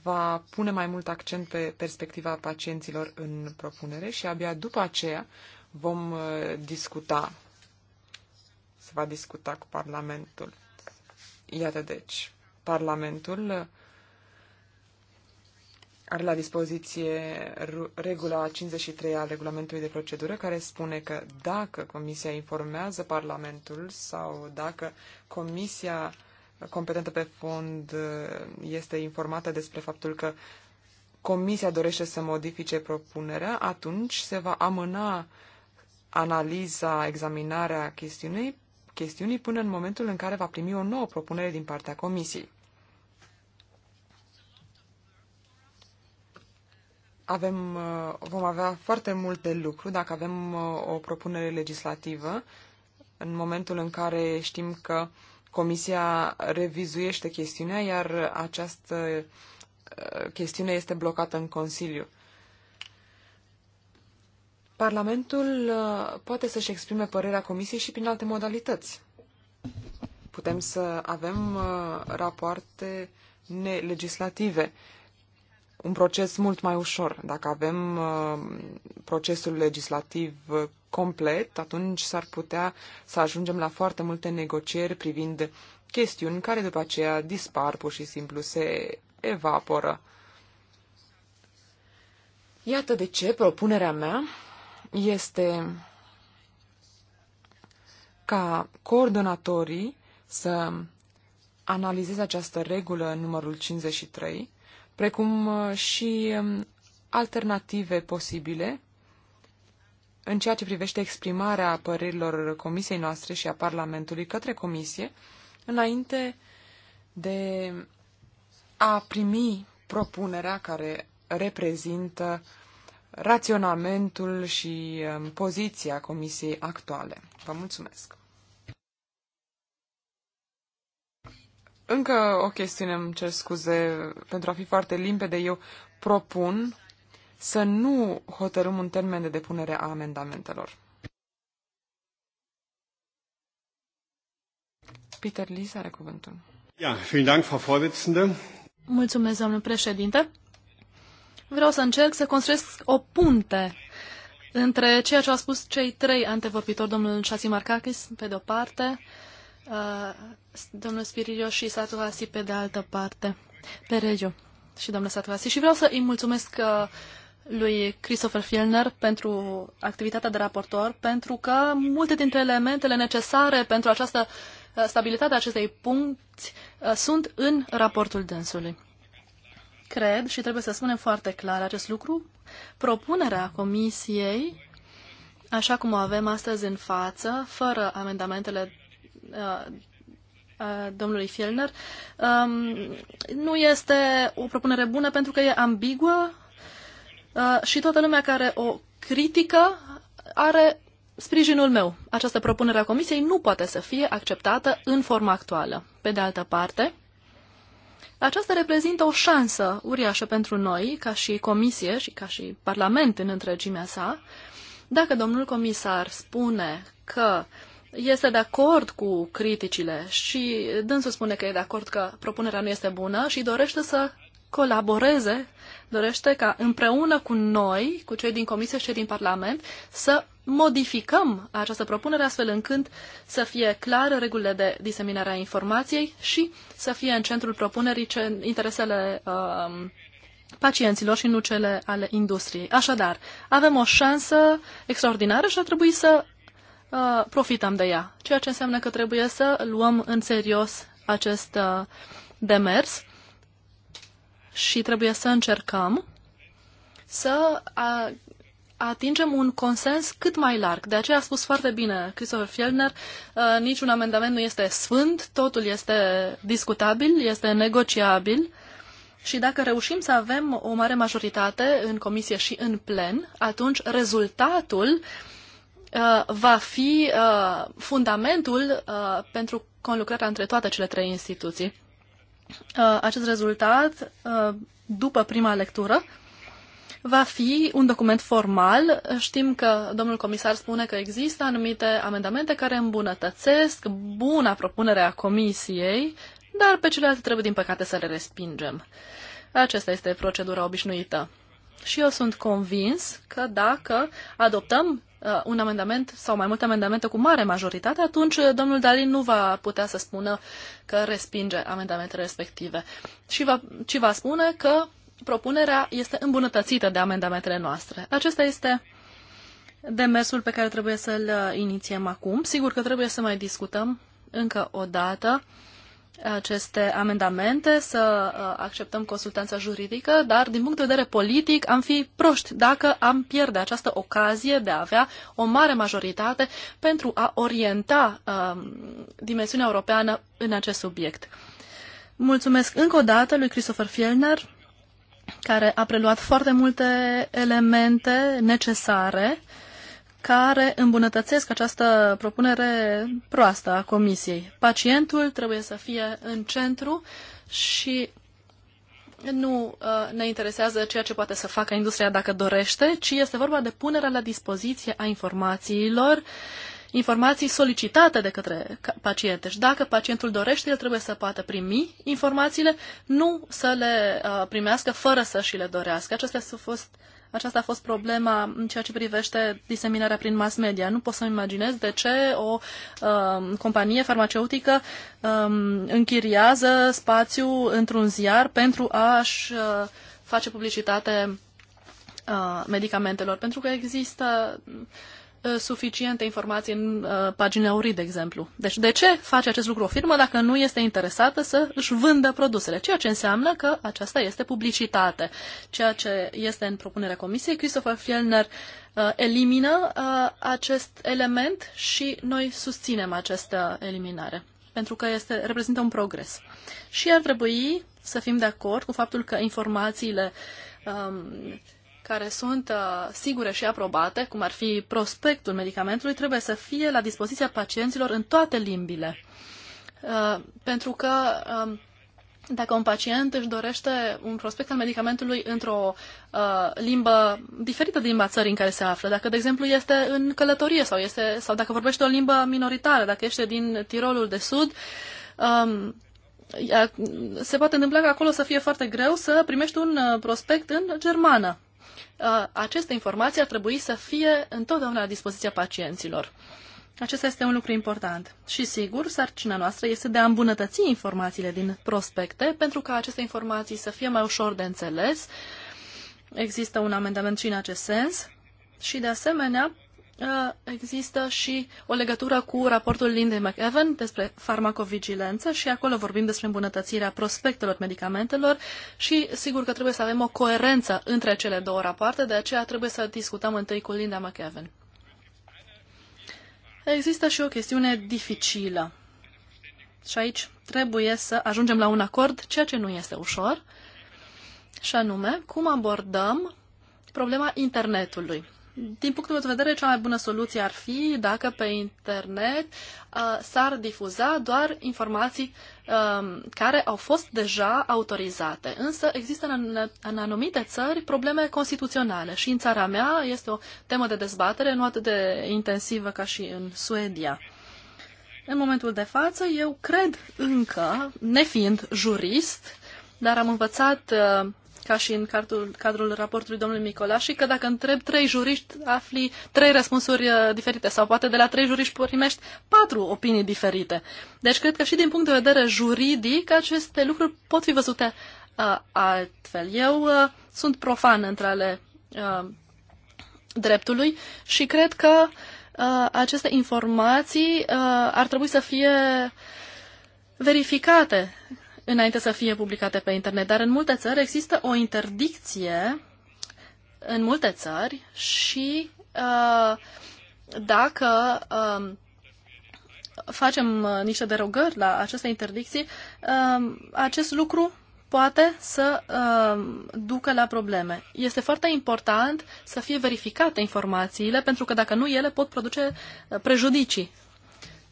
D: va pune mai mult accent pe perspectiva pacienților în propunere și abia după aceea vom uh, discuta, se va discuta cu Parlamentul. Iată deci, Parlamentul uh, are la dispoziție regula 53 a regulamentului de procedură care spune că dacă Comisia informează Parlamentul sau dacă Comisia competentă pe fond uh, este informată despre faptul că Comisia dorește să modifice propunerea, atunci se va amâna uh, analiza, examinarea chestiunii, chestiunii până în momentul în care va primi o nouă propunere din partea Comisiei. Avem, uh, vom avea foarte multe lucruri lucru dacă avem uh, o propunere legislativă în momentul în care știm că Comisia revizuiește chestiunea, iar această uh, chestiune este blocată în Consiliu. Parlamentul uh, poate să-și exprime părerea Comisiei și prin alte modalități. Putem să avem uh, rapoarte nelegislative, un proces mult mai ușor. Dacă avem uh, procesul legislativ complet, atunci s-ar putea să ajungem la foarte multe negocieri privind chestiuni care după aceea dispar pur și simplu, se evaporă. Iată de ce propunerea mea este ca coordonatorii să analizeze această regulă numărul 53, precum uh, și um, alternative posibile în ceea ce privește exprimarea părerilor comisiei noastre și a Parlamentului către comisie, înainte de a primi propunerea care reprezintă raționamentul și um, poziția comisiei actuale. Vă mulțumesc! Încă o chestiune, îmi cer scuze, pentru a fi foarte limpede, eu propun să nu hotărâm un termen de depunere a amendamentelor. Peter Lies are cuvântul.
E: Ja, vielen
A: Dank, Frau Vorsitzende.
B: Mulțumesc, domnul președinte vreau să încerc să construiesc o punte între ceea ce au spus cei trei antevorbitori, domnul Șazi Marcakis, pe de-o parte, uh, domnul Spirio și Satuasi, pe de altă parte, pe Regio și domnul Satuasi. Și vreau să îi mulțumesc uh, lui Christopher Filner pentru activitatea de raportor, pentru că multe dintre elementele necesare pentru această uh, stabilitate a acestei puncti sunt în raportul dânsului cred, și trebuie să spunem foarte clar acest lucru, propunerea Comisiei, așa cum o avem astăzi în față, fără amendamentele uh, uh, domnului Fielner, um, nu este o propunere bună pentru că e ambiguă uh, și toată lumea care o critică are sprijinul meu. Această propunere a Comisiei nu poate să fie acceptată în forma actuală. Pe de altă parte, aceasta reprezintă o șansă uriașă pentru noi, ca și Comisie și ca și Parlament în întregimea sa. Dacă domnul comisar spune că este de acord cu criticile și dânsul spune că e de acord că propunerea nu este bună și dorește să colaboreze, dorește ca împreună cu noi, cu cei din Comisie și cei din Parlament, să modificăm această propunere astfel încât să fie clar regulile de diseminare a informației și să fie în centrul propunerii ce interesele uh, pacienților și nu cele ale industriei. Așadar, avem o șansă extraordinară și ar trebui să uh, profităm de ea, ceea ce înseamnă că trebuie să luăm în serios acest uh, demers și trebuie să încercăm să uh, atingem un consens cât mai larg. De aceea a spus foarte bine Christopher Fjellner, uh, niciun amendament nu este sfânt, totul este discutabil, este negociabil și dacă reușim să avem o mare majoritate în comisie și în plen, atunci rezultatul uh, va fi uh, fundamentul uh, pentru conlucrarea între toate cele trei instituții. Uh, acest rezultat, uh, după prima lectură, va fi un document formal. Știm că domnul comisar spune că există anumite amendamente care îmbunătățesc buna propunere a comisiei, dar pe celelalte trebuie, din păcate, să le respingem. Aceasta este procedura obișnuită. Și eu sunt convins că dacă adoptăm uh, un amendament sau mai multe amendamente cu mare majoritate, atunci uh, domnul Dalin nu va putea să spună că respinge amendamentele respective, și va, ci va spune că propunerea este îmbunătățită de amendamentele noastre. Acesta este demersul pe care trebuie să-l inițiem acum. Sigur că trebuie să mai discutăm încă o dată aceste amendamente, să uh, acceptăm consultanța juridică, dar din punct de vedere politic am fi proști dacă am pierde această ocazie de a avea o mare majoritate pentru a orienta um, dimensiunea europeană în acest subiect. Mulțumesc încă o dată lui Christopher Fielner care a preluat foarte multe elemente necesare care îmbunătățesc această propunere proastă a Comisiei. Pacientul trebuie să fie în centru și nu uh, ne interesează ceea ce poate să facă industria dacă dorește, ci este vorba de punerea la dispoziție a informațiilor informații solicitate de către paciente. Și dacă pacientul dorește, el trebuie să poată primi informațiile, nu să le uh, primească fără să și le dorească. Acestea fost, aceasta a fost problema în ceea ce privește diseminarea prin mass media. Nu pot să-mi imaginez de ce o uh, companie farmaceutică um, uh, închiriază spațiu într-un ziar pentru a-și uh, face publicitate uh, medicamentelor, pentru că există Uh, suficiente informații în uh, pagina URI, de exemplu. Deci, de ce face acest lucru o firmă dacă nu este interesată să își vândă produsele? Ceea ce înseamnă că aceasta este publicitate. Ceea ce este în propunerea comisiei, Christopher Fielner uh, elimină uh, acest element și noi susținem această eliminare, pentru că este, reprezintă un progres. Și ar trebui să fim de acord cu faptul că informațiile um, care sunt uh, sigure și aprobate, cum ar fi prospectul medicamentului, trebuie să fie la dispoziția pacienților în toate limbile. Uh, pentru că uh, dacă un pacient își dorește un prospect al medicamentului într-o uh, limbă diferită de limba țării în care se află, dacă, de exemplu, este în călătorie sau, este, sau dacă vorbește o limbă minoritară, dacă este din Tirolul de Sud, um, se poate întâmpla că acolo să fie foarte greu să primești un uh, prospect în germană. Uh, aceste informații ar trebui să fie întotdeauna la dispoziția pacienților. Acesta este un lucru important. Și sigur, sarcina noastră este de a îmbunătăți informațiile din prospecte pentru ca aceste informații să fie mai ușor de înțeles. Există un amendament și în acest sens. Și de asemenea, Uh, există și o legătură cu raportul Lindy McEwen despre farmacovigilență și acolo vorbim despre îmbunătățirea prospectelor medicamentelor și sigur că trebuie să avem o coerență între cele două rapoarte, de aceea trebuie să discutăm întâi cu Linda McEwen. Există și o chestiune dificilă și aici trebuie să ajungem la un acord, ceea ce nu este ușor, și anume cum abordăm problema internetului. Din punctul meu de vedere, cea mai bună soluție ar fi dacă pe internet uh, s-ar difuza doar informații uh, care au fost deja autorizate. Însă există în, în anumite țări probleme constituționale și în țara mea este o temă de dezbatere nu atât de intensivă ca și în Suedia. În momentul de față, eu cred încă, nefiind jurist, dar am învățat uh, ca și în cadrul, cadrul raportului domnului Micolași, că dacă întreb trei juriști, afli trei răspunsuri uh, diferite sau poate de la trei juriști primești patru opinii diferite. Deci cred că și din punct de vedere juridic aceste lucruri pot fi văzute uh, altfel. Eu uh, sunt profan între ale uh, dreptului și cred că uh, aceste informații uh, ar trebui să fie verificate înainte să fie publicate pe internet. Dar în multe țări există o interdicție în multe țări și uh, dacă um, uh, facem niște derogări la aceste interdicții, uh, acest lucru poate să uh, ducă la probleme. Este foarte important să fie verificate informațiile, pentru că dacă nu, ele pot produce uh, prejudicii.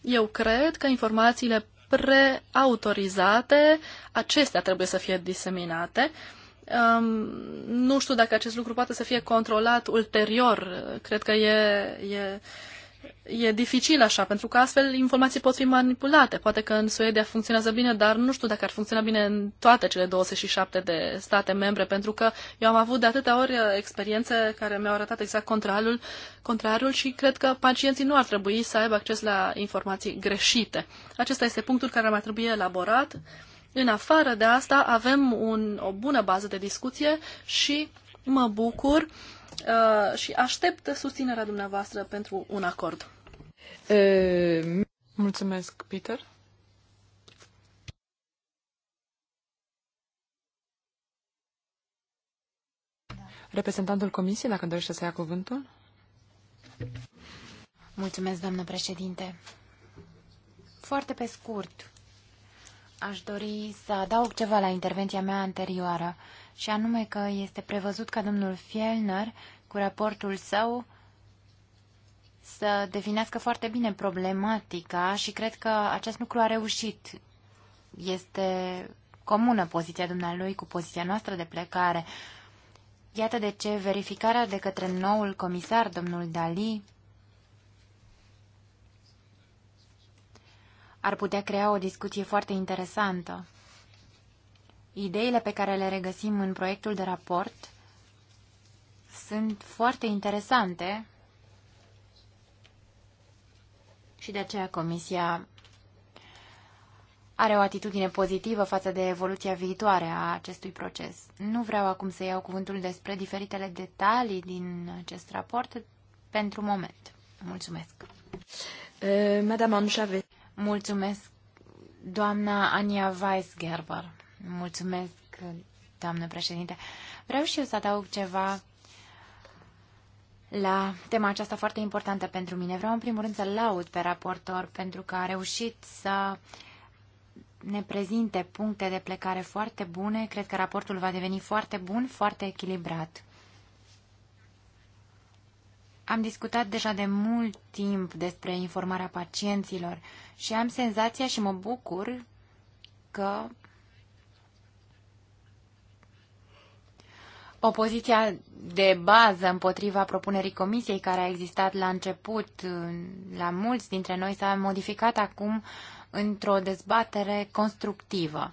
B: Eu cred că informațiile preautorizate, acestea trebuie să fie diseminate. Um, nu știu dacă acest lucru poate să fie controlat ulterior. Cred că e, e e dificil așa, pentru că astfel informații pot fi manipulate. Poate că în Suedia funcționează bine, dar nu știu dacă ar funcționa bine în toate cele 27 de state membre, pentru că eu am avut de atâtea ori uh, experiențe care mi-au arătat exact contrarul, contrarul și cred că pacienții nu ar trebui să aibă acces la informații greșite. Acesta este punctul care ar mai trebui elaborat. În afară de asta avem un, o bună bază de discuție și mă bucur uh, Uh, și aștept susținerea dumneavoastră pentru un acord.
D: E, uh, mulțumesc, Peter. Reprezentantul Comisiei, dacă dorește să ia cuvântul.
C: Mulțumesc, doamnă președinte. Foarte pe scurt, aș dori să adaug ceva la intervenția mea anterioară și anume că este prevăzut ca domnul Fielner, cu raportul său, să definească foarte bine problematica și cred că acest lucru a reușit. Este comună poziția dumnealui cu poziția noastră de plecare. Iată de ce verificarea de către noul comisar, domnul Dali, ar putea crea o discuție foarte interesantă. Ideile pe care le regăsim în proiectul de raport sunt foarte interesante și de aceea Comisia are o atitudine pozitivă față de evoluția viitoare a acestui proces. Nu vreau acum să iau cuvântul despre diferitele detalii din acest raport pentru moment. Mulțumesc. Eh, Madame Mulțumesc, doamna Ania Weisgerber. Mulțumesc, doamnă președinte. Vreau și eu să adaug ceva la tema aceasta foarte importantă pentru mine. Vreau în primul rând să laud pe raportor pentru că a reușit să ne prezinte puncte de plecare foarte bune. Cred că raportul va deveni foarte bun, foarte echilibrat. Am discutat deja de mult timp despre informarea pacienților și am senzația și mă bucur că Opoziția de bază împotriva propunerii comisiei care a existat la început, la mulți dintre noi, s-a modificat acum într-o dezbatere constructivă.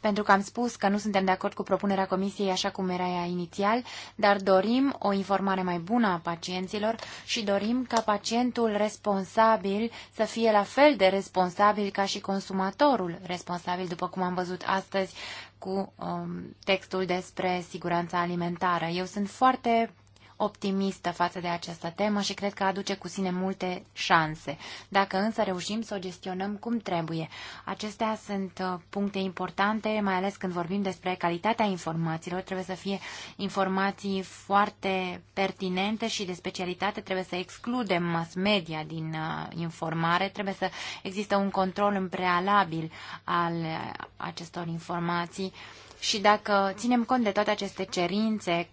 C: Pentru că am spus că nu suntem de acord cu propunerea comisiei așa cum era ea inițial, dar dorim o informare mai bună a pacienților și dorim ca pacientul responsabil să fie la fel de responsabil ca și consumatorul responsabil, după cum am văzut astăzi cu um, textul despre siguranța alimentară. Eu sunt foarte optimistă față de această temă și cred că aduce cu sine multe șanse, dacă însă reușim să o gestionăm cum trebuie. Acestea sunt uh, puncte importante, mai ales când vorbim despre calitatea informațiilor. Trebuie să fie informații foarte pertinente și de specialitate. Trebuie să excludem mass media din uh, informare. Trebuie să există un control în prealabil al uh, acestor informații. Și dacă ținem cont de toate aceste cerințe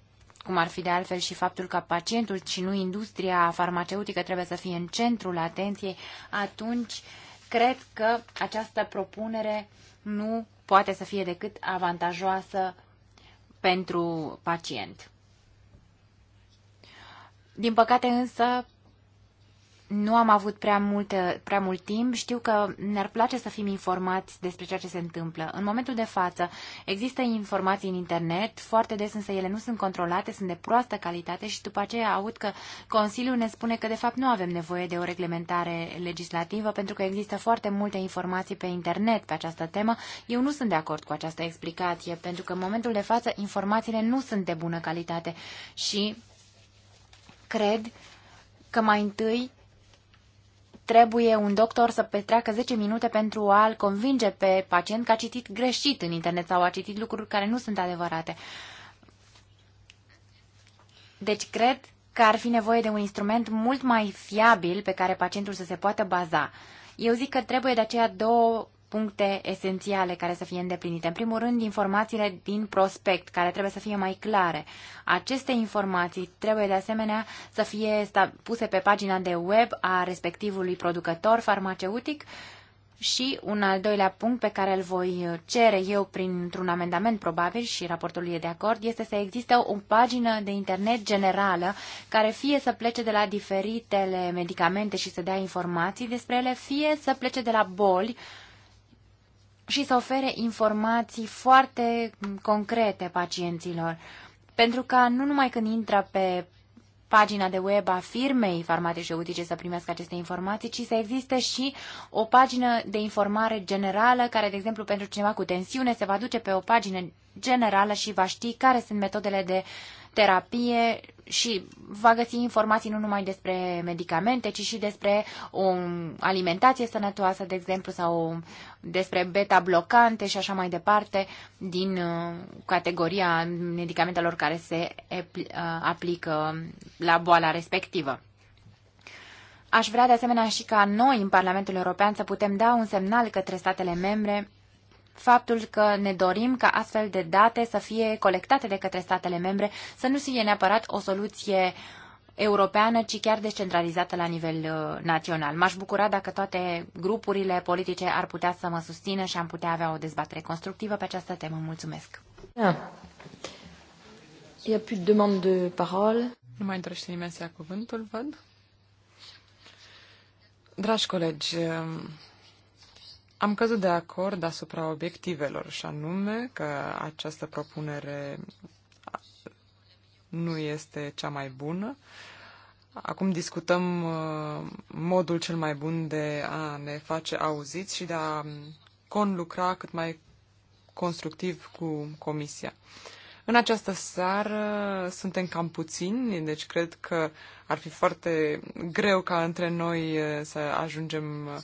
C: cum ar fi de altfel și faptul că pacientul și nu industria farmaceutică trebuie să fie în centrul atenției, atunci cred că această propunere nu poate să fie decât avantajoasă pentru pacient. Din păcate însă, nu am avut prea, multe, prea mult timp. Știu că ne-ar place să fim informați despre ceea ce se întâmplă. În momentul de față există informații în internet, foarte des însă ele nu sunt controlate, sunt de proastă calitate și după aceea aud că Consiliul ne spune că de fapt nu avem nevoie de o reglementare legislativă pentru că există foarte multe informații pe internet pe această temă. Eu nu sunt de acord cu această explicație pentru că în momentul de față informațiile nu sunt de bună calitate și cred că mai întâi trebuie un doctor să petreacă 10 minute pentru a-l convinge pe pacient că a citit greșit în internet sau a citit lucruri care nu sunt adevărate. Deci cred că ar fi nevoie de un instrument mult mai fiabil pe care pacientul să se poată baza. Eu zic că trebuie de aceea două puncte esențiale care să fie îndeplinite. În primul rând, informațiile din prospect, care trebuie să fie mai clare. Aceste informații trebuie de asemenea să fie puse pe pagina de web a respectivului producător farmaceutic și un al doilea punct pe care îl voi cere eu printr-un amendament probabil și raportul e de acord este să existe o pagină de internet generală care fie să plece de la diferitele medicamente și să dea informații despre ele, fie să plece de la boli și să ofere informații foarte concrete pacienților. Pentru ca nu numai când intră pe pagina de web a firmei farmaceutice să primească aceste informații, ci să existe și o pagină de informare generală, care, de exemplu, pentru cineva cu tensiune se va duce pe o pagină generală și va ști care sunt metodele de uh, terapie și va găsi informații nu numai despre medicamente, ci și despre o alimentație sănătoasă, de exemplu, sau despre beta-blocante și așa mai departe, din uh, categoria medicamentelor care se uh, aplică la boala respectivă. Aș vrea de asemenea și ca noi în Parlamentul European să putem da un semnal către statele membre faptul că ne dorim ca astfel de date să fie colectate de către statele membre, să nu fie neapărat o soluție europeană, ci chiar descentralizată la nivel uh, național. M-aș bucura dacă toate grupurile politice ar putea să mă susțină și am putea avea o dezbatere constructivă pe această temă. Mulțumesc! Ah. plus de demande
D: de parole. Nu mai întrește nimeni să ia cuvântul, văd. Dragi colegi, am căzut de acord asupra obiectivelor, și anume că această propunere nu este cea mai bună. Acum discutăm uh, modul cel mai bun de a ne face auziți și de a conlucra cât mai constructiv cu Comisia. În această seară suntem cam puțini, deci cred că ar fi foarte greu ca între noi uh, să ajungem uh,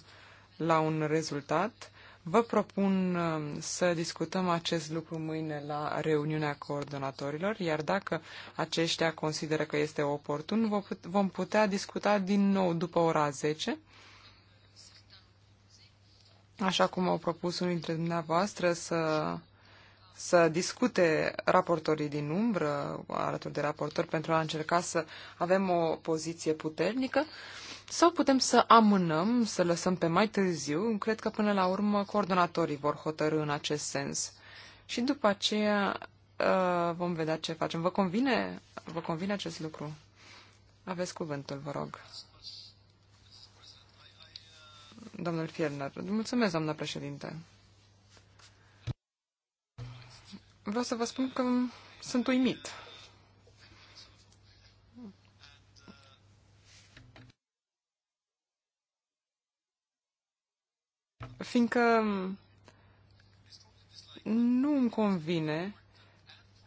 D: la un rezultat. Vă propun uh, să discutăm acest lucru mâine la reuniunea coordonatorilor, iar dacă aceștia consideră că este oportun, vom putea discuta din nou după ora 10, așa cum au propus unul dintre dumneavoastră să, să discute raportorii din umbră, alături de raportori, pentru a încerca să avem o poziție puternică. Sau putem să amânăm, să lăsăm pe mai târziu, cred că până la urmă coordonatorii vor hotărâ în acest sens. Și după aceea ă, vom vedea ce facem. Vă convine, vă convine acest lucru? Aveți cuvântul, vă rog. Domnul Fierner, mulțumesc, doamnă președinte. Vreau să vă spun că sunt uimit fiindcă nu îmi convine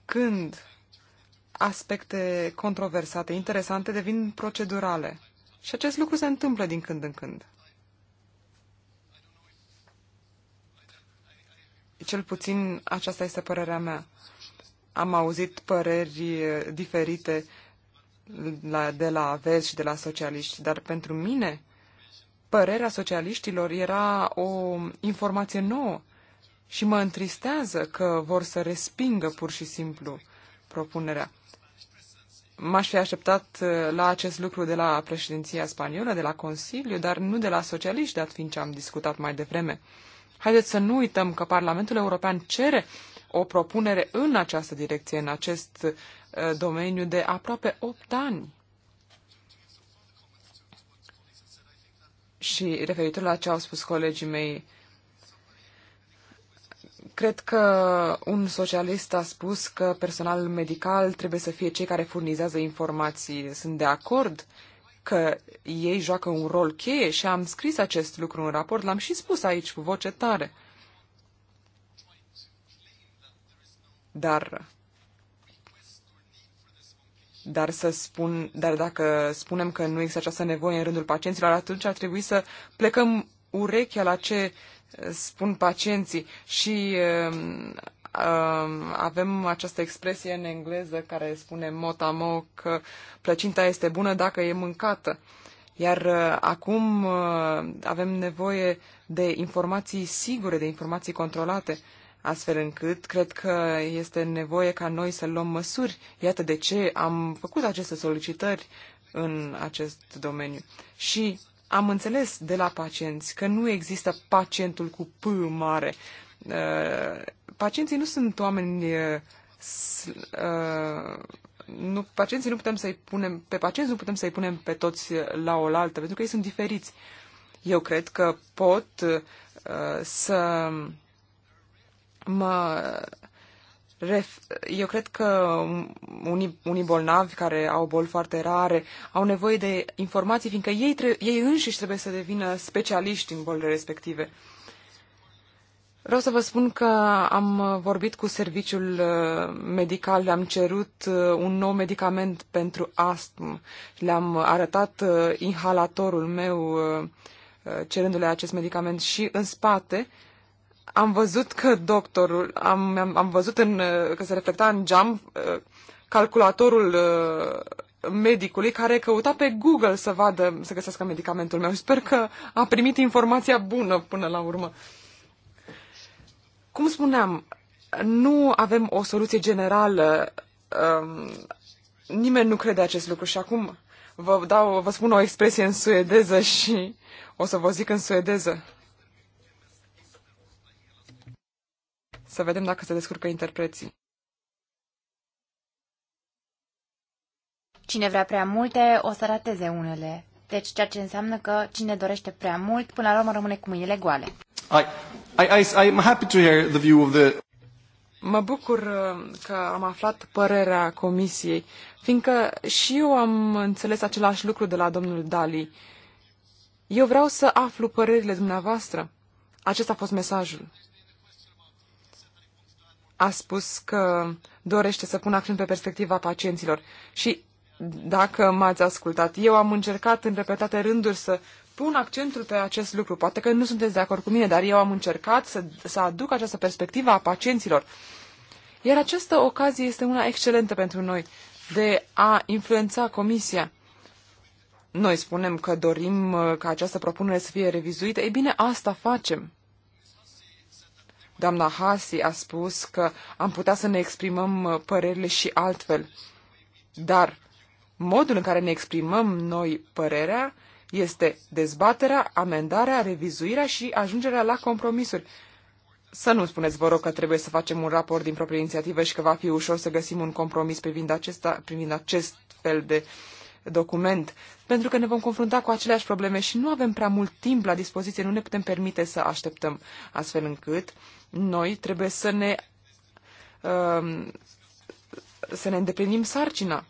D: când aspecte controversate, interesante, devin procedurale. Și acest lucru se întâmplă din când în când. Cel puțin aceasta este părerea mea. Am auzit păreri diferite de la vezi și de la socialiști, dar pentru mine părerea socialiștilor era o informație nouă și mă întristează că vor să respingă pur și simplu propunerea. M-aș fi așteptat uh, la acest lucru de la președinția spaniolă, de la Consiliu, dar nu de la socialiști, dat fiind ce am discutat mai devreme. Haideți să nu uităm că Parlamentul European cere o propunere în această direcție, în acest uh, domeniu, de aproape 8 ani. și referitor la ce au spus colegii mei, cred că un socialist a spus că personalul medical trebuie să fie cei care furnizează informații. Sunt de acord că ei joacă un rol cheie și am scris acest lucru în raport, l-am și spus aici cu voce tare. Dar dar, să spun, dar dacă spunem că nu există această nevoie în rândul pacienților, atunci ar trebui să plecăm urechea la ce eh, spun pacienții și eh, avem această expresie în engleză care spune motamo că plăcinta este bună dacă e mâncată. Iar eh, acum avem nevoie de informații sigure, de informații controlate astfel încât cred că este nevoie ca noi să luăm măsuri. Iată de ce am făcut aceste solicitări în acest domeniu. Și am înțeles de la pacienți că nu există pacientul cu P mare. Uh, pacienții nu sunt oameni uh, uh, nu, pacienții nu putem să-i punem, pe pacienți nu putem să-i punem pe toți la oaltă, pentru că ei sunt diferiți. Eu cred că pot uh, să mă ref, eu cred că unii, unii bolnavi care au boli foarte rare au nevoie de informații, fiindcă ei, tre- ei înșiși trebuie să devină specialiști în bolile respective. Vreau să vă spun că am vorbit cu serviciul uh, medical, le-am cerut uh, un nou medicament pentru astm, le-am arătat uh, inhalatorul meu cerându-le acest medicament și în spate am văzut că doctorul, am, am, am văzut în, uh, că se reflecta în geam uh, calculatorul uh, medicului care căuta pe Google să vadă, să găsească medicamentul meu. Sper că a primit informația bună până la urmă. Cum spuneam, nu avem o soluție generală. Um, nimeni nu crede acest lucru și acum vă, dau, vă spun o expresie în suedeză și o să vă zic în suedeză. Să vedem dacă se descurcă interpreții.
C: Cine vrea prea multe, o să rateze unele. Deci ceea ce înseamnă că cine dorește
D: prea mult, până la urmă rămâne cu mâinile goale.
E: I, I, I, I'm happy to hear the view of the...
D: Mă bucur uh, că am aflat părerea comisiei, fiindcă și eu am înțeles același lucru de la domnul Dali. Eu vreau să aflu părerile dumneavoastră. Acesta a fost mesajul a spus că dorește să pună accent pe perspectiva pacienților. Și dacă m-ați ascultat, eu am încercat în repetate rânduri să pun accentul pe acest lucru. Poate că nu sunteți de acord cu mine, dar eu am încercat să, să aduc această perspectivă a pacienților. Iar această ocazie este una excelentă pentru noi de a influența Comisia. Noi spunem că dorim uh, ca această propunere să fie revizuită. Ei bine, asta facem. Doamna Hasi a spus că am putea să ne exprimăm uh, părerile și altfel, dar modul în care ne exprimăm noi părerea este dezbaterea, amendarea, revizuirea și ajungerea la compromisuri. Să nu spuneți, vă rog, că trebuie să facem un raport din proprie inițiativă și că va fi ușor să găsim un compromis privind, acesta, privind acest fel de uh, document, pentru că ne vom confrunta cu aceleași probleme și nu avem prea mult timp la dispoziție, nu ne putem permite să așteptăm, astfel încât noi trebuie să ne, um, să ne îndeplinim sarcina.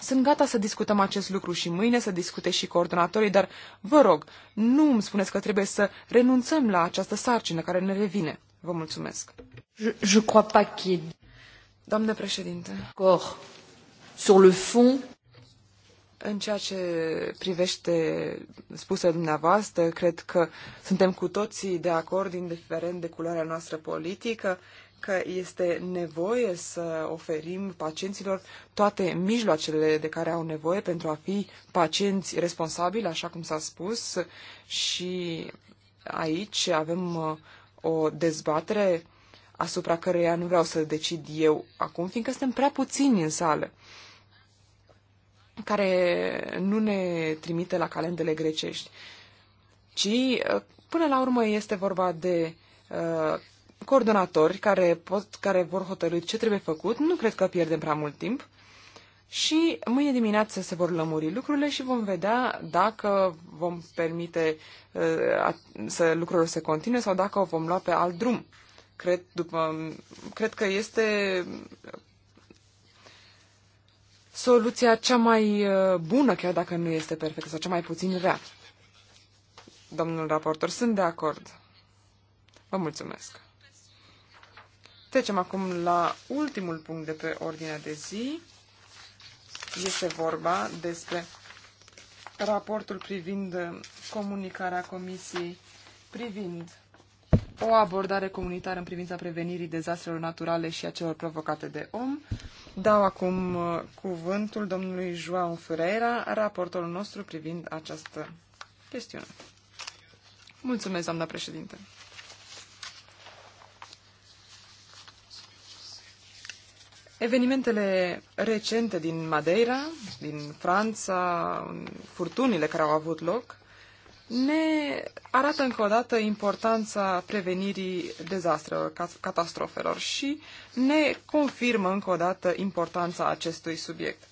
D: Sunt gata să discutăm acest lucru și mâine, să discute și coordonatorii, dar vă rog, nu îmi spuneți că trebuie să renunțăm la această sarcină care ne revine. Vă mulțumesc. Je, je crois pas Doamne președinte. Cor. Sur le fond... În ceea ce privește spusele dumneavoastră, cred că suntem cu toții de acord, indiferent de culoarea noastră politică, că este nevoie să oferim pacienților toate mijloacele de care au nevoie pentru a fi pacienți responsabili, așa cum s-a spus, și aici avem uh, o dezbatere asupra căreia nu vreau să decid eu acum, fiindcă suntem prea puțini în sală care nu ne trimite la calendele grecești, ci uh, până la urmă este vorba de uh, coordonatori care, pot, care vor hotărâi ce trebuie făcut. Nu cred că pierdem prea mult timp. Și mâine dimineață se vor lămuri lucrurile și vom vedea dacă vom permite uh, să lucrurile se continue sau dacă o vom lua pe alt drum. Cred, după, cred că este soluția cea mai uh, bună, chiar dacă nu este perfectă, sau cea mai puțin rea. Domnul raportor, sunt de acord. Vă mulțumesc. Trecem acum la ultimul punct de pe ordinea de zi. Este vorba despre raportul privind comunicarea Comisiei privind o abordare comunitară în privința prevenirii dezastrelor naturale și a celor provocate de om. Dau acum uh, cuvântul domnului João Ferreira, raportorul nostru privind această chestiune. Mulțumesc, doamna președinte. Evenimentele recente din Madeira, din Franța, furtunile care au avut loc, ne arată încă o dată importanța prevenirii dezastrelor, catastrofelor și ne confirmă încă o dată importanța acestui subiect.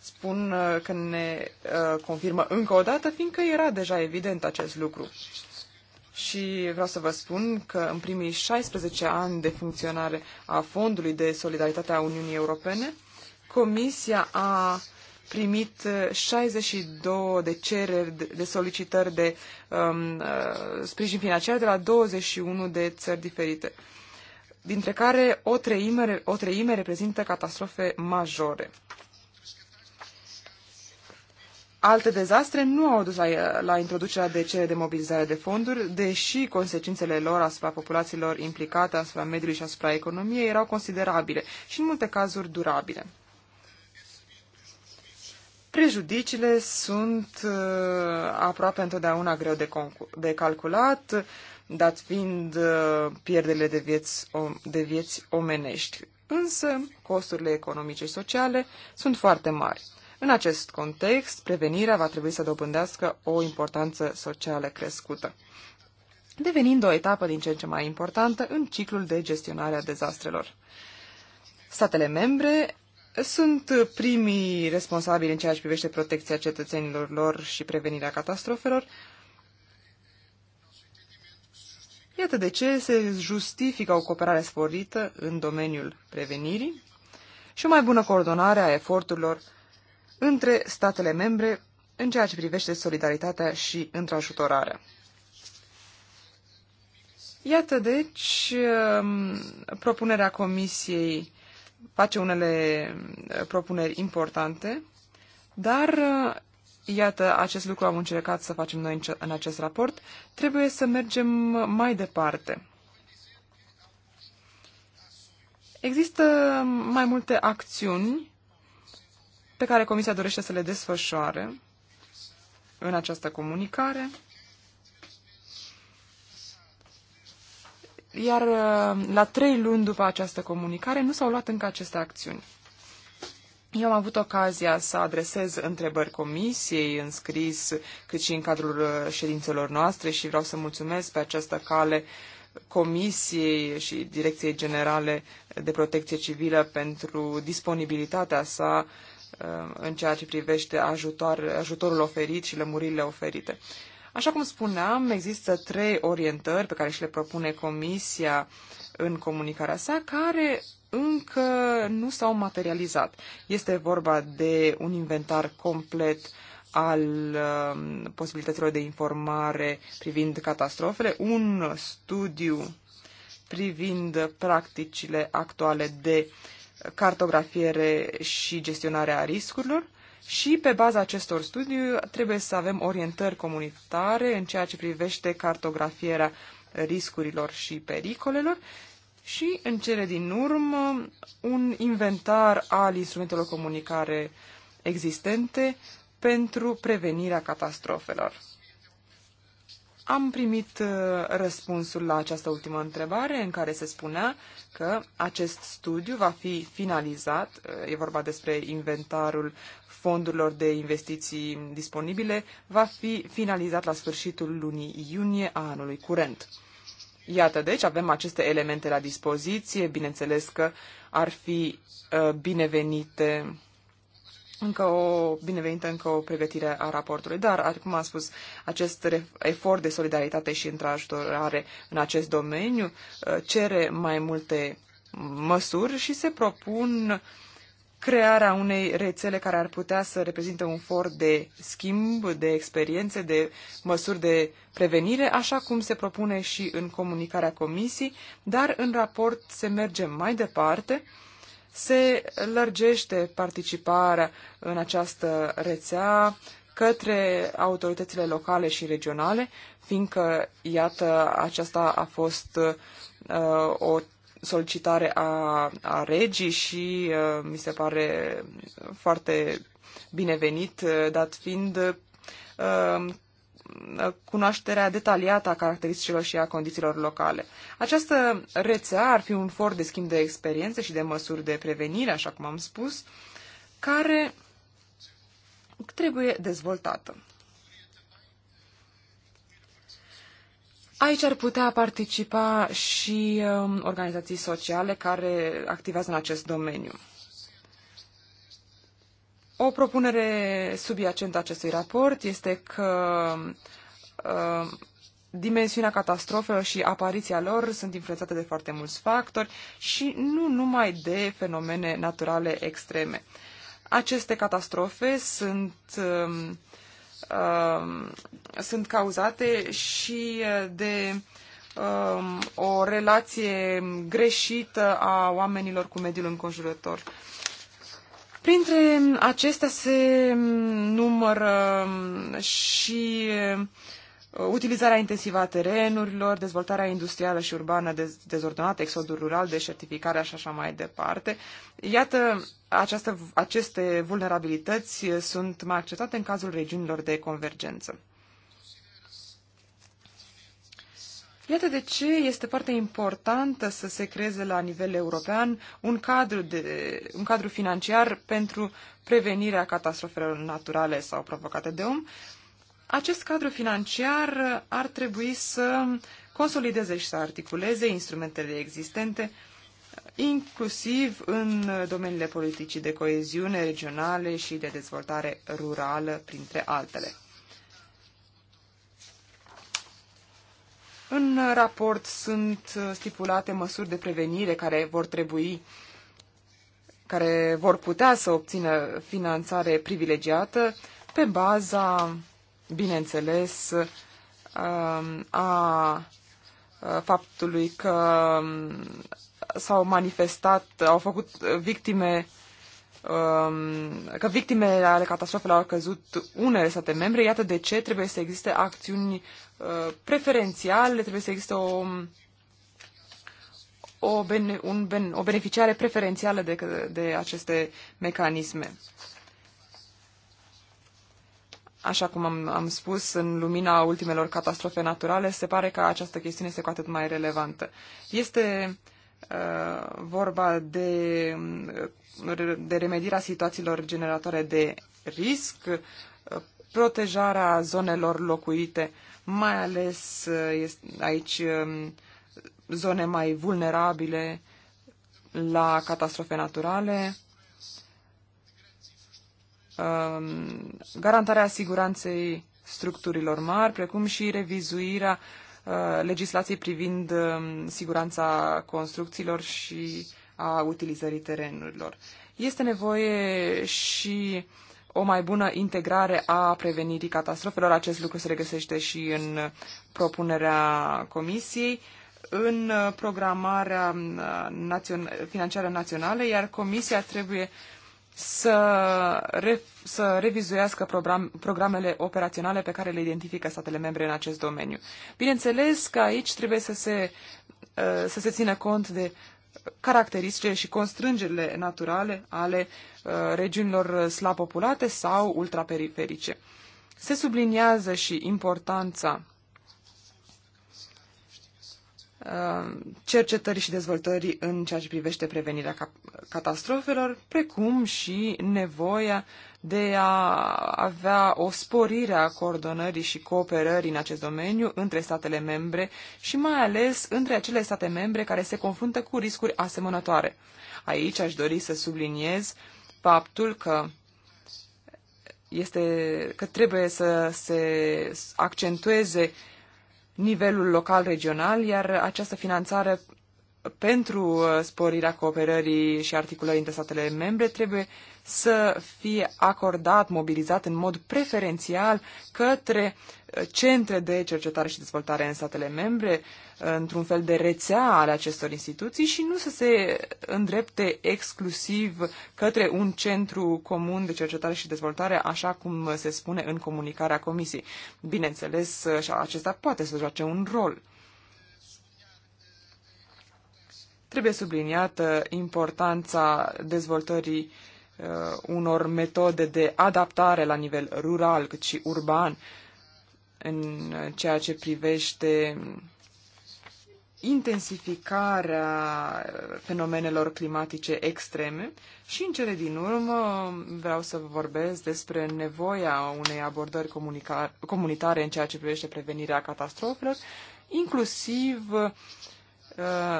D: Spun uh, că ne uh, confirmă încă o dată, fiindcă era deja evident acest lucru. Și vreau să vă spun că în primii 16 ani de funcționare a Fondului de Solidaritate a Uniunii Europene, Comisia a uh, primit 62 uh, de cereri de solicitări de um, uh, sprijin financiar de la 21 de țări diferite, dintre care o treime, o treime reprezintă catastrofe majore. Alte dezastre nu au dus la, la introducerea de cereri de mobilizare de fonduri, deși consecințele lor asupra populațiilor implicate, asupra mediului și asupra economiei erau considerabile și în multe cazuri durabile. Prejudiciile sunt uh, aproape întotdeauna greu de, de calculat, dat fiind uh, pierderile de vieți, om- de vieți omenești. Însă, costurile economice și sociale sunt foarte mari. În acest context, prevenirea va trebui să dobândească o importanță socială crescută, devenind o etapă din ce în ce mai importantă în ciclul de gestionare a dezastrelor. Statele membre sunt primii responsabili în ceea ce privește protecția cetățenilor lor și prevenirea catastrofelor. Iată de ce se justifică o cooperare sporită în domeniul prevenirii și o mai bună coordonare a eforturilor între statele membre în ceea ce privește solidaritatea și întrajutorarea. Iată, deci, um, propunerea Comisiei face unele eh, propuneri importante, dar eh, iată, acest lucru am încercat să facem noi în acest raport, trebuie să mergem mai departe. Există mai multe acțiuni pe care Comisia dorește să le desfășoare în această comunicare. iar uh, la trei luni după această comunicare nu s-au luat încă aceste acțiuni. Eu am avut ocazia să adresez întrebări comisiei în scris, cât și în cadrul uh, ședințelor noastre și vreau să mulțumesc pe această cale Comisiei și Direcției Generale de Protecție Civilă pentru disponibilitatea sa uh, în ceea ce privește ajutor, ajutorul oferit și lămurile oferite. Așa cum spuneam, există trei orientări pe care și le propune Comisia în comunicarea sa, care încă nu s-au materializat. Este vorba de un inventar complet al uh, posibilităților de informare privind catastrofele, un studiu privind practicile actuale de cartografiere și gestionarea riscurilor, și pe baza acestor studii trebuie să avem orientări comunitare în ceea ce privește cartografierea riscurilor și pericolelor și, în cele din urmă, un inventar al instrumentelor comunicare existente pentru prevenirea catastrofelor. Am primit uh, răspunsul la această ultimă întrebare în care se spunea că acest studiu va fi finalizat, uh, e vorba despre inventarul fondurilor de investiții disponibile, va fi finalizat la sfârșitul lunii iunie a anului curent. Iată, deci, avem aceste elemente la dispoziție, bineînțeles că ar fi uh, binevenite încă o binevenită, încă o pregătire a raportului, dar, cum am spus, acest efort de solidaritate și întrajutorare în acest domeniu uh, cere mai multe măsuri și se propun crearea unei rețele care ar putea să reprezinte un for de schimb, de experiențe, de măsuri de prevenire, așa cum se propune și în comunicarea comisiei, dar în raport se merge mai departe se lărgește participarea în această rețea către autoritățile locale și regionale, fiindcă, iată, aceasta a fost uh, o solicitare a, a regii și uh, mi se pare foarte binevenit, uh, dat fiind uh, cunoașterea detaliată a caracteristicilor și a condițiilor locale. Această rețea ar fi un for de schimb de experiențe și de măsuri de prevenire, așa cum am spus, care trebuie dezvoltată. Aici ar putea participa și um, organizații sociale care activează în acest domeniu. O propunere subiacentă acestui raport este că uh, dimensiunea catastrofelor și apariția lor sunt influențate de foarte mulți factori și nu numai de fenomene naturale extreme. Aceste catastrofe sunt, uh, uh, sunt cauzate și de um, o relație greșită a oamenilor cu mediul înconjurător. Printre acestea se numără și uh, utilizarea intensivă a terenurilor, dezvoltarea industrială și urbană dezordonată, exodul rural, deșertificarea și așa mai departe. Iată, această, aceste vulnerabilități sunt mai acceptate în cazul regiunilor de convergență. Iată de ce este foarte importantă să se creeze la nivel european un cadru, de, un cadru financiar pentru prevenirea catastrofelor naturale sau provocate de om. Acest cadru financiar ar trebui să consolideze și să articuleze instrumentele existente, inclusiv în domeniile politicii de coeziune regionale și de dezvoltare rurală, printre altele. În raport sunt uh, stipulate măsuri de prevenire care vor trebui care vor putea să obțină finanțare privilegiată pe baza, bineînțeles, um, a uh, faptului că um, s-au manifestat, au făcut uh, victime Um, că victimele ale catastrofelor au căzut unele state membre, iată de ce trebuie să existe acțiuni uh, preferențiale, trebuie să existe o, o, bene, un o beneficiare preferențială de, de aceste mecanisme. Așa cum am, am spus, în lumina ultimelor catastrofe naturale, se pare că această chestiune este cu atât mai relevantă. Este uh, vorba de de remedierea situațiilor generatoare de risc, protejarea zonelor locuite, mai ales eh, aici eh, zone mai vulnerabile la catastrofe naturale, ehm, garantarea siguranței structurilor mari, precum și revizuirea eh, legislației privind siguranța construcțiilor și a utilizării terenurilor. Este nevoie și o mai bună integrare a prevenirii catastrofelor. Acest lucru se regăsește și în propunerea Comisiei în programarea națion- financiară națională, iar Comisia trebuie să, re- să revizuiască program- programele operaționale pe care le identifică statele membre în acest domeniu. Bineînțeles că aici trebuie să se, să se țină cont de caracteristicile și constrângerile naturale ale uh, regiunilor uh, slab populate sau ultraperiferice. Se subliniază și importanța Uh, cercetării și dezvoltării în ceea ce privește prevenirea catastrofelor, precum și nevoia de a avea o sporire a coordonării și cooperării în acest domeniu între statele membre și mai ales între acele state membre care se confruntă cu riscuri asemănătoare. Aici aș dori să subliniez faptul că este că trebuie să se accentueze uh, nivelul local-regional, iar această finanțare pentru uh, sporirea cooperării și articulării între statele membre trebuie să fie acordat, mobilizat în mod preferențial către centre de cercetare și dezvoltare în statele membre, într-un fel de rețea ale acestor instituții și nu să se îndrepte exclusiv către un centru comun de cercetare și dezvoltare, așa cum se spune în comunicarea Comisiei. Bineînțeles, acesta poate să joace un rol. Trebuie subliniată importanța dezvoltării uh, unor metode de adaptare la nivel rural cât și urban, în ceea ce privește intensificarea fenomenelor climatice extreme și, în cele din urmă, vreau să vorbesc despre nevoia unei abordări comunitare în ceea ce privește prevenirea catastrofelor, inclusiv uh,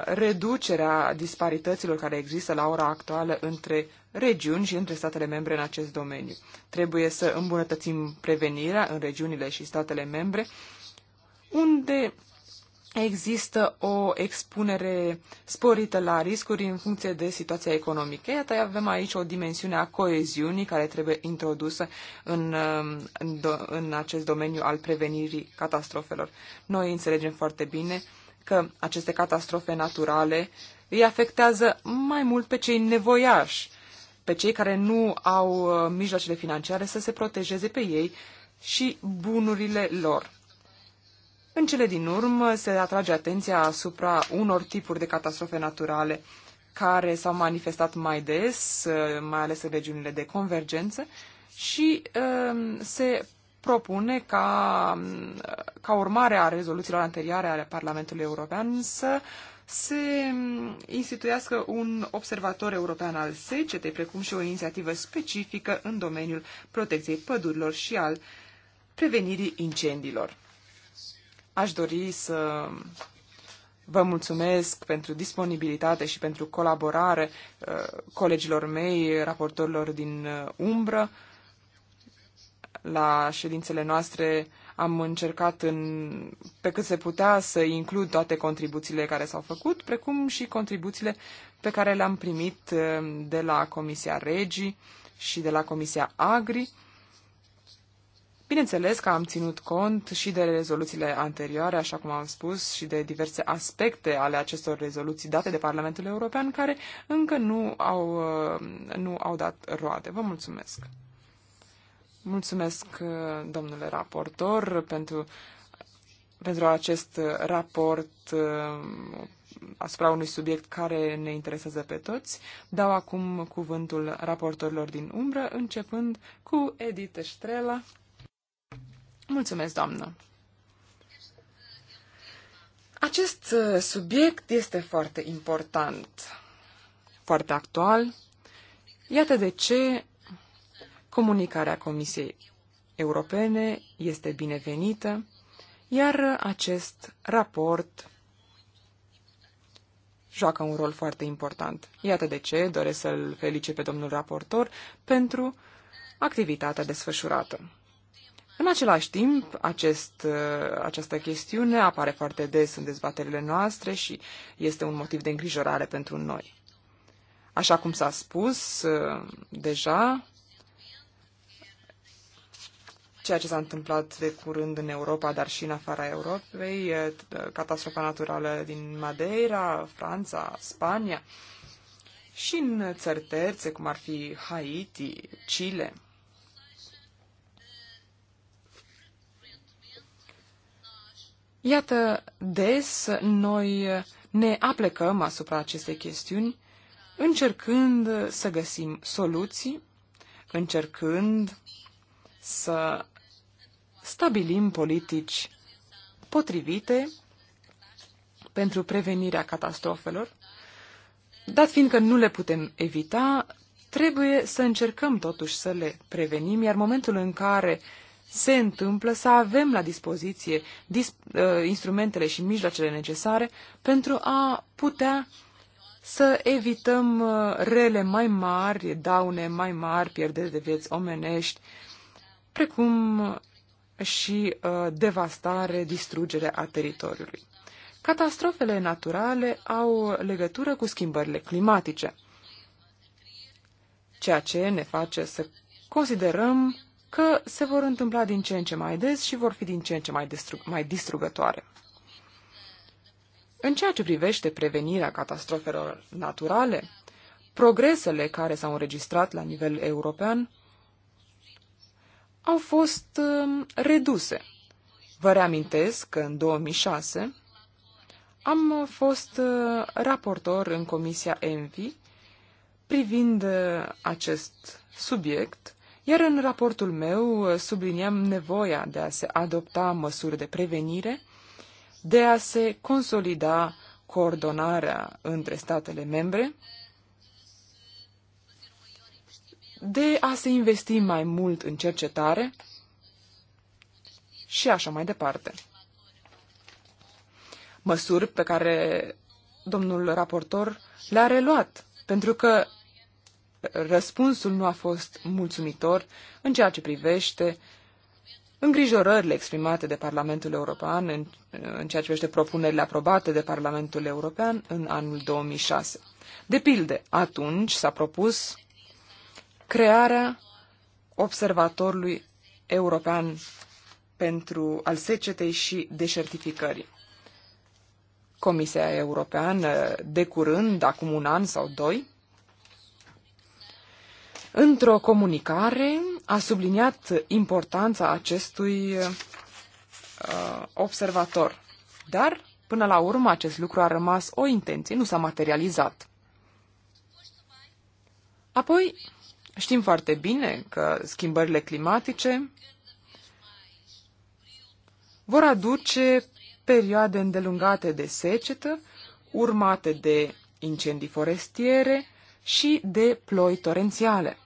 D: reducerea disparităților care există la ora actuală între regiuni și între statele membre în acest domeniu. Trebuie să îmbunătățim prevenirea în regiunile și statele membre unde există o expunere sporită la riscuri în funcție de situația economică. Iată, avem aici o dimensiune a coeziunii care trebuie introdusă în, în, în acest domeniu al prevenirii catastrofelor. Noi înțelegem foarte bine că aceste catastrofe naturale îi afectează mai mult pe cei nevoiași, pe cei care nu au uh, mijloacele financiare să se protejeze pe ei și bunurile lor. În cele din urmă se atrage atenția asupra unor tipuri de catastrofe naturale care s-au manifestat mai des, uh, mai ales în regiunile de convergență, și um, se propune ca, um, ca urmare a rezoluțiilor anterioare ale Parlamentului European să se instituiască un observator european al secetei, precum și o inițiativă specifică în domeniul protecției pădurilor și al prevenirii incendiilor. Aș dori să vă mulțumesc pentru disponibilitate și pentru colaborare uh, colegilor mei, raportorilor din uh, umbră, la ședințele noastre am încercat în, pe cât se putea să includ toate contribuțiile care s-au făcut, precum și contribuțiile pe care le-am primit eh, de la Comisia Regii și de la Comisia Agri. Bineînțeles că am ținut cont și de rezoluțiile anterioare, așa cum am spus, și de diverse aspecte ale acestor rezoluții date de Parlamentul European, care încă nu au, eh, nu au dat roade. Vă mulțumesc! Mulțumesc, domnule raportor, pentru, pentru acest raport uh, asupra unui subiect care ne interesează pe toți. Dau acum cuvântul raportorilor din umbră, începând cu Edith Estrela. Mulțumesc, doamnă! Acest uh, subiect este foarte important, foarte actual. Iată de ce Comunicarea Comisiei Europene este binevenită, iar acest raport joacă un rol foarte important. Iată de ce doresc să-l felice pe domnul raportor pentru activitatea desfășurată. În același timp, acest, această chestiune apare foarte des în dezbaterile noastre și este un motiv de îngrijorare pentru noi. Așa cum s-a spus deja, ceea ce s-a întâmplat de curând în Europa, dar și în afara Europei, catastrofa naturală din Madeira, Franța, Spania și în țări terțe, cum ar fi Haiti, Chile. Iată, des noi ne aplecăm asupra acestei chestiuni, încercând să găsim soluții, încercând să stabilim politici potrivite pentru prevenirea catastrofelor, dat fiindcă nu le putem evita, trebuie să încercăm totuși să le prevenim, iar momentul în care se întâmplă să avem la dispoziție dis, uh, ă, instrumentele și mijloacele necesare pentru a putea să evităm uh, rele mai mari, daune mai mari, pierderi de vieți omenești, precum și uh, devastare, distrugere a teritoriului. Catastrofele naturale au legătură cu schimbările climatice, ceea ce ne face să considerăm că se vor întâmpla din ce în ce mai des și vor fi din ce în ce mai, distrug- mai distrugătoare. În ceea ce privește prevenirea catastrofelor naturale, progresele care s-au înregistrat la nivel european au fost um, reduse. Vă reamintesc că în 2006 am fost uh, raportor în Comisia ENVI privind uh, acest subiect, iar în raportul meu uh, subliniam nevoia de a se adopta măsuri de prevenire, de a se consolida coordonarea între statele membre de a se investi mai mult în cercetare și așa mai departe. Măsuri pe care domnul raportor le-a reluat, pentru că răspunsul nu a fost mulțumitor în ceea ce privește îngrijorările exprimate de Parlamentul European în, în ceea ce privește propunerile aprobate de Parlamentul European în anul 2006. De pilde, atunci s-a propus crearea observatorului european pentru al secetei și deșertificării. Comisia Europeană, de curând, acum un an sau doi, într-o comunicare a subliniat importanța acestui uh, observator. Dar, până la urmă, acest lucru a rămas o intenție, nu s-a materializat. Apoi, Știm foarte bine că schimbările climatice vor aduce perioade îndelungate de secetă, urmate de incendii forestiere și de ploi torențiale.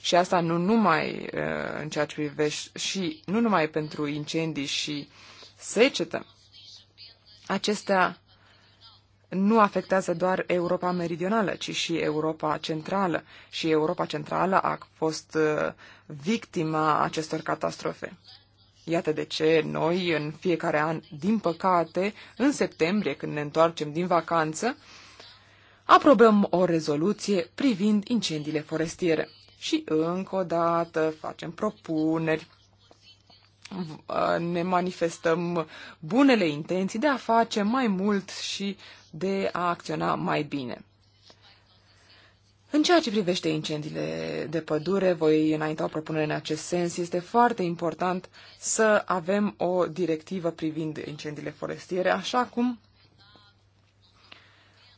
D: Și asta nu numai uh, în ceea ce privește și nu numai pentru incendii și secetă. Acestea nu afectează doar Europa meridională, ci și Europa centrală. Și Europa centrală a fost uh, victima acestor catastrofe. Iată de ce noi, în fiecare an, din păcate, în septembrie, când ne întoarcem din vacanță, aprobăm o rezoluție privind incendiile forestiere. Și încă o dată facem propuneri Uh, ne manifestăm bunele intenții de a face mai mult și de a acționa mai bine. În ceea ce privește incendiile de pădure, voi înainta o propunere în acest sens. Este foarte important să avem o directivă privind incendiile forestiere, așa cum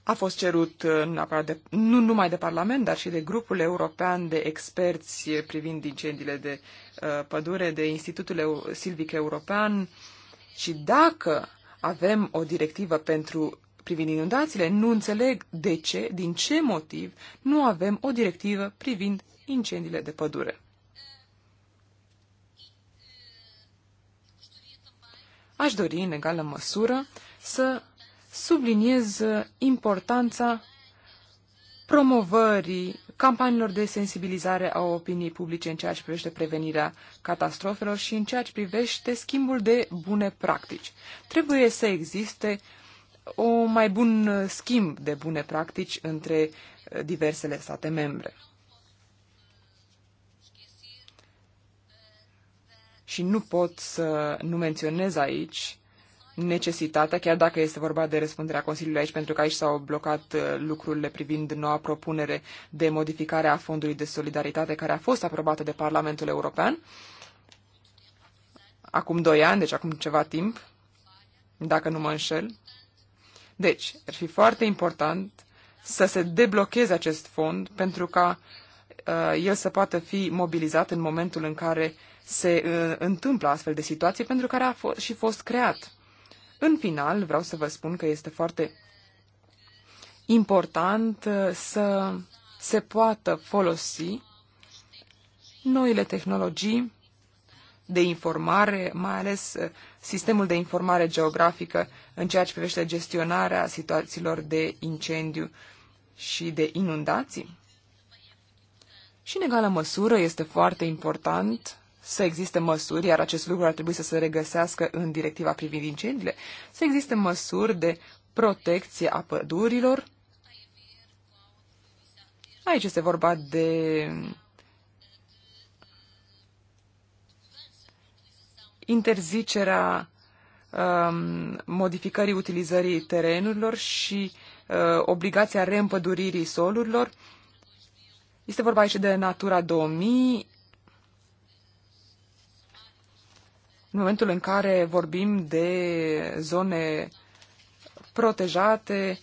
D: a fost cerut uh, de, nu numai de Parlament, dar și de grupul european de experți privind incendiile de uh, pădure, de Institutul Silvic European. Și dacă avem o directivă pentru privind inundațiile, nu înțeleg de ce, din ce motiv, nu avem o directivă privind incendiile de pădure. Aș dori, în egală măsură, să subliniez uh, importanța promovării campaniilor de sensibilizare a opiniei publice în ceea ce privește prevenirea catastrofelor și în ceea ce privește schimbul de bune practici. Trebuie să existe o mai bun uh, schimb de bune practici între uh, diversele state membre. Și nu pot să nu menționez aici necesitatea, chiar dacă este vorba de răspunderea Consiliului aici, pentru că aici s-au blocat uh, lucrurile privind noua propunere de modificare a Fondului de Solidaritate care a fost aprobată de Parlamentul European acum doi ani, deci acum ceva timp, dacă nu mă înșel. Deci, ar fi foarte important să se deblocheze acest fond pentru ca uh, el să poată fi mobilizat în momentul în care se uh, întâmplă astfel de situații pentru care a fost și fost creat. În final, vreau să vă spun că este foarte important uh, să se poată folosi noile tehnologii de informare, mai ales uh, sistemul de informare geografică în ceea ce privește gestionarea situațiilor de incendiu și de inundații. Și în egală măsură este foarte important să existe măsuri, iar acest lucru ar trebui să se regăsească în directiva privind incendiile, să existe măsuri de protecție a pădurilor. Aici este vorba de interzicerea um, modificării utilizării terenurilor și uh, obligația reîmpăduririi solurilor. Este vorba aici de Natura 2000, În momentul în care vorbim de zone protejate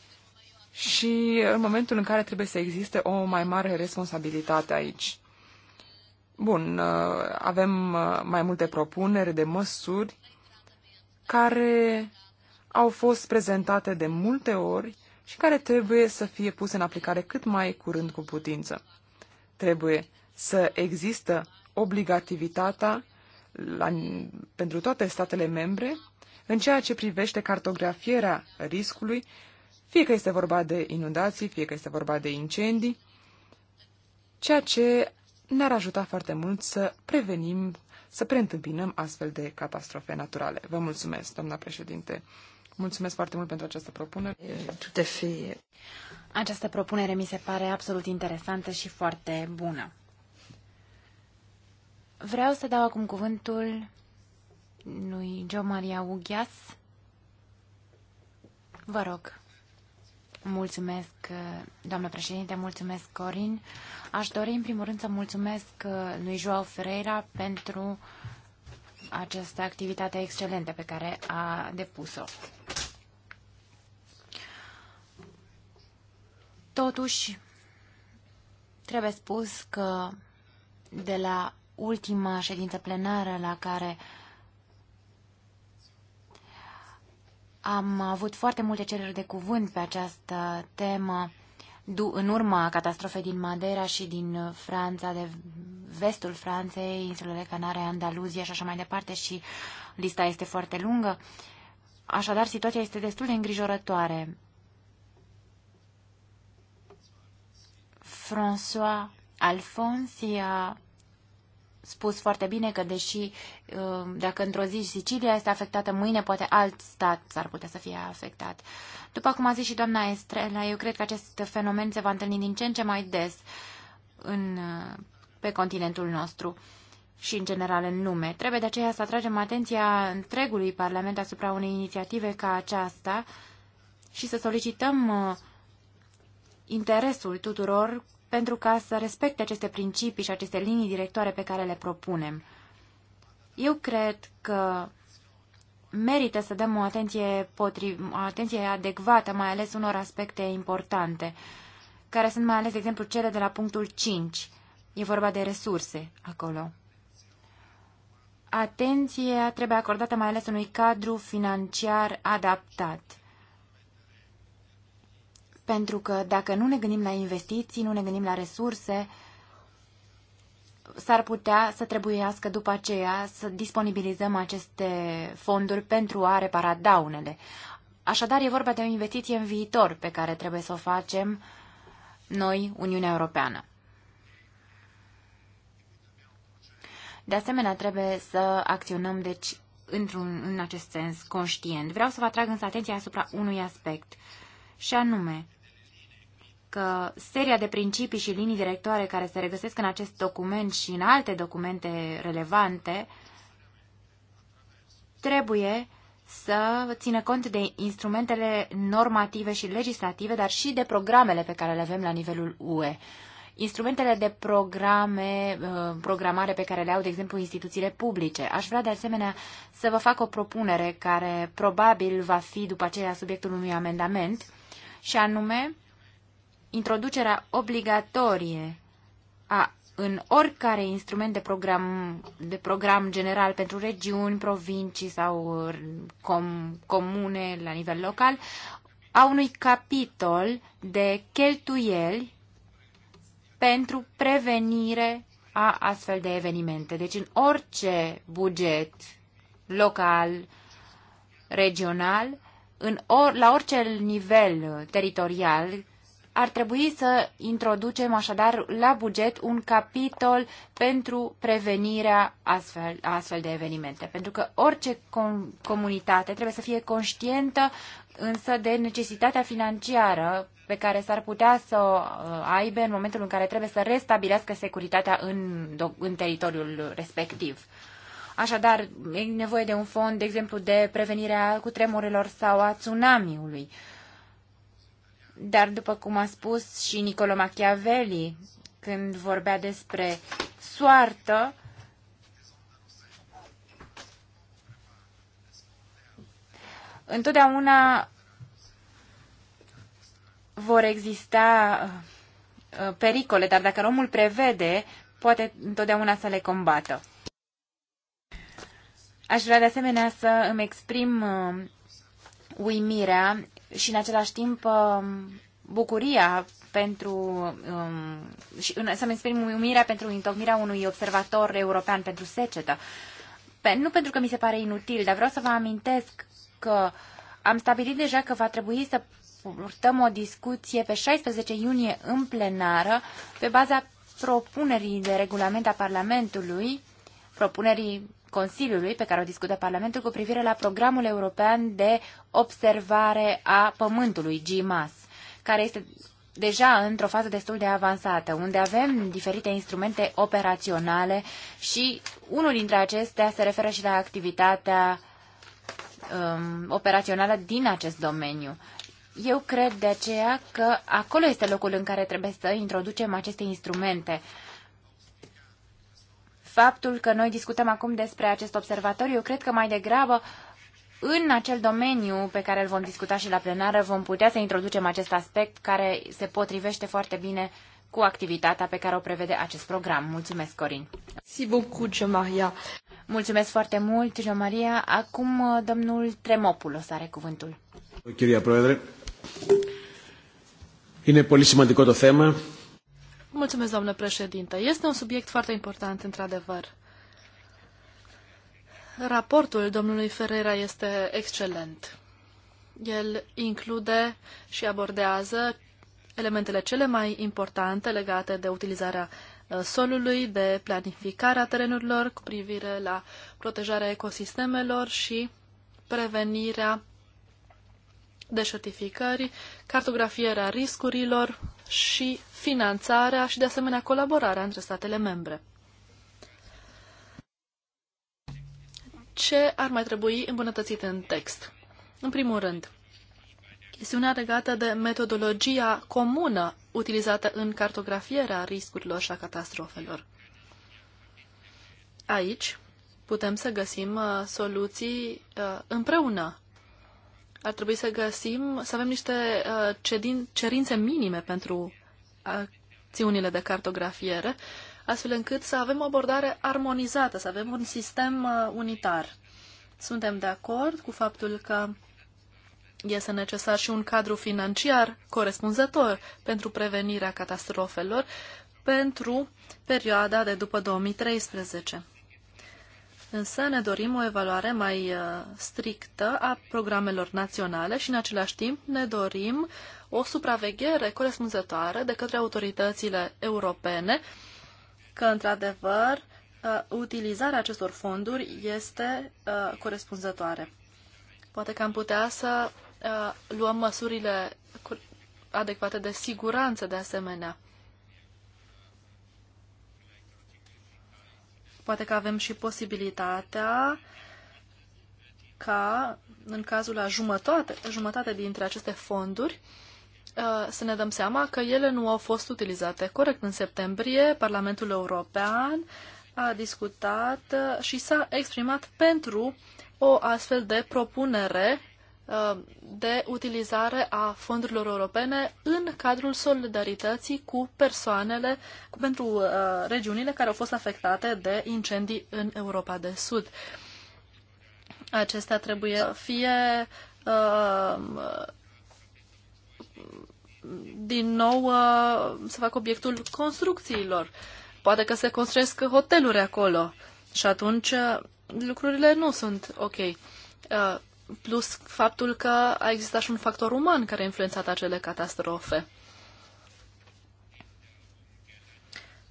D: și în momentul în care trebuie să existe o mai mare responsabilitate aici. Bun, uh, avem uh, mai multe propuneri de măsuri care au fost prezentate de multe ori și care trebuie să fie puse în aplicare cât mai curând cu putință. Trebuie să există obligativitatea la, pentru toate statele membre în ceea ce privește cartografierea riscului, fie că este vorba de inundații, fie că este vorba de incendii, ceea ce ne-ar ajuta foarte mult să prevenim, să preîntâmpinăm astfel de catastrofe naturale. Vă mulțumesc, doamna președinte. Mulțumesc foarte mult pentru această propunere.
C: Această propunere mi se pare absolut interesantă și foarte bună. Vreau să dau acum cuvântul lui Gio Maria Ughias. Vă rog. Mulțumesc, doamnă președinte, mulțumesc, Corin. Aș dori, în primul rând, să mulțumesc uh, lui Joao Ferreira pentru această activitate excelentă pe care a depus-o. Totuși, trebuie spus că de la ultima ședință plenară la care am avut foarte multe cereri de cuvânt pe această temă în urma catastrofei din Madeira și din Franța, de vestul Franței, insulele Canare, Andaluzia și așa mai departe și lista este foarte lungă. Așadar, situația este destul de îngrijorătoare. François Alphonse a spus foarte bine că deși um, dacă într-o zi Sicilia este afectată, mâine poate alt stat s-ar putea să fie afectat. După cum a zis și doamna Estrela, eu cred că acest fenomen se va întâlni din ce în ce mai des în, uh, pe continentul nostru și în general în lume. Trebuie de aceea să atragem atenția întregului Parlament asupra unei inițiative ca aceasta și să solicităm uh, interesul tuturor pentru ca să respecte aceste principii și aceste linii directoare pe care le propunem. Eu cred că merită să dăm o atenție, potri, o atenție adecvată, mai ales unor aspecte importante, care sunt mai ales, de exemplu, cele de la punctul 5. E vorba de resurse acolo. Atenție trebuie acordată mai ales unui cadru financiar adaptat pentru că dacă nu ne gândim la investiții, nu ne gândim la resurse, s-ar putea să trebuiască după aceea să disponibilizăm aceste fonduri pentru a repara daunele. Așadar, e vorba de o investiție în viitor pe care trebuie să o facem noi, Uniunea Europeană. De asemenea, trebuie să acționăm, deci, într-un, în acest sens, conștient. Vreau să vă atrag însă atenția asupra unui aspect, și anume, că seria de principii și linii directoare care se regăsesc în acest document și în alte documente relevante trebuie să țină cont de instrumentele normative și legislative, dar și de programele pe care le avem la nivelul UE. Instrumentele de programe, uh, programare pe care le au, de exemplu, instituțiile publice. Aș vrea, de asemenea, să vă fac o propunere care probabil va fi după aceea subiectul unui amendament, și anume introducerea obligatorie a, în oricare instrument de program, de program general pentru regiuni, provincii sau uh, com, comune la nivel local, a unui capitol de cheltuieli pentru prevenire a astfel de evenimente. Deci în orice buget local, regional, în or, la orice nivel teritorial ar trebui să introducem așadar la buget un capitol pentru prevenirea astfel, astfel de evenimente. Pentru că orice com- comunitate trebuie să fie conștientă însă de necesitatea financiară pe care s-ar putea să o uh, aibă în momentul în care trebuie să restabilească securitatea în, în teritoriul respectiv. Așadar, e nevoie de un fond, de exemplu, de prevenirea cutremurelor sau a tsunamiului. Dar, după cum a spus și Nicolo Machiavelli, când vorbea despre soartă, întotdeauna vor exista uh, uh, pericole, dar dacă omul prevede, poate întotdeauna să le combată. Aș vrea de asemenea să îmi exprim uh, uimirea și în același timp um, bucuria pentru um, și să-mi exprim umirea pentru întocmirea unui observator european pentru secetă. nu pentru că mi se pare inutil, dar vreau să vă amintesc că am stabilit deja că va trebui să purtăm o discuție pe 16 iunie în plenară pe baza propunerii de regulament a Parlamentului, propunerii Consiliului pe care o discută Parlamentul cu privire la programul european de observare a Pământului, GMAS, care este deja într-o fază destul de avansată, unde avem diferite instrumente operaționale și unul dintre acestea se referă și la activitatea um, operațională din acest domeniu. Eu cred de aceea că acolo este locul în care trebuie să introducem aceste instrumente uh, faptul că noi discutăm acum despre acest observatoriu, eu cred că mai degrabă în acel domeniu pe care îl vom discuta și la plenară vom putea să introducem acest aspect care se potrivește foarte bine cu activitatea pe care o prevede acest program. Mulțumesc, Corin. Si beaucoup, Maria. Mulțumesc foarte mult, Jean Maria. Acum domnul Tremopulos are cuvântul.
E: Chiria Proedre, είναι πολύ σημαντικό
B: Mulțumesc, doamnă președinte. Este un subiect foarte important, într-adevăr. Raportul domnului Ferreira este excelent. El include și abordează elementele cele mai importante legate de utilizarea ă, solului, de planificarea terenurilor cu privire la protejarea ecosistemelor și prevenirea deșertificării, cartografierea riscurilor, și finanțarea și, de asemenea, colaborarea între statele membre. Ce ar mai trebui îmbunătățit în text? În primul rând, chestiunea legată de metodologia comună utilizată în cartografierea riscurilor și a catastrofelor. Aici putem să găsim uh, soluții uh, împreună ar trebui să găsim, să avem niște uh, cedin, cerințe minime pentru acțiunile de cartografiere, astfel încât să avem o abordare armonizată, să avem un sistem uh, unitar. Suntem de acord cu faptul că este necesar și un cadru financiar corespunzător pentru prevenirea catastrofelor pentru perioada de după 2013. Însă ne dorim o evaluare mai uh, strictă a programelor naționale și în același timp ne dorim o supraveghere corespunzătoare de către autoritățile europene că, într-adevăr, uh, utilizarea acestor fonduri este uh, corespunzătoare. Poate că am putea să luăm măsurile adecvate de siguranță de asemenea. Poate că avem și posibilitatea ca, în cazul la jumătate, jumătate dintre aceste fonduri, uh, să ne dăm seama că ele nu au fost utilizate corect. În septembrie, Parlamentul European a discutat uh, și s-a exprimat pentru o astfel de propunere Uh, de utilizare a fondurilor europene în cadrul solidarității cu persoanele, cu, pentru uh, regiunile care au fost afectate de incendii în Europa de Sud. Acestea trebuie să fie uh, din nou uh, să fac obiectul construcțiilor. Poate că se construiesc hoteluri acolo și atunci uh, lucrurile nu sunt ok uh, plus faptul că a existat și un factor uman care a influențat acele catastrofe.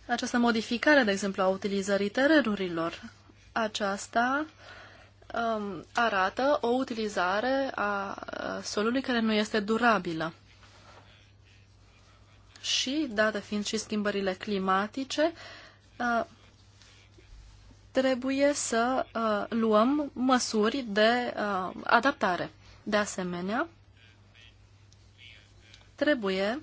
B: Această modificare, de exemplu, a utilizării terenurilor, aceasta um, arată o utilizare a uh, solului care nu este durabilă. Și, date fiind și schimbările climatice, uh, trebuie să uh, luăm măsuri de uh, adaptare. De asemenea, trebuie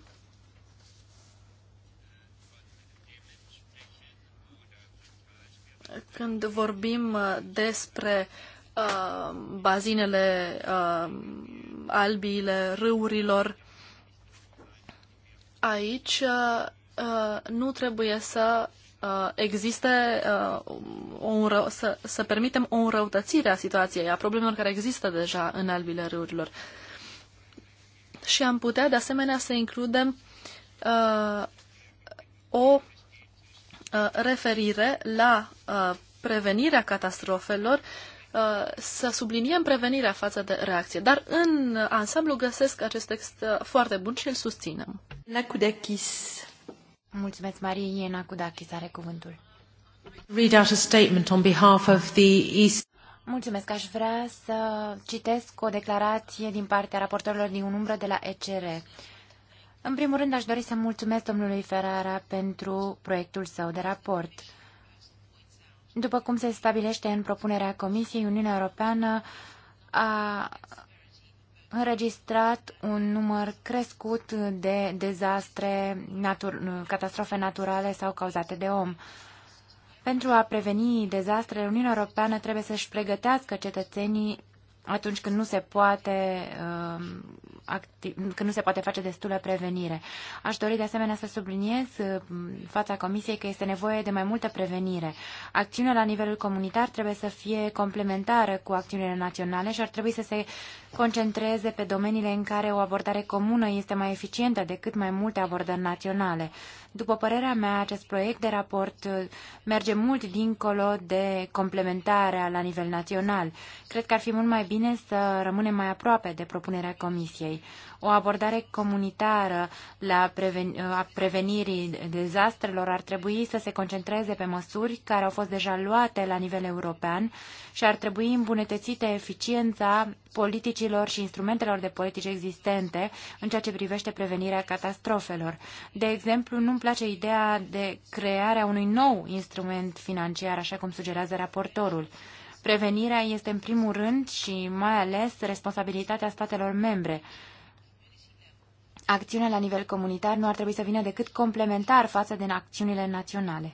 B: când vorbim uh, despre uh, bazinele uh, albiile râurilor, aici uh, nu trebuie să uh, existe uh, o înră- să, să permitem o înrăutățire a situației, a problemelor care există deja în albile râurilor. Și am putea, de asemenea, să includem uh, o uh, referire la uh, prevenirea catastrofelor uh, să subliniem prevenirea față de reacție. Dar în ansamblu găsesc acest text uh, foarte bun și îl susținem.
C: Nakudakis. Mulțumesc, Marie Iena Kudakis are cuvântul.
E: Read out a statement on behalf of the East.
C: Mulțumesc. Aș vrea să citesc o declarație din partea raportorilor din umbră de la ECR. În primul rând, aș dori să mulțumesc domnului Ferrara pentru proiectul său de raport. După cum se stabilește în propunerea Comisiei, Uniunea Europeană a înregistrat un număr crescut de dezastre, natur- catastrofe naturale sau cauzate de om. Pentru a preveni dezastrele, Uniunea Europeană trebuie să-și pregătească cetățenii atunci când nu se poate um, când nu se poate face destulă prevenire. Aș dori de asemenea să subliniez uh, fața Comisiei că este nevoie de mai multă prevenire. Acțiunea la nivelul comunitar trebuie să fie complementară cu acțiunile naționale și ar trebui să se concentreze pe domeniile în care o abordare comună este mai eficientă decât mai multe abordări naționale. După părerea mea, acest proiect de raport uh, merge mult dincolo de complementarea la nivel național. Cred că ar fi mult mai bine să rămânem mai aproape de propunerea Comisiei. O abordare comunitară la preven uh, a prevenirii dezastrelor ar trebui să se concentreze pe măsuri care au fost deja luate la nivel european și ar trebui îmbunătățită eficiența politicii politicilor și instrumentelor de politici existente în ceea ce privește prevenirea catastrofelor. De exemplu, nu-mi place ideea de crearea unui nou instrument financiar, așa cum sugerează raportorul. Prevenirea este în primul rând și mai ales responsabilitatea statelor membre. Acțiunea la nivel comunitar nu ar trebui să vină decât complementar față de acțiunile naționale.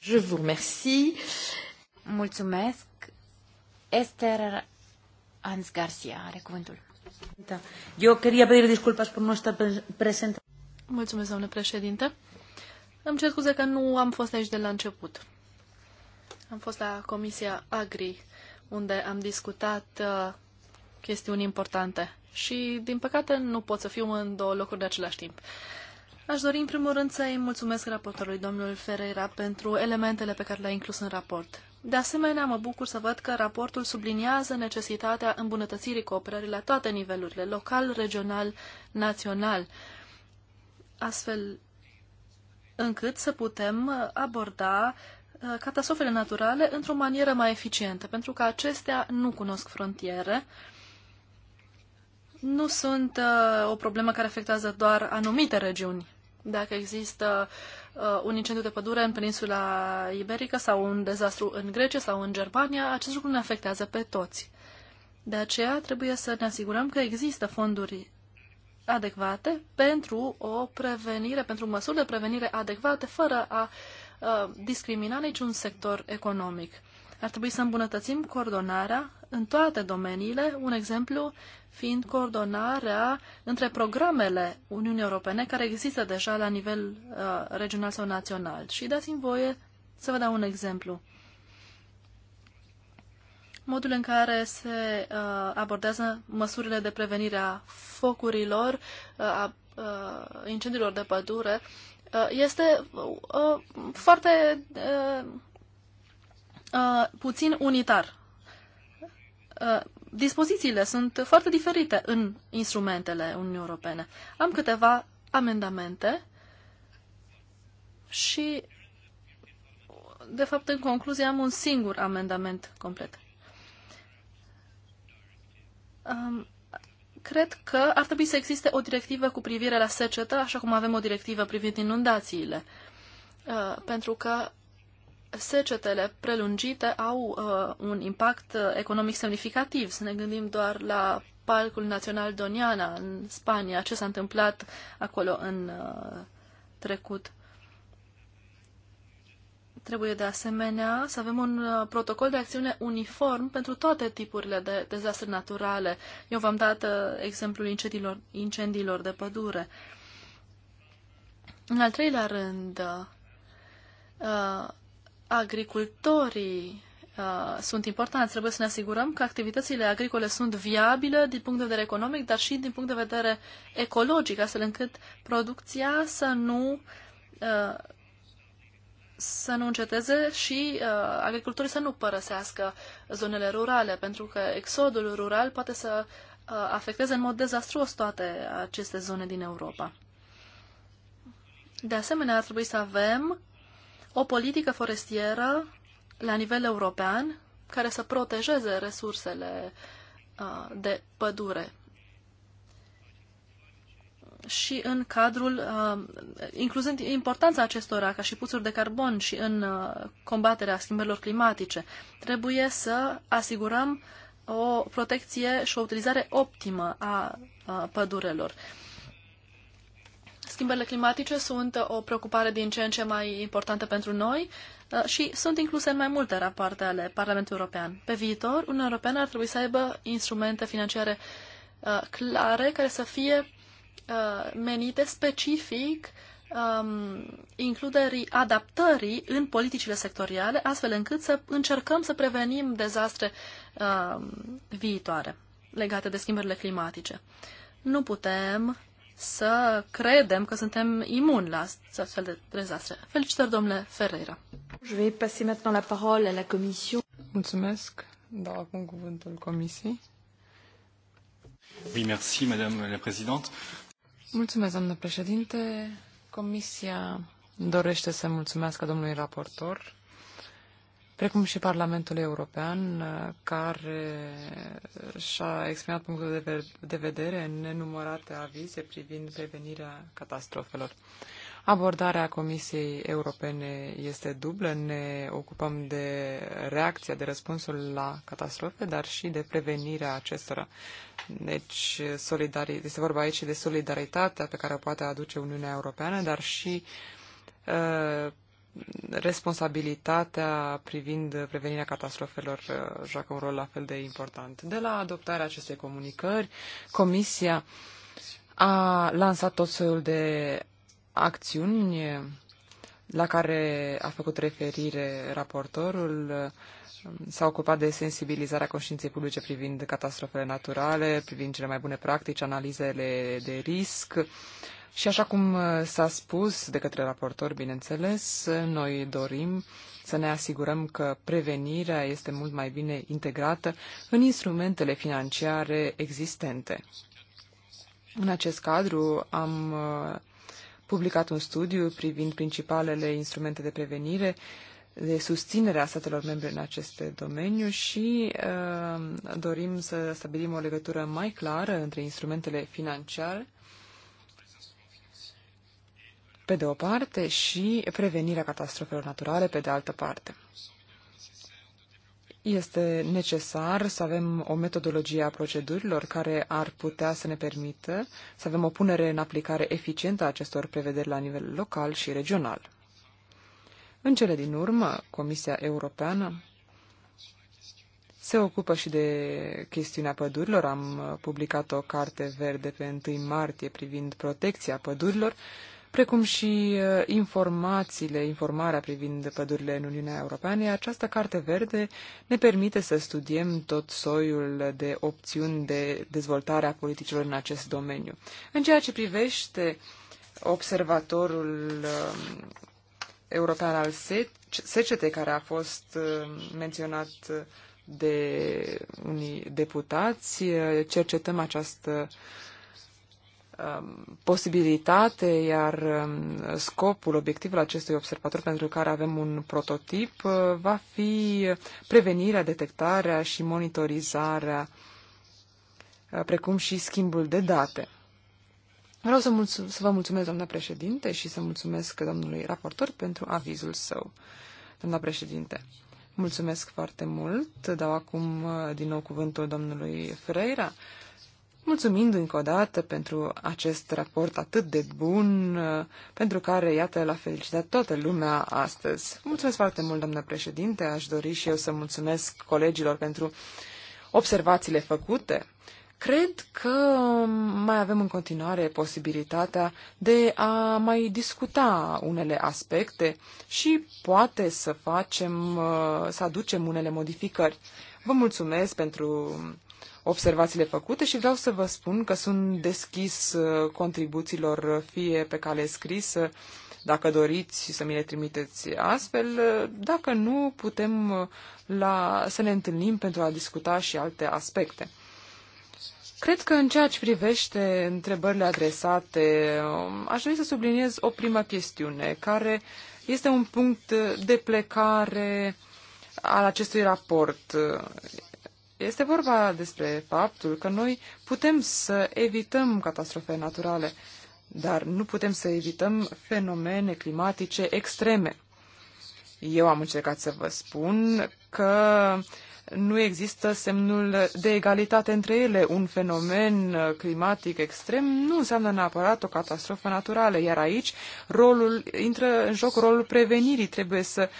C: Je vous remercie. Mulțumesc. Esther Ans Garcia are cuvântul. Eu queria pedir disculpas
B: por nu estar Mulțumesc, doamnă președinte. Îmi cer scuze că nu am fost aici de la început. Am fost la Comisia Agri, unde am discutat uh, chestiuni importante și, din păcate, nu pot să fiu în două locuri de același timp. Aș dori, în primul rând, să-i mulțumesc raportorului domnul Ferreira pentru elementele pe care le-a inclus în raport. De asemenea, mă bucur să văd că raportul subliniază necesitatea îmbunătățirii cooperării la toate nivelurile, local, regional, național, astfel încât să putem aborda uh, catastrofele naturale într-o manieră mai eficientă, pentru că acestea nu cunosc frontiere, nu sunt uh, o problemă care afectează doar anumite regiuni dacă există uh, un incendiu de pădure în peninsula iberică sau un dezastru în Grecia sau în Germania, acest lucru ne afectează pe toți. De aceea trebuie să ne asigurăm că există fonduri adecvate pentru o prevenire, pentru măsuri de prevenire adecvate, fără a uh, discrimina niciun sector economic. Ar trebui să îmbunătățim coordonarea în toate domeniile, un exemplu fiind coordonarea între programele Uniunii Europene care există deja la nivel uh, regional sau național. Și dați-mi voie să vă dau un exemplu. Modul în care se uh, abordează măsurile de prevenire a focurilor, uh, a uh, incendiilor de pădure, uh, este uh, foarte uh, uh, puțin unitar Uh, dispozițiile sunt foarte diferite în instrumentele Uniunii Europene. Am câteva amendamente și, de fapt, în concluzie, am un singur amendament complet. Um, cred că ar trebui să existe o directivă cu privire la secetă, așa cum avem o directivă privind inundațiile. Uh, pentru că secetele prelungite au uh, un impact uh, economic semnificativ. Să ne gândim doar la Parcul Național Doniana în Spania, ce s-a întâmplat acolo în uh, trecut. Trebuie de asemenea să avem un uh, protocol de acțiune uniform pentru toate tipurile de dezastre naturale. Eu v-am dat uh, exemplul incendiilor, incendiilor de pădure. În al treilea rând, uh, uh agricultorii uh, sunt importanți. Trebuie să ne asigurăm că activitățile agricole sunt viabile din punct de vedere economic, dar și din punct de vedere ecologic, astfel încât producția să nu uh, să nu înceteze și uh, agricultorii să nu părăsească zonele rurale, pentru că exodul rural poate să uh, afecteze în mod dezastruos toate aceste zone din Europa. De asemenea, ar trebui să avem o politică forestieră la nivel european care să protejeze resursele de pădure și în cadrul, incluzând importanța acestora ca și puțuri de carbon și în combaterea schimbărilor climatice, trebuie să asigurăm o protecție și o utilizare optimă a pădurelor. Uh, schimbările climatice sunt o preocupare din ce în ce mai importantă pentru noi uh, și sunt incluse în mai multe rapoarte ale Parlamentului European. Pe viitor, Uniunea Europeană ar trebui să aibă instrumente financiare uh, clare care să fie uh, menite specific um, includerii adaptării în politicile sectoriale, astfel încât să încercăm să prevenim dezastre um, viitoare legate de schimbările climatice. Nu putem să credem că suntem imuni la astfel de dezastre. Felicitări, domnule Ferreira.
D: Je vais passer maintenant la parole à la commission. Mulțumesc. Dau acum cuvântul comisiei.
A: Oui, merci, madame la présidente.
D: Mulțumesc, doamnă președinte. Comisia dorește să mulțumească domnului raportor precum și Parlamentul European, uh, care și-a exprimat punctul de vedere în nenumărate avize privind prevenirea catastrofelor. Abordarea Comisiei Europene este dublă. Ne ocupăm de reacția, de răspunsul la catastrofe, dar și de prevenirea acestora. Deci, solidari... este vorba aici de solidaritatea pe care o poate aduce Uniunea Europeană, dar și uh, responsabilitatea privind prevenirea catastrofelor uh, joacă un rol la fel de important. De la adoptarea acestei comunicări, Comisia a lansat tot felul de acțiuni la care a făcut referire raportorul, s-a ocupat de sensibilizarea conștiinței publice privind catastrofele naturale, privind cele mai bune practici, analizele de risc, și așa cum uh, s-a spus de către raportor, bineînțeles, noi dorim să ne asigurăm că prevenirea este mult mai bine integrată în instrumentele financiare existente. În acest cadru am uh, publicat un studiu privind principalele instrumente de prevenire de susținere a statelor membre în acest domeniu și uh, dorim să stabilim o legătură mai clară între instrumentele financiare pe de o parte, și prevenirea catastrofelor naturale, pe de altă parte. Este necesar să avem o metodologie a procedurilor care ar putea să ne permită să avem o punere în aplicare eficientă a acestor prevederi la nivel local și regional. În cele din urmă, Comisia Europeană se ocupă și de chestiunea pădurilor. Am publicat o carte verde pe 1 martie privind protecția pădurilor precum și uh, informațiile, informarea privind pădurile în Uniunea Europeană. Această carte verde ne permite să studiem tot soiul de opțiuni de dezvoltare a politicilor în acest domeniu. În ceea ce privește observatorul um, european al secetei care a fost um, menționat de unii deputați, uh, cercetăm această uh, Um, posibilitate, iar um, scopul, obiectivul acestui observator pentru care avem un prototip uh, va fi prevenirea, detectarea și monitorizarea, uh, precum și schimbul de date. Vreau să, mulțu- să vă mulțumesc, doamna președinte, și să mulțumesc domnului raportor pentru avizul său. Doamna președinte, mulțumesc foarte mult. Dau acum uh, din nou cuvântul domnului Freira mulțumind încă o dată pentru acest raport atât de bun, pentru care, iată, l-a felicitat toată lumea astăzi. Mulțumesc foarte mult, doamnă președinte, aș dori și eu să mulțumesc colegilor pentru observațiile făcute. Cred că mai avem în continuare posibilitatea de a mai discuta unele aspecte și poate să facem, să aducem unele modificări. Vă mulțumesc pentru observațiile făcute și vreau să vă spun că sunt deschis uh, contribuțiilor uh, fie pe cale scrisă, dacă doriți să mi le trimiteți astfel, uh, dacă nu, putem la, să ne întâlnim pentru a discuta și alte aspecte. Cred că în ceea ce privește întrebările adresate, um, aș vrea să subliniez o primă chestiune, care este un punct de plecare al acestui raport. Este vorba despre faptul că noi putem să evităm catastrofe naturale, dar nu putem să evităm fenomene climatice extreme. Eu am încercat să vă spun că nu există semnul de egalitate între ele. Un fenomen climatic extrem nu înseamnă neapărat o catastrofă naturală, iar aici rolul, intră în joc rolul prevenirii. Trebuie să uh,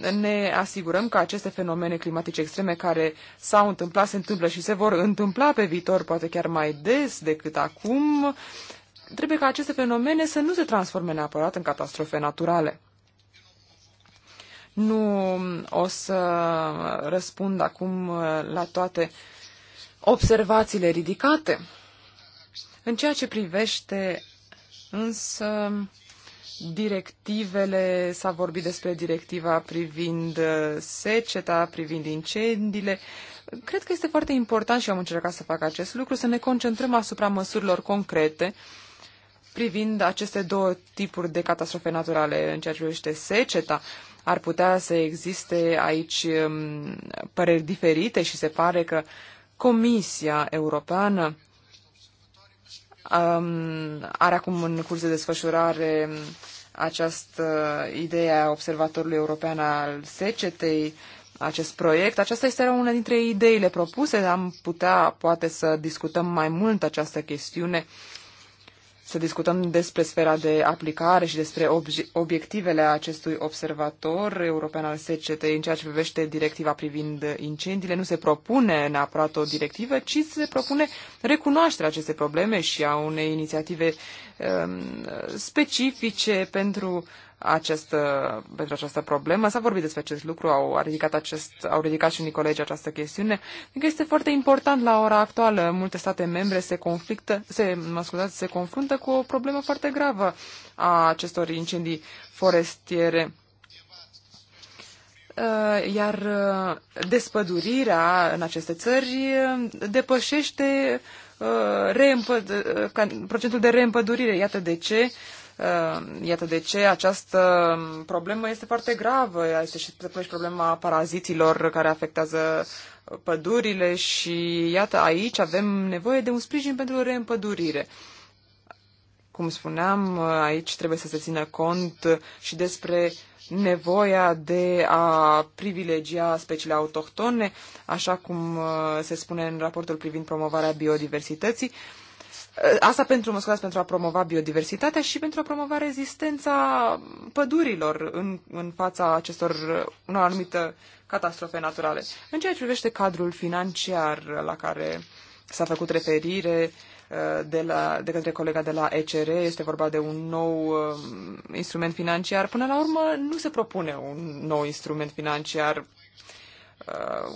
D: ne asigurăm că aceste fenomene climatice extreme care s-au întâmplat, se întâmplă și se vor întâmpla pe viitor, poate chiar mai des decât acum, trebuie ca aceste fenomene să nu se transforme neapărat în catastrofe naturale. Nu o să răspund acum la toate observațiile ridicate. În ceea ce privește însă directivele, s-a vorbit despre directiva privind uh, seceta, privind incendiile. Cred că este foarte important și am încercat să fac acest lucru, să ne concentrăm asupra măsurilor concrete privind aceste două tipuri de catastrofe naturale în ceea ce privește seceta ar putea să existe aici um, păreri diferite și se pare că Comisia Europeană Um, are acum în curs de desfășurare această idee a Observatorului European al Secetei, acest proiect. Aceasta este una dintre ideile propuse. Am putea, poate, să discutăm mai mult această chestiune uh, să discutăm despre sfera de aplicare și despre obje- obiectivele acestui observator european al secetei în ceea ce privește directiva privind incendiile. Nu se propune neapărat o directivă, ci se propune recunoașterea acestei probleme și a unei inițiative um, specifice pentru acest, uh, pentru această problemă. S-a vorbit despre acest lucru, au, ridicat acest, au ridicat și unii colegi această chestiune. Adică este foarte important la ora actuală. Multe state membre se conflictă, se, mă scuzați, se confruntă cu o problemă foarte gravă a acestor incendii forestiere. Uh, iar uh, despădurirea în aceste țări depășește procentul de reîmpădurire. Iată de ce Uh, iată de ce această problemă este foarte gravă. Este și, și problema paraziților care afectează pădurile și iată aici avem nevoie de un sprijin pentru reîmpădurire. Cum spuneam, aici trebuie să se țină cont și despre nevoia de a privilegia speciile autohtone, așa cum uh, se spune în raportul privind promovarea biodiversității. Uh, Ă, asta pentru, mă scuzați, pentru a promova biodiversitatea și pentru a promova rezistența pădurilor în, în fața acestor, unor anumită catastrofe naturale. În ceea ce privește cadrul financiar la care s-a făcut referire ă, de, la, de către colega de la ECR, este vorba de un nou ă, instrument financiar. Până la urmă, nu se propune un nou instrument financiar.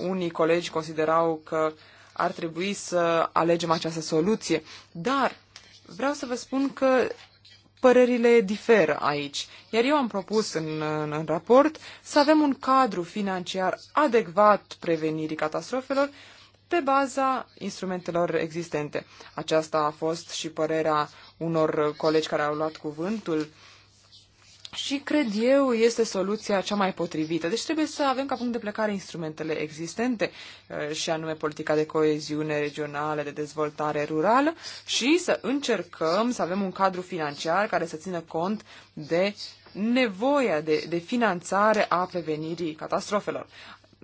D: Unii colegi considerau că ar trebui să alegem această soluție. Dar vreau să vă spun că părerile diferă aici, iar eu am propus în, în, în raport să avem un cadru financiar adecvat prevenirii catastrofelor pe baza instrumentelor existente. Aceasta a fost și părerea unor colegi care au luat cuvântul și, cred eu, este soluția cea mai potrivită. Deci trebuie să avem ca punct de plecare instrumentele existente, uh, și anume politica de coeziune regională, de dezvoltare rurală, și să încercăm să avem un cadru financiar care să țină cont de nevoia de, de finanțare a prevenirii catastrofelor.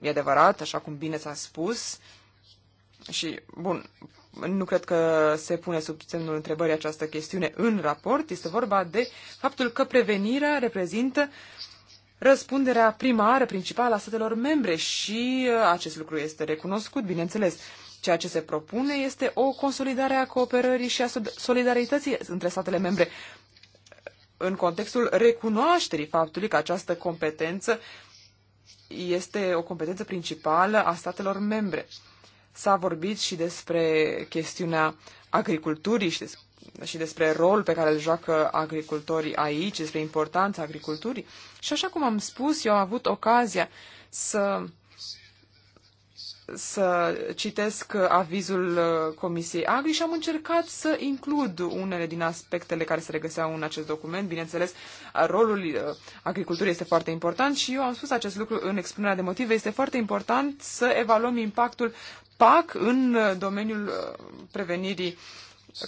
D: E adevărat, așa cum bine s-a spus, și, bun, nu cred că se pune sub semnul întrebării această chestiune în raport. Este vorba de faptul că prevenirea reprezintă răspunderea primară, principală a statelor membre și uh, acest lucru este recunoscut, bineînțeles. Ceea ce se propune este o consolidare a cooperării și a solidarității între statele membre în contextul recunoașterii faptului că această competență este o competență principală a statelor membre. S-a vorbit și despre chestiunea agriculturii și, despre și despre rol pe care îl joacă agricultorii aici, despre importanța agriculturii. Și așa cum am spus, eu am avut ocazia să să citesc avizul uh, Comisiei Agri și am încercat să includ unele din aspectele care se regăseau în acest document. Bineînțeles, rolul uh, agriculturii este foarte important și eu am spus acest lucru în expunerea de motive. Este foarte important să evaluăm impactul PAC în uh, domeniul uh, prevenirii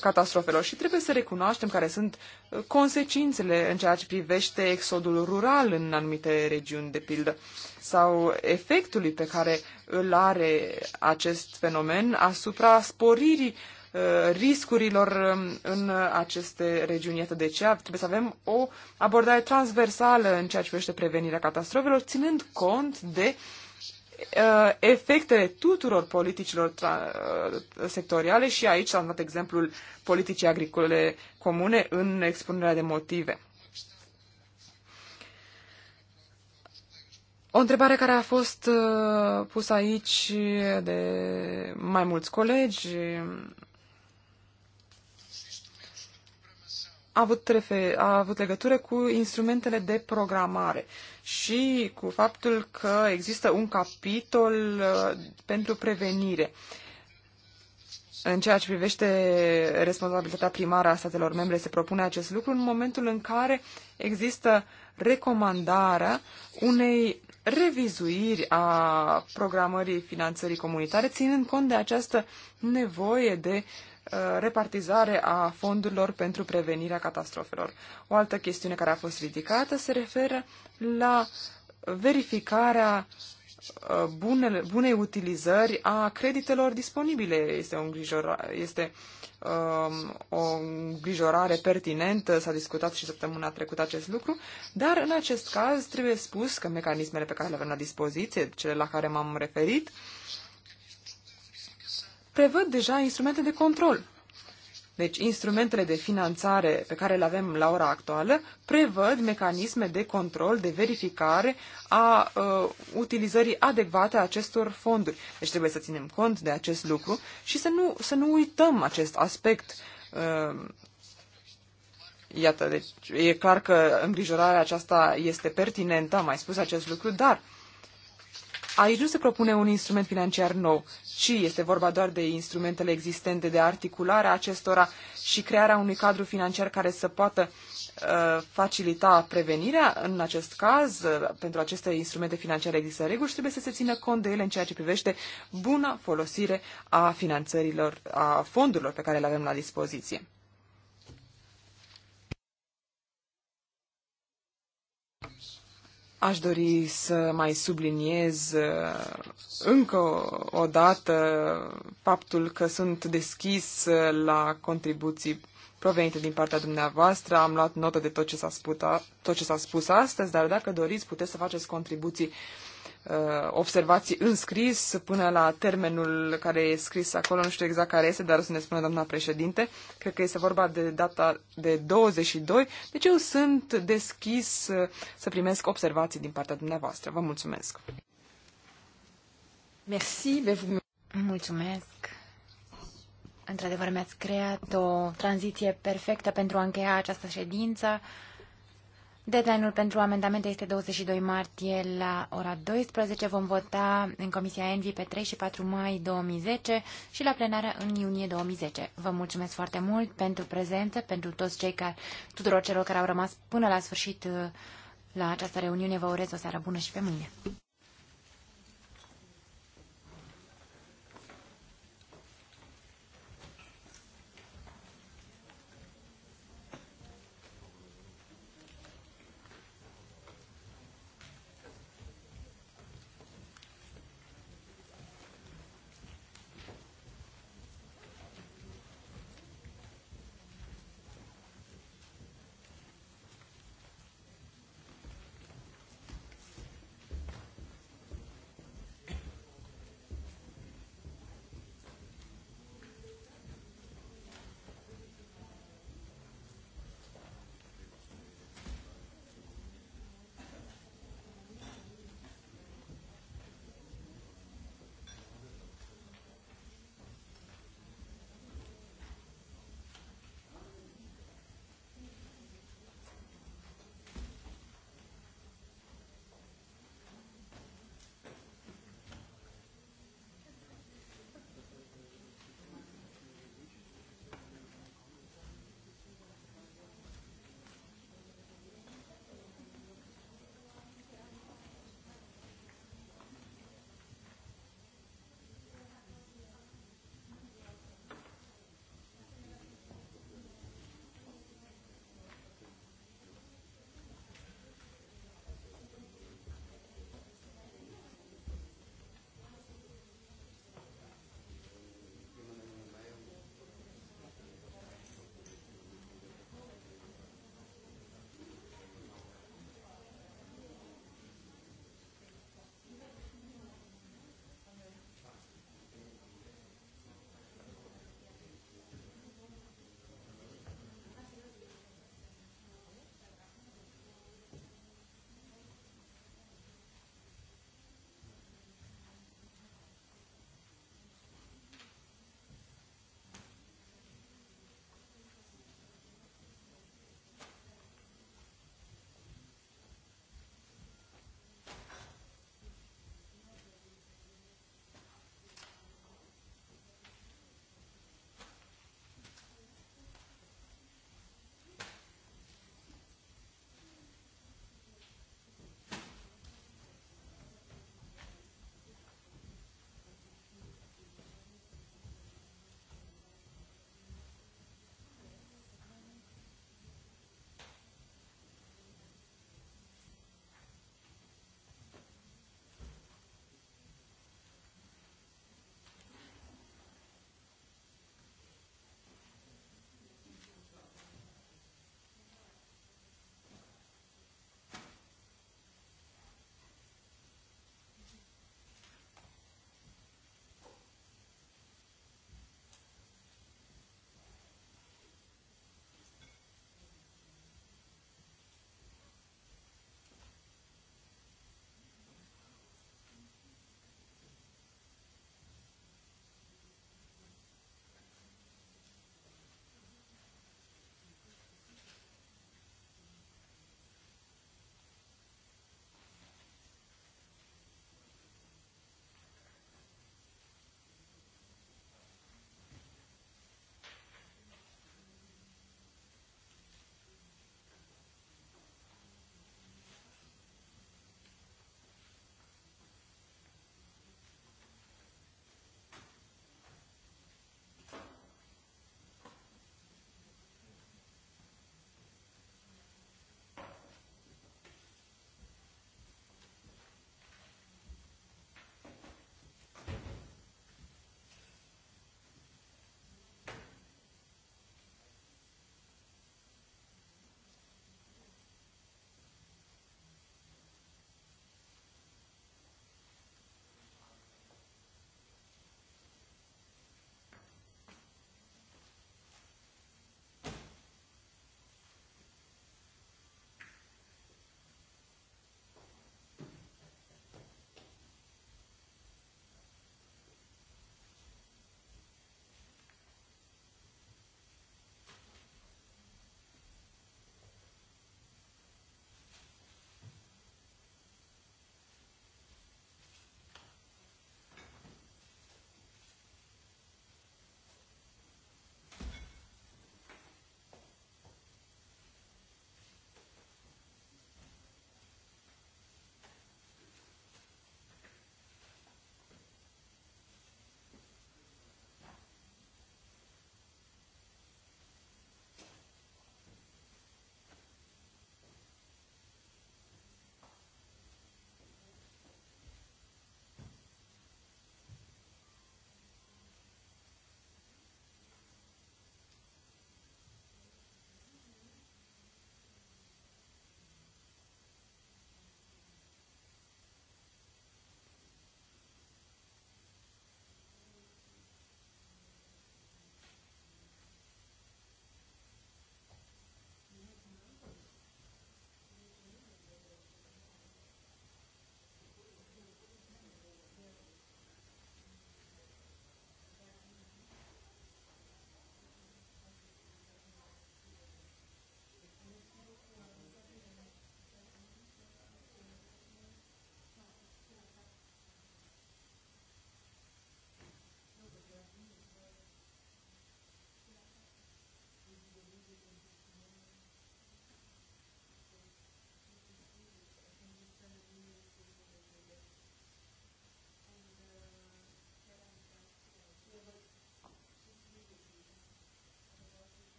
D: catastrofelor și trebuie să recunoaștem care sunt uh, consecințele în ceea ce privește exodul rural în anumite regiuni, de pildă, sau efectului pe care îl are acest fenomen asupra sporirii riscurilor um, în aceste regiuni. Iată de ce trebuie să avem o abordare transversală în ceea ce privește prevenirea catastrofelor, ținând cont de uh, Uh, efectele tuturor politicilor uh, sectoriale și aici am dat exemplul politicii agricole comune în expunerea de motive. O întrebare care a fost uh, pusă aici de mai mulți colegi a avut, refer, a avut legătură cu instrumentele de programare și cu faptul că există un capitol uh, pentru prevenire în ceea ce privește responsabilitatea primară a statelor membre, se propune acest lucru în momentul în care există recomandarea unei revizuiri a programării finanțării comunitare, ținând cont de această nevoie de uh, Uh, repartizare a fondurilor pentru prevenirea catastrofelor. O altă chestiune care a fost ridicată se referă la verificarea uh, bunele, bunei utilizări a creditelor disponibile. Este o, îngrijora, este, um, o îngrijorare pertinentă, s-a discutat și săptămâna trecută acest lucru, dar în acest caz trebuie spus că mecanismele pe care le avem la dispoziție, cele la care m-am referit, uh, prevăd deja instrumente de control. Deci, instrumentele de finanțare pe care le avem la ora actuală prevăd mecanisme de control, de verificare a uh, utilizării adecvate a acestor fonduri. Deci, trebuie să ținem cont de acest lucru și să nu, să nu uităm acest aspect. Uh, iată, deci, e clar că îngrijorarea aceasta este pertinentă, am mai spus acest lucru, dar Aici nu se propune un instrument financiar nou, ci este vorba doar de instrumentele existente, de a acestora și crearea unui cadru financiar care să poată uh, facilita prevenirea. În acest caz, uh, pentru aceste instrumente financiare există reguli și trebuie să se țină cont de ele în ceea ce privește buna folosire a finanțărilor, a fondurilor pe care le avem la dispoziție. Aș dori să mai subliniez uh, încă o dată faptul că sunt deschis uh, la contribuții provenite din partea dumneavoastră. Am luat notă de tot ce s-a spus, tot ce s-a spus astăzi, dar dacă doriți, puteți să faceți contribuții uh, Uh, observații în scris până la termenul care e scris acolo, nu știu exact care este, dar o să ne spună doamna președinte. Cred că este vorba de data de 22, deci eu sunt deschis uh, să primesc observații din partea dumneavoastră. Vă mulțumesc!
C: Merci, Mulțumesc! Într-adevăr, mi-ați creat o tranziție perfectă pentru a încheia această ședință. Deadline-ul pentru amendamente este 22 martie la ora 12. Vom vota în Comisia Envi pe 3 și 4 mai 2010 și la plenară în iunie 2010. Vă mulțumesc foarte mult pentru prezență, pentru toți cei care, tuturor celor care au rămas până la sfârșit uh, la această reuniune. Vă urez o seară bună și pe mâine.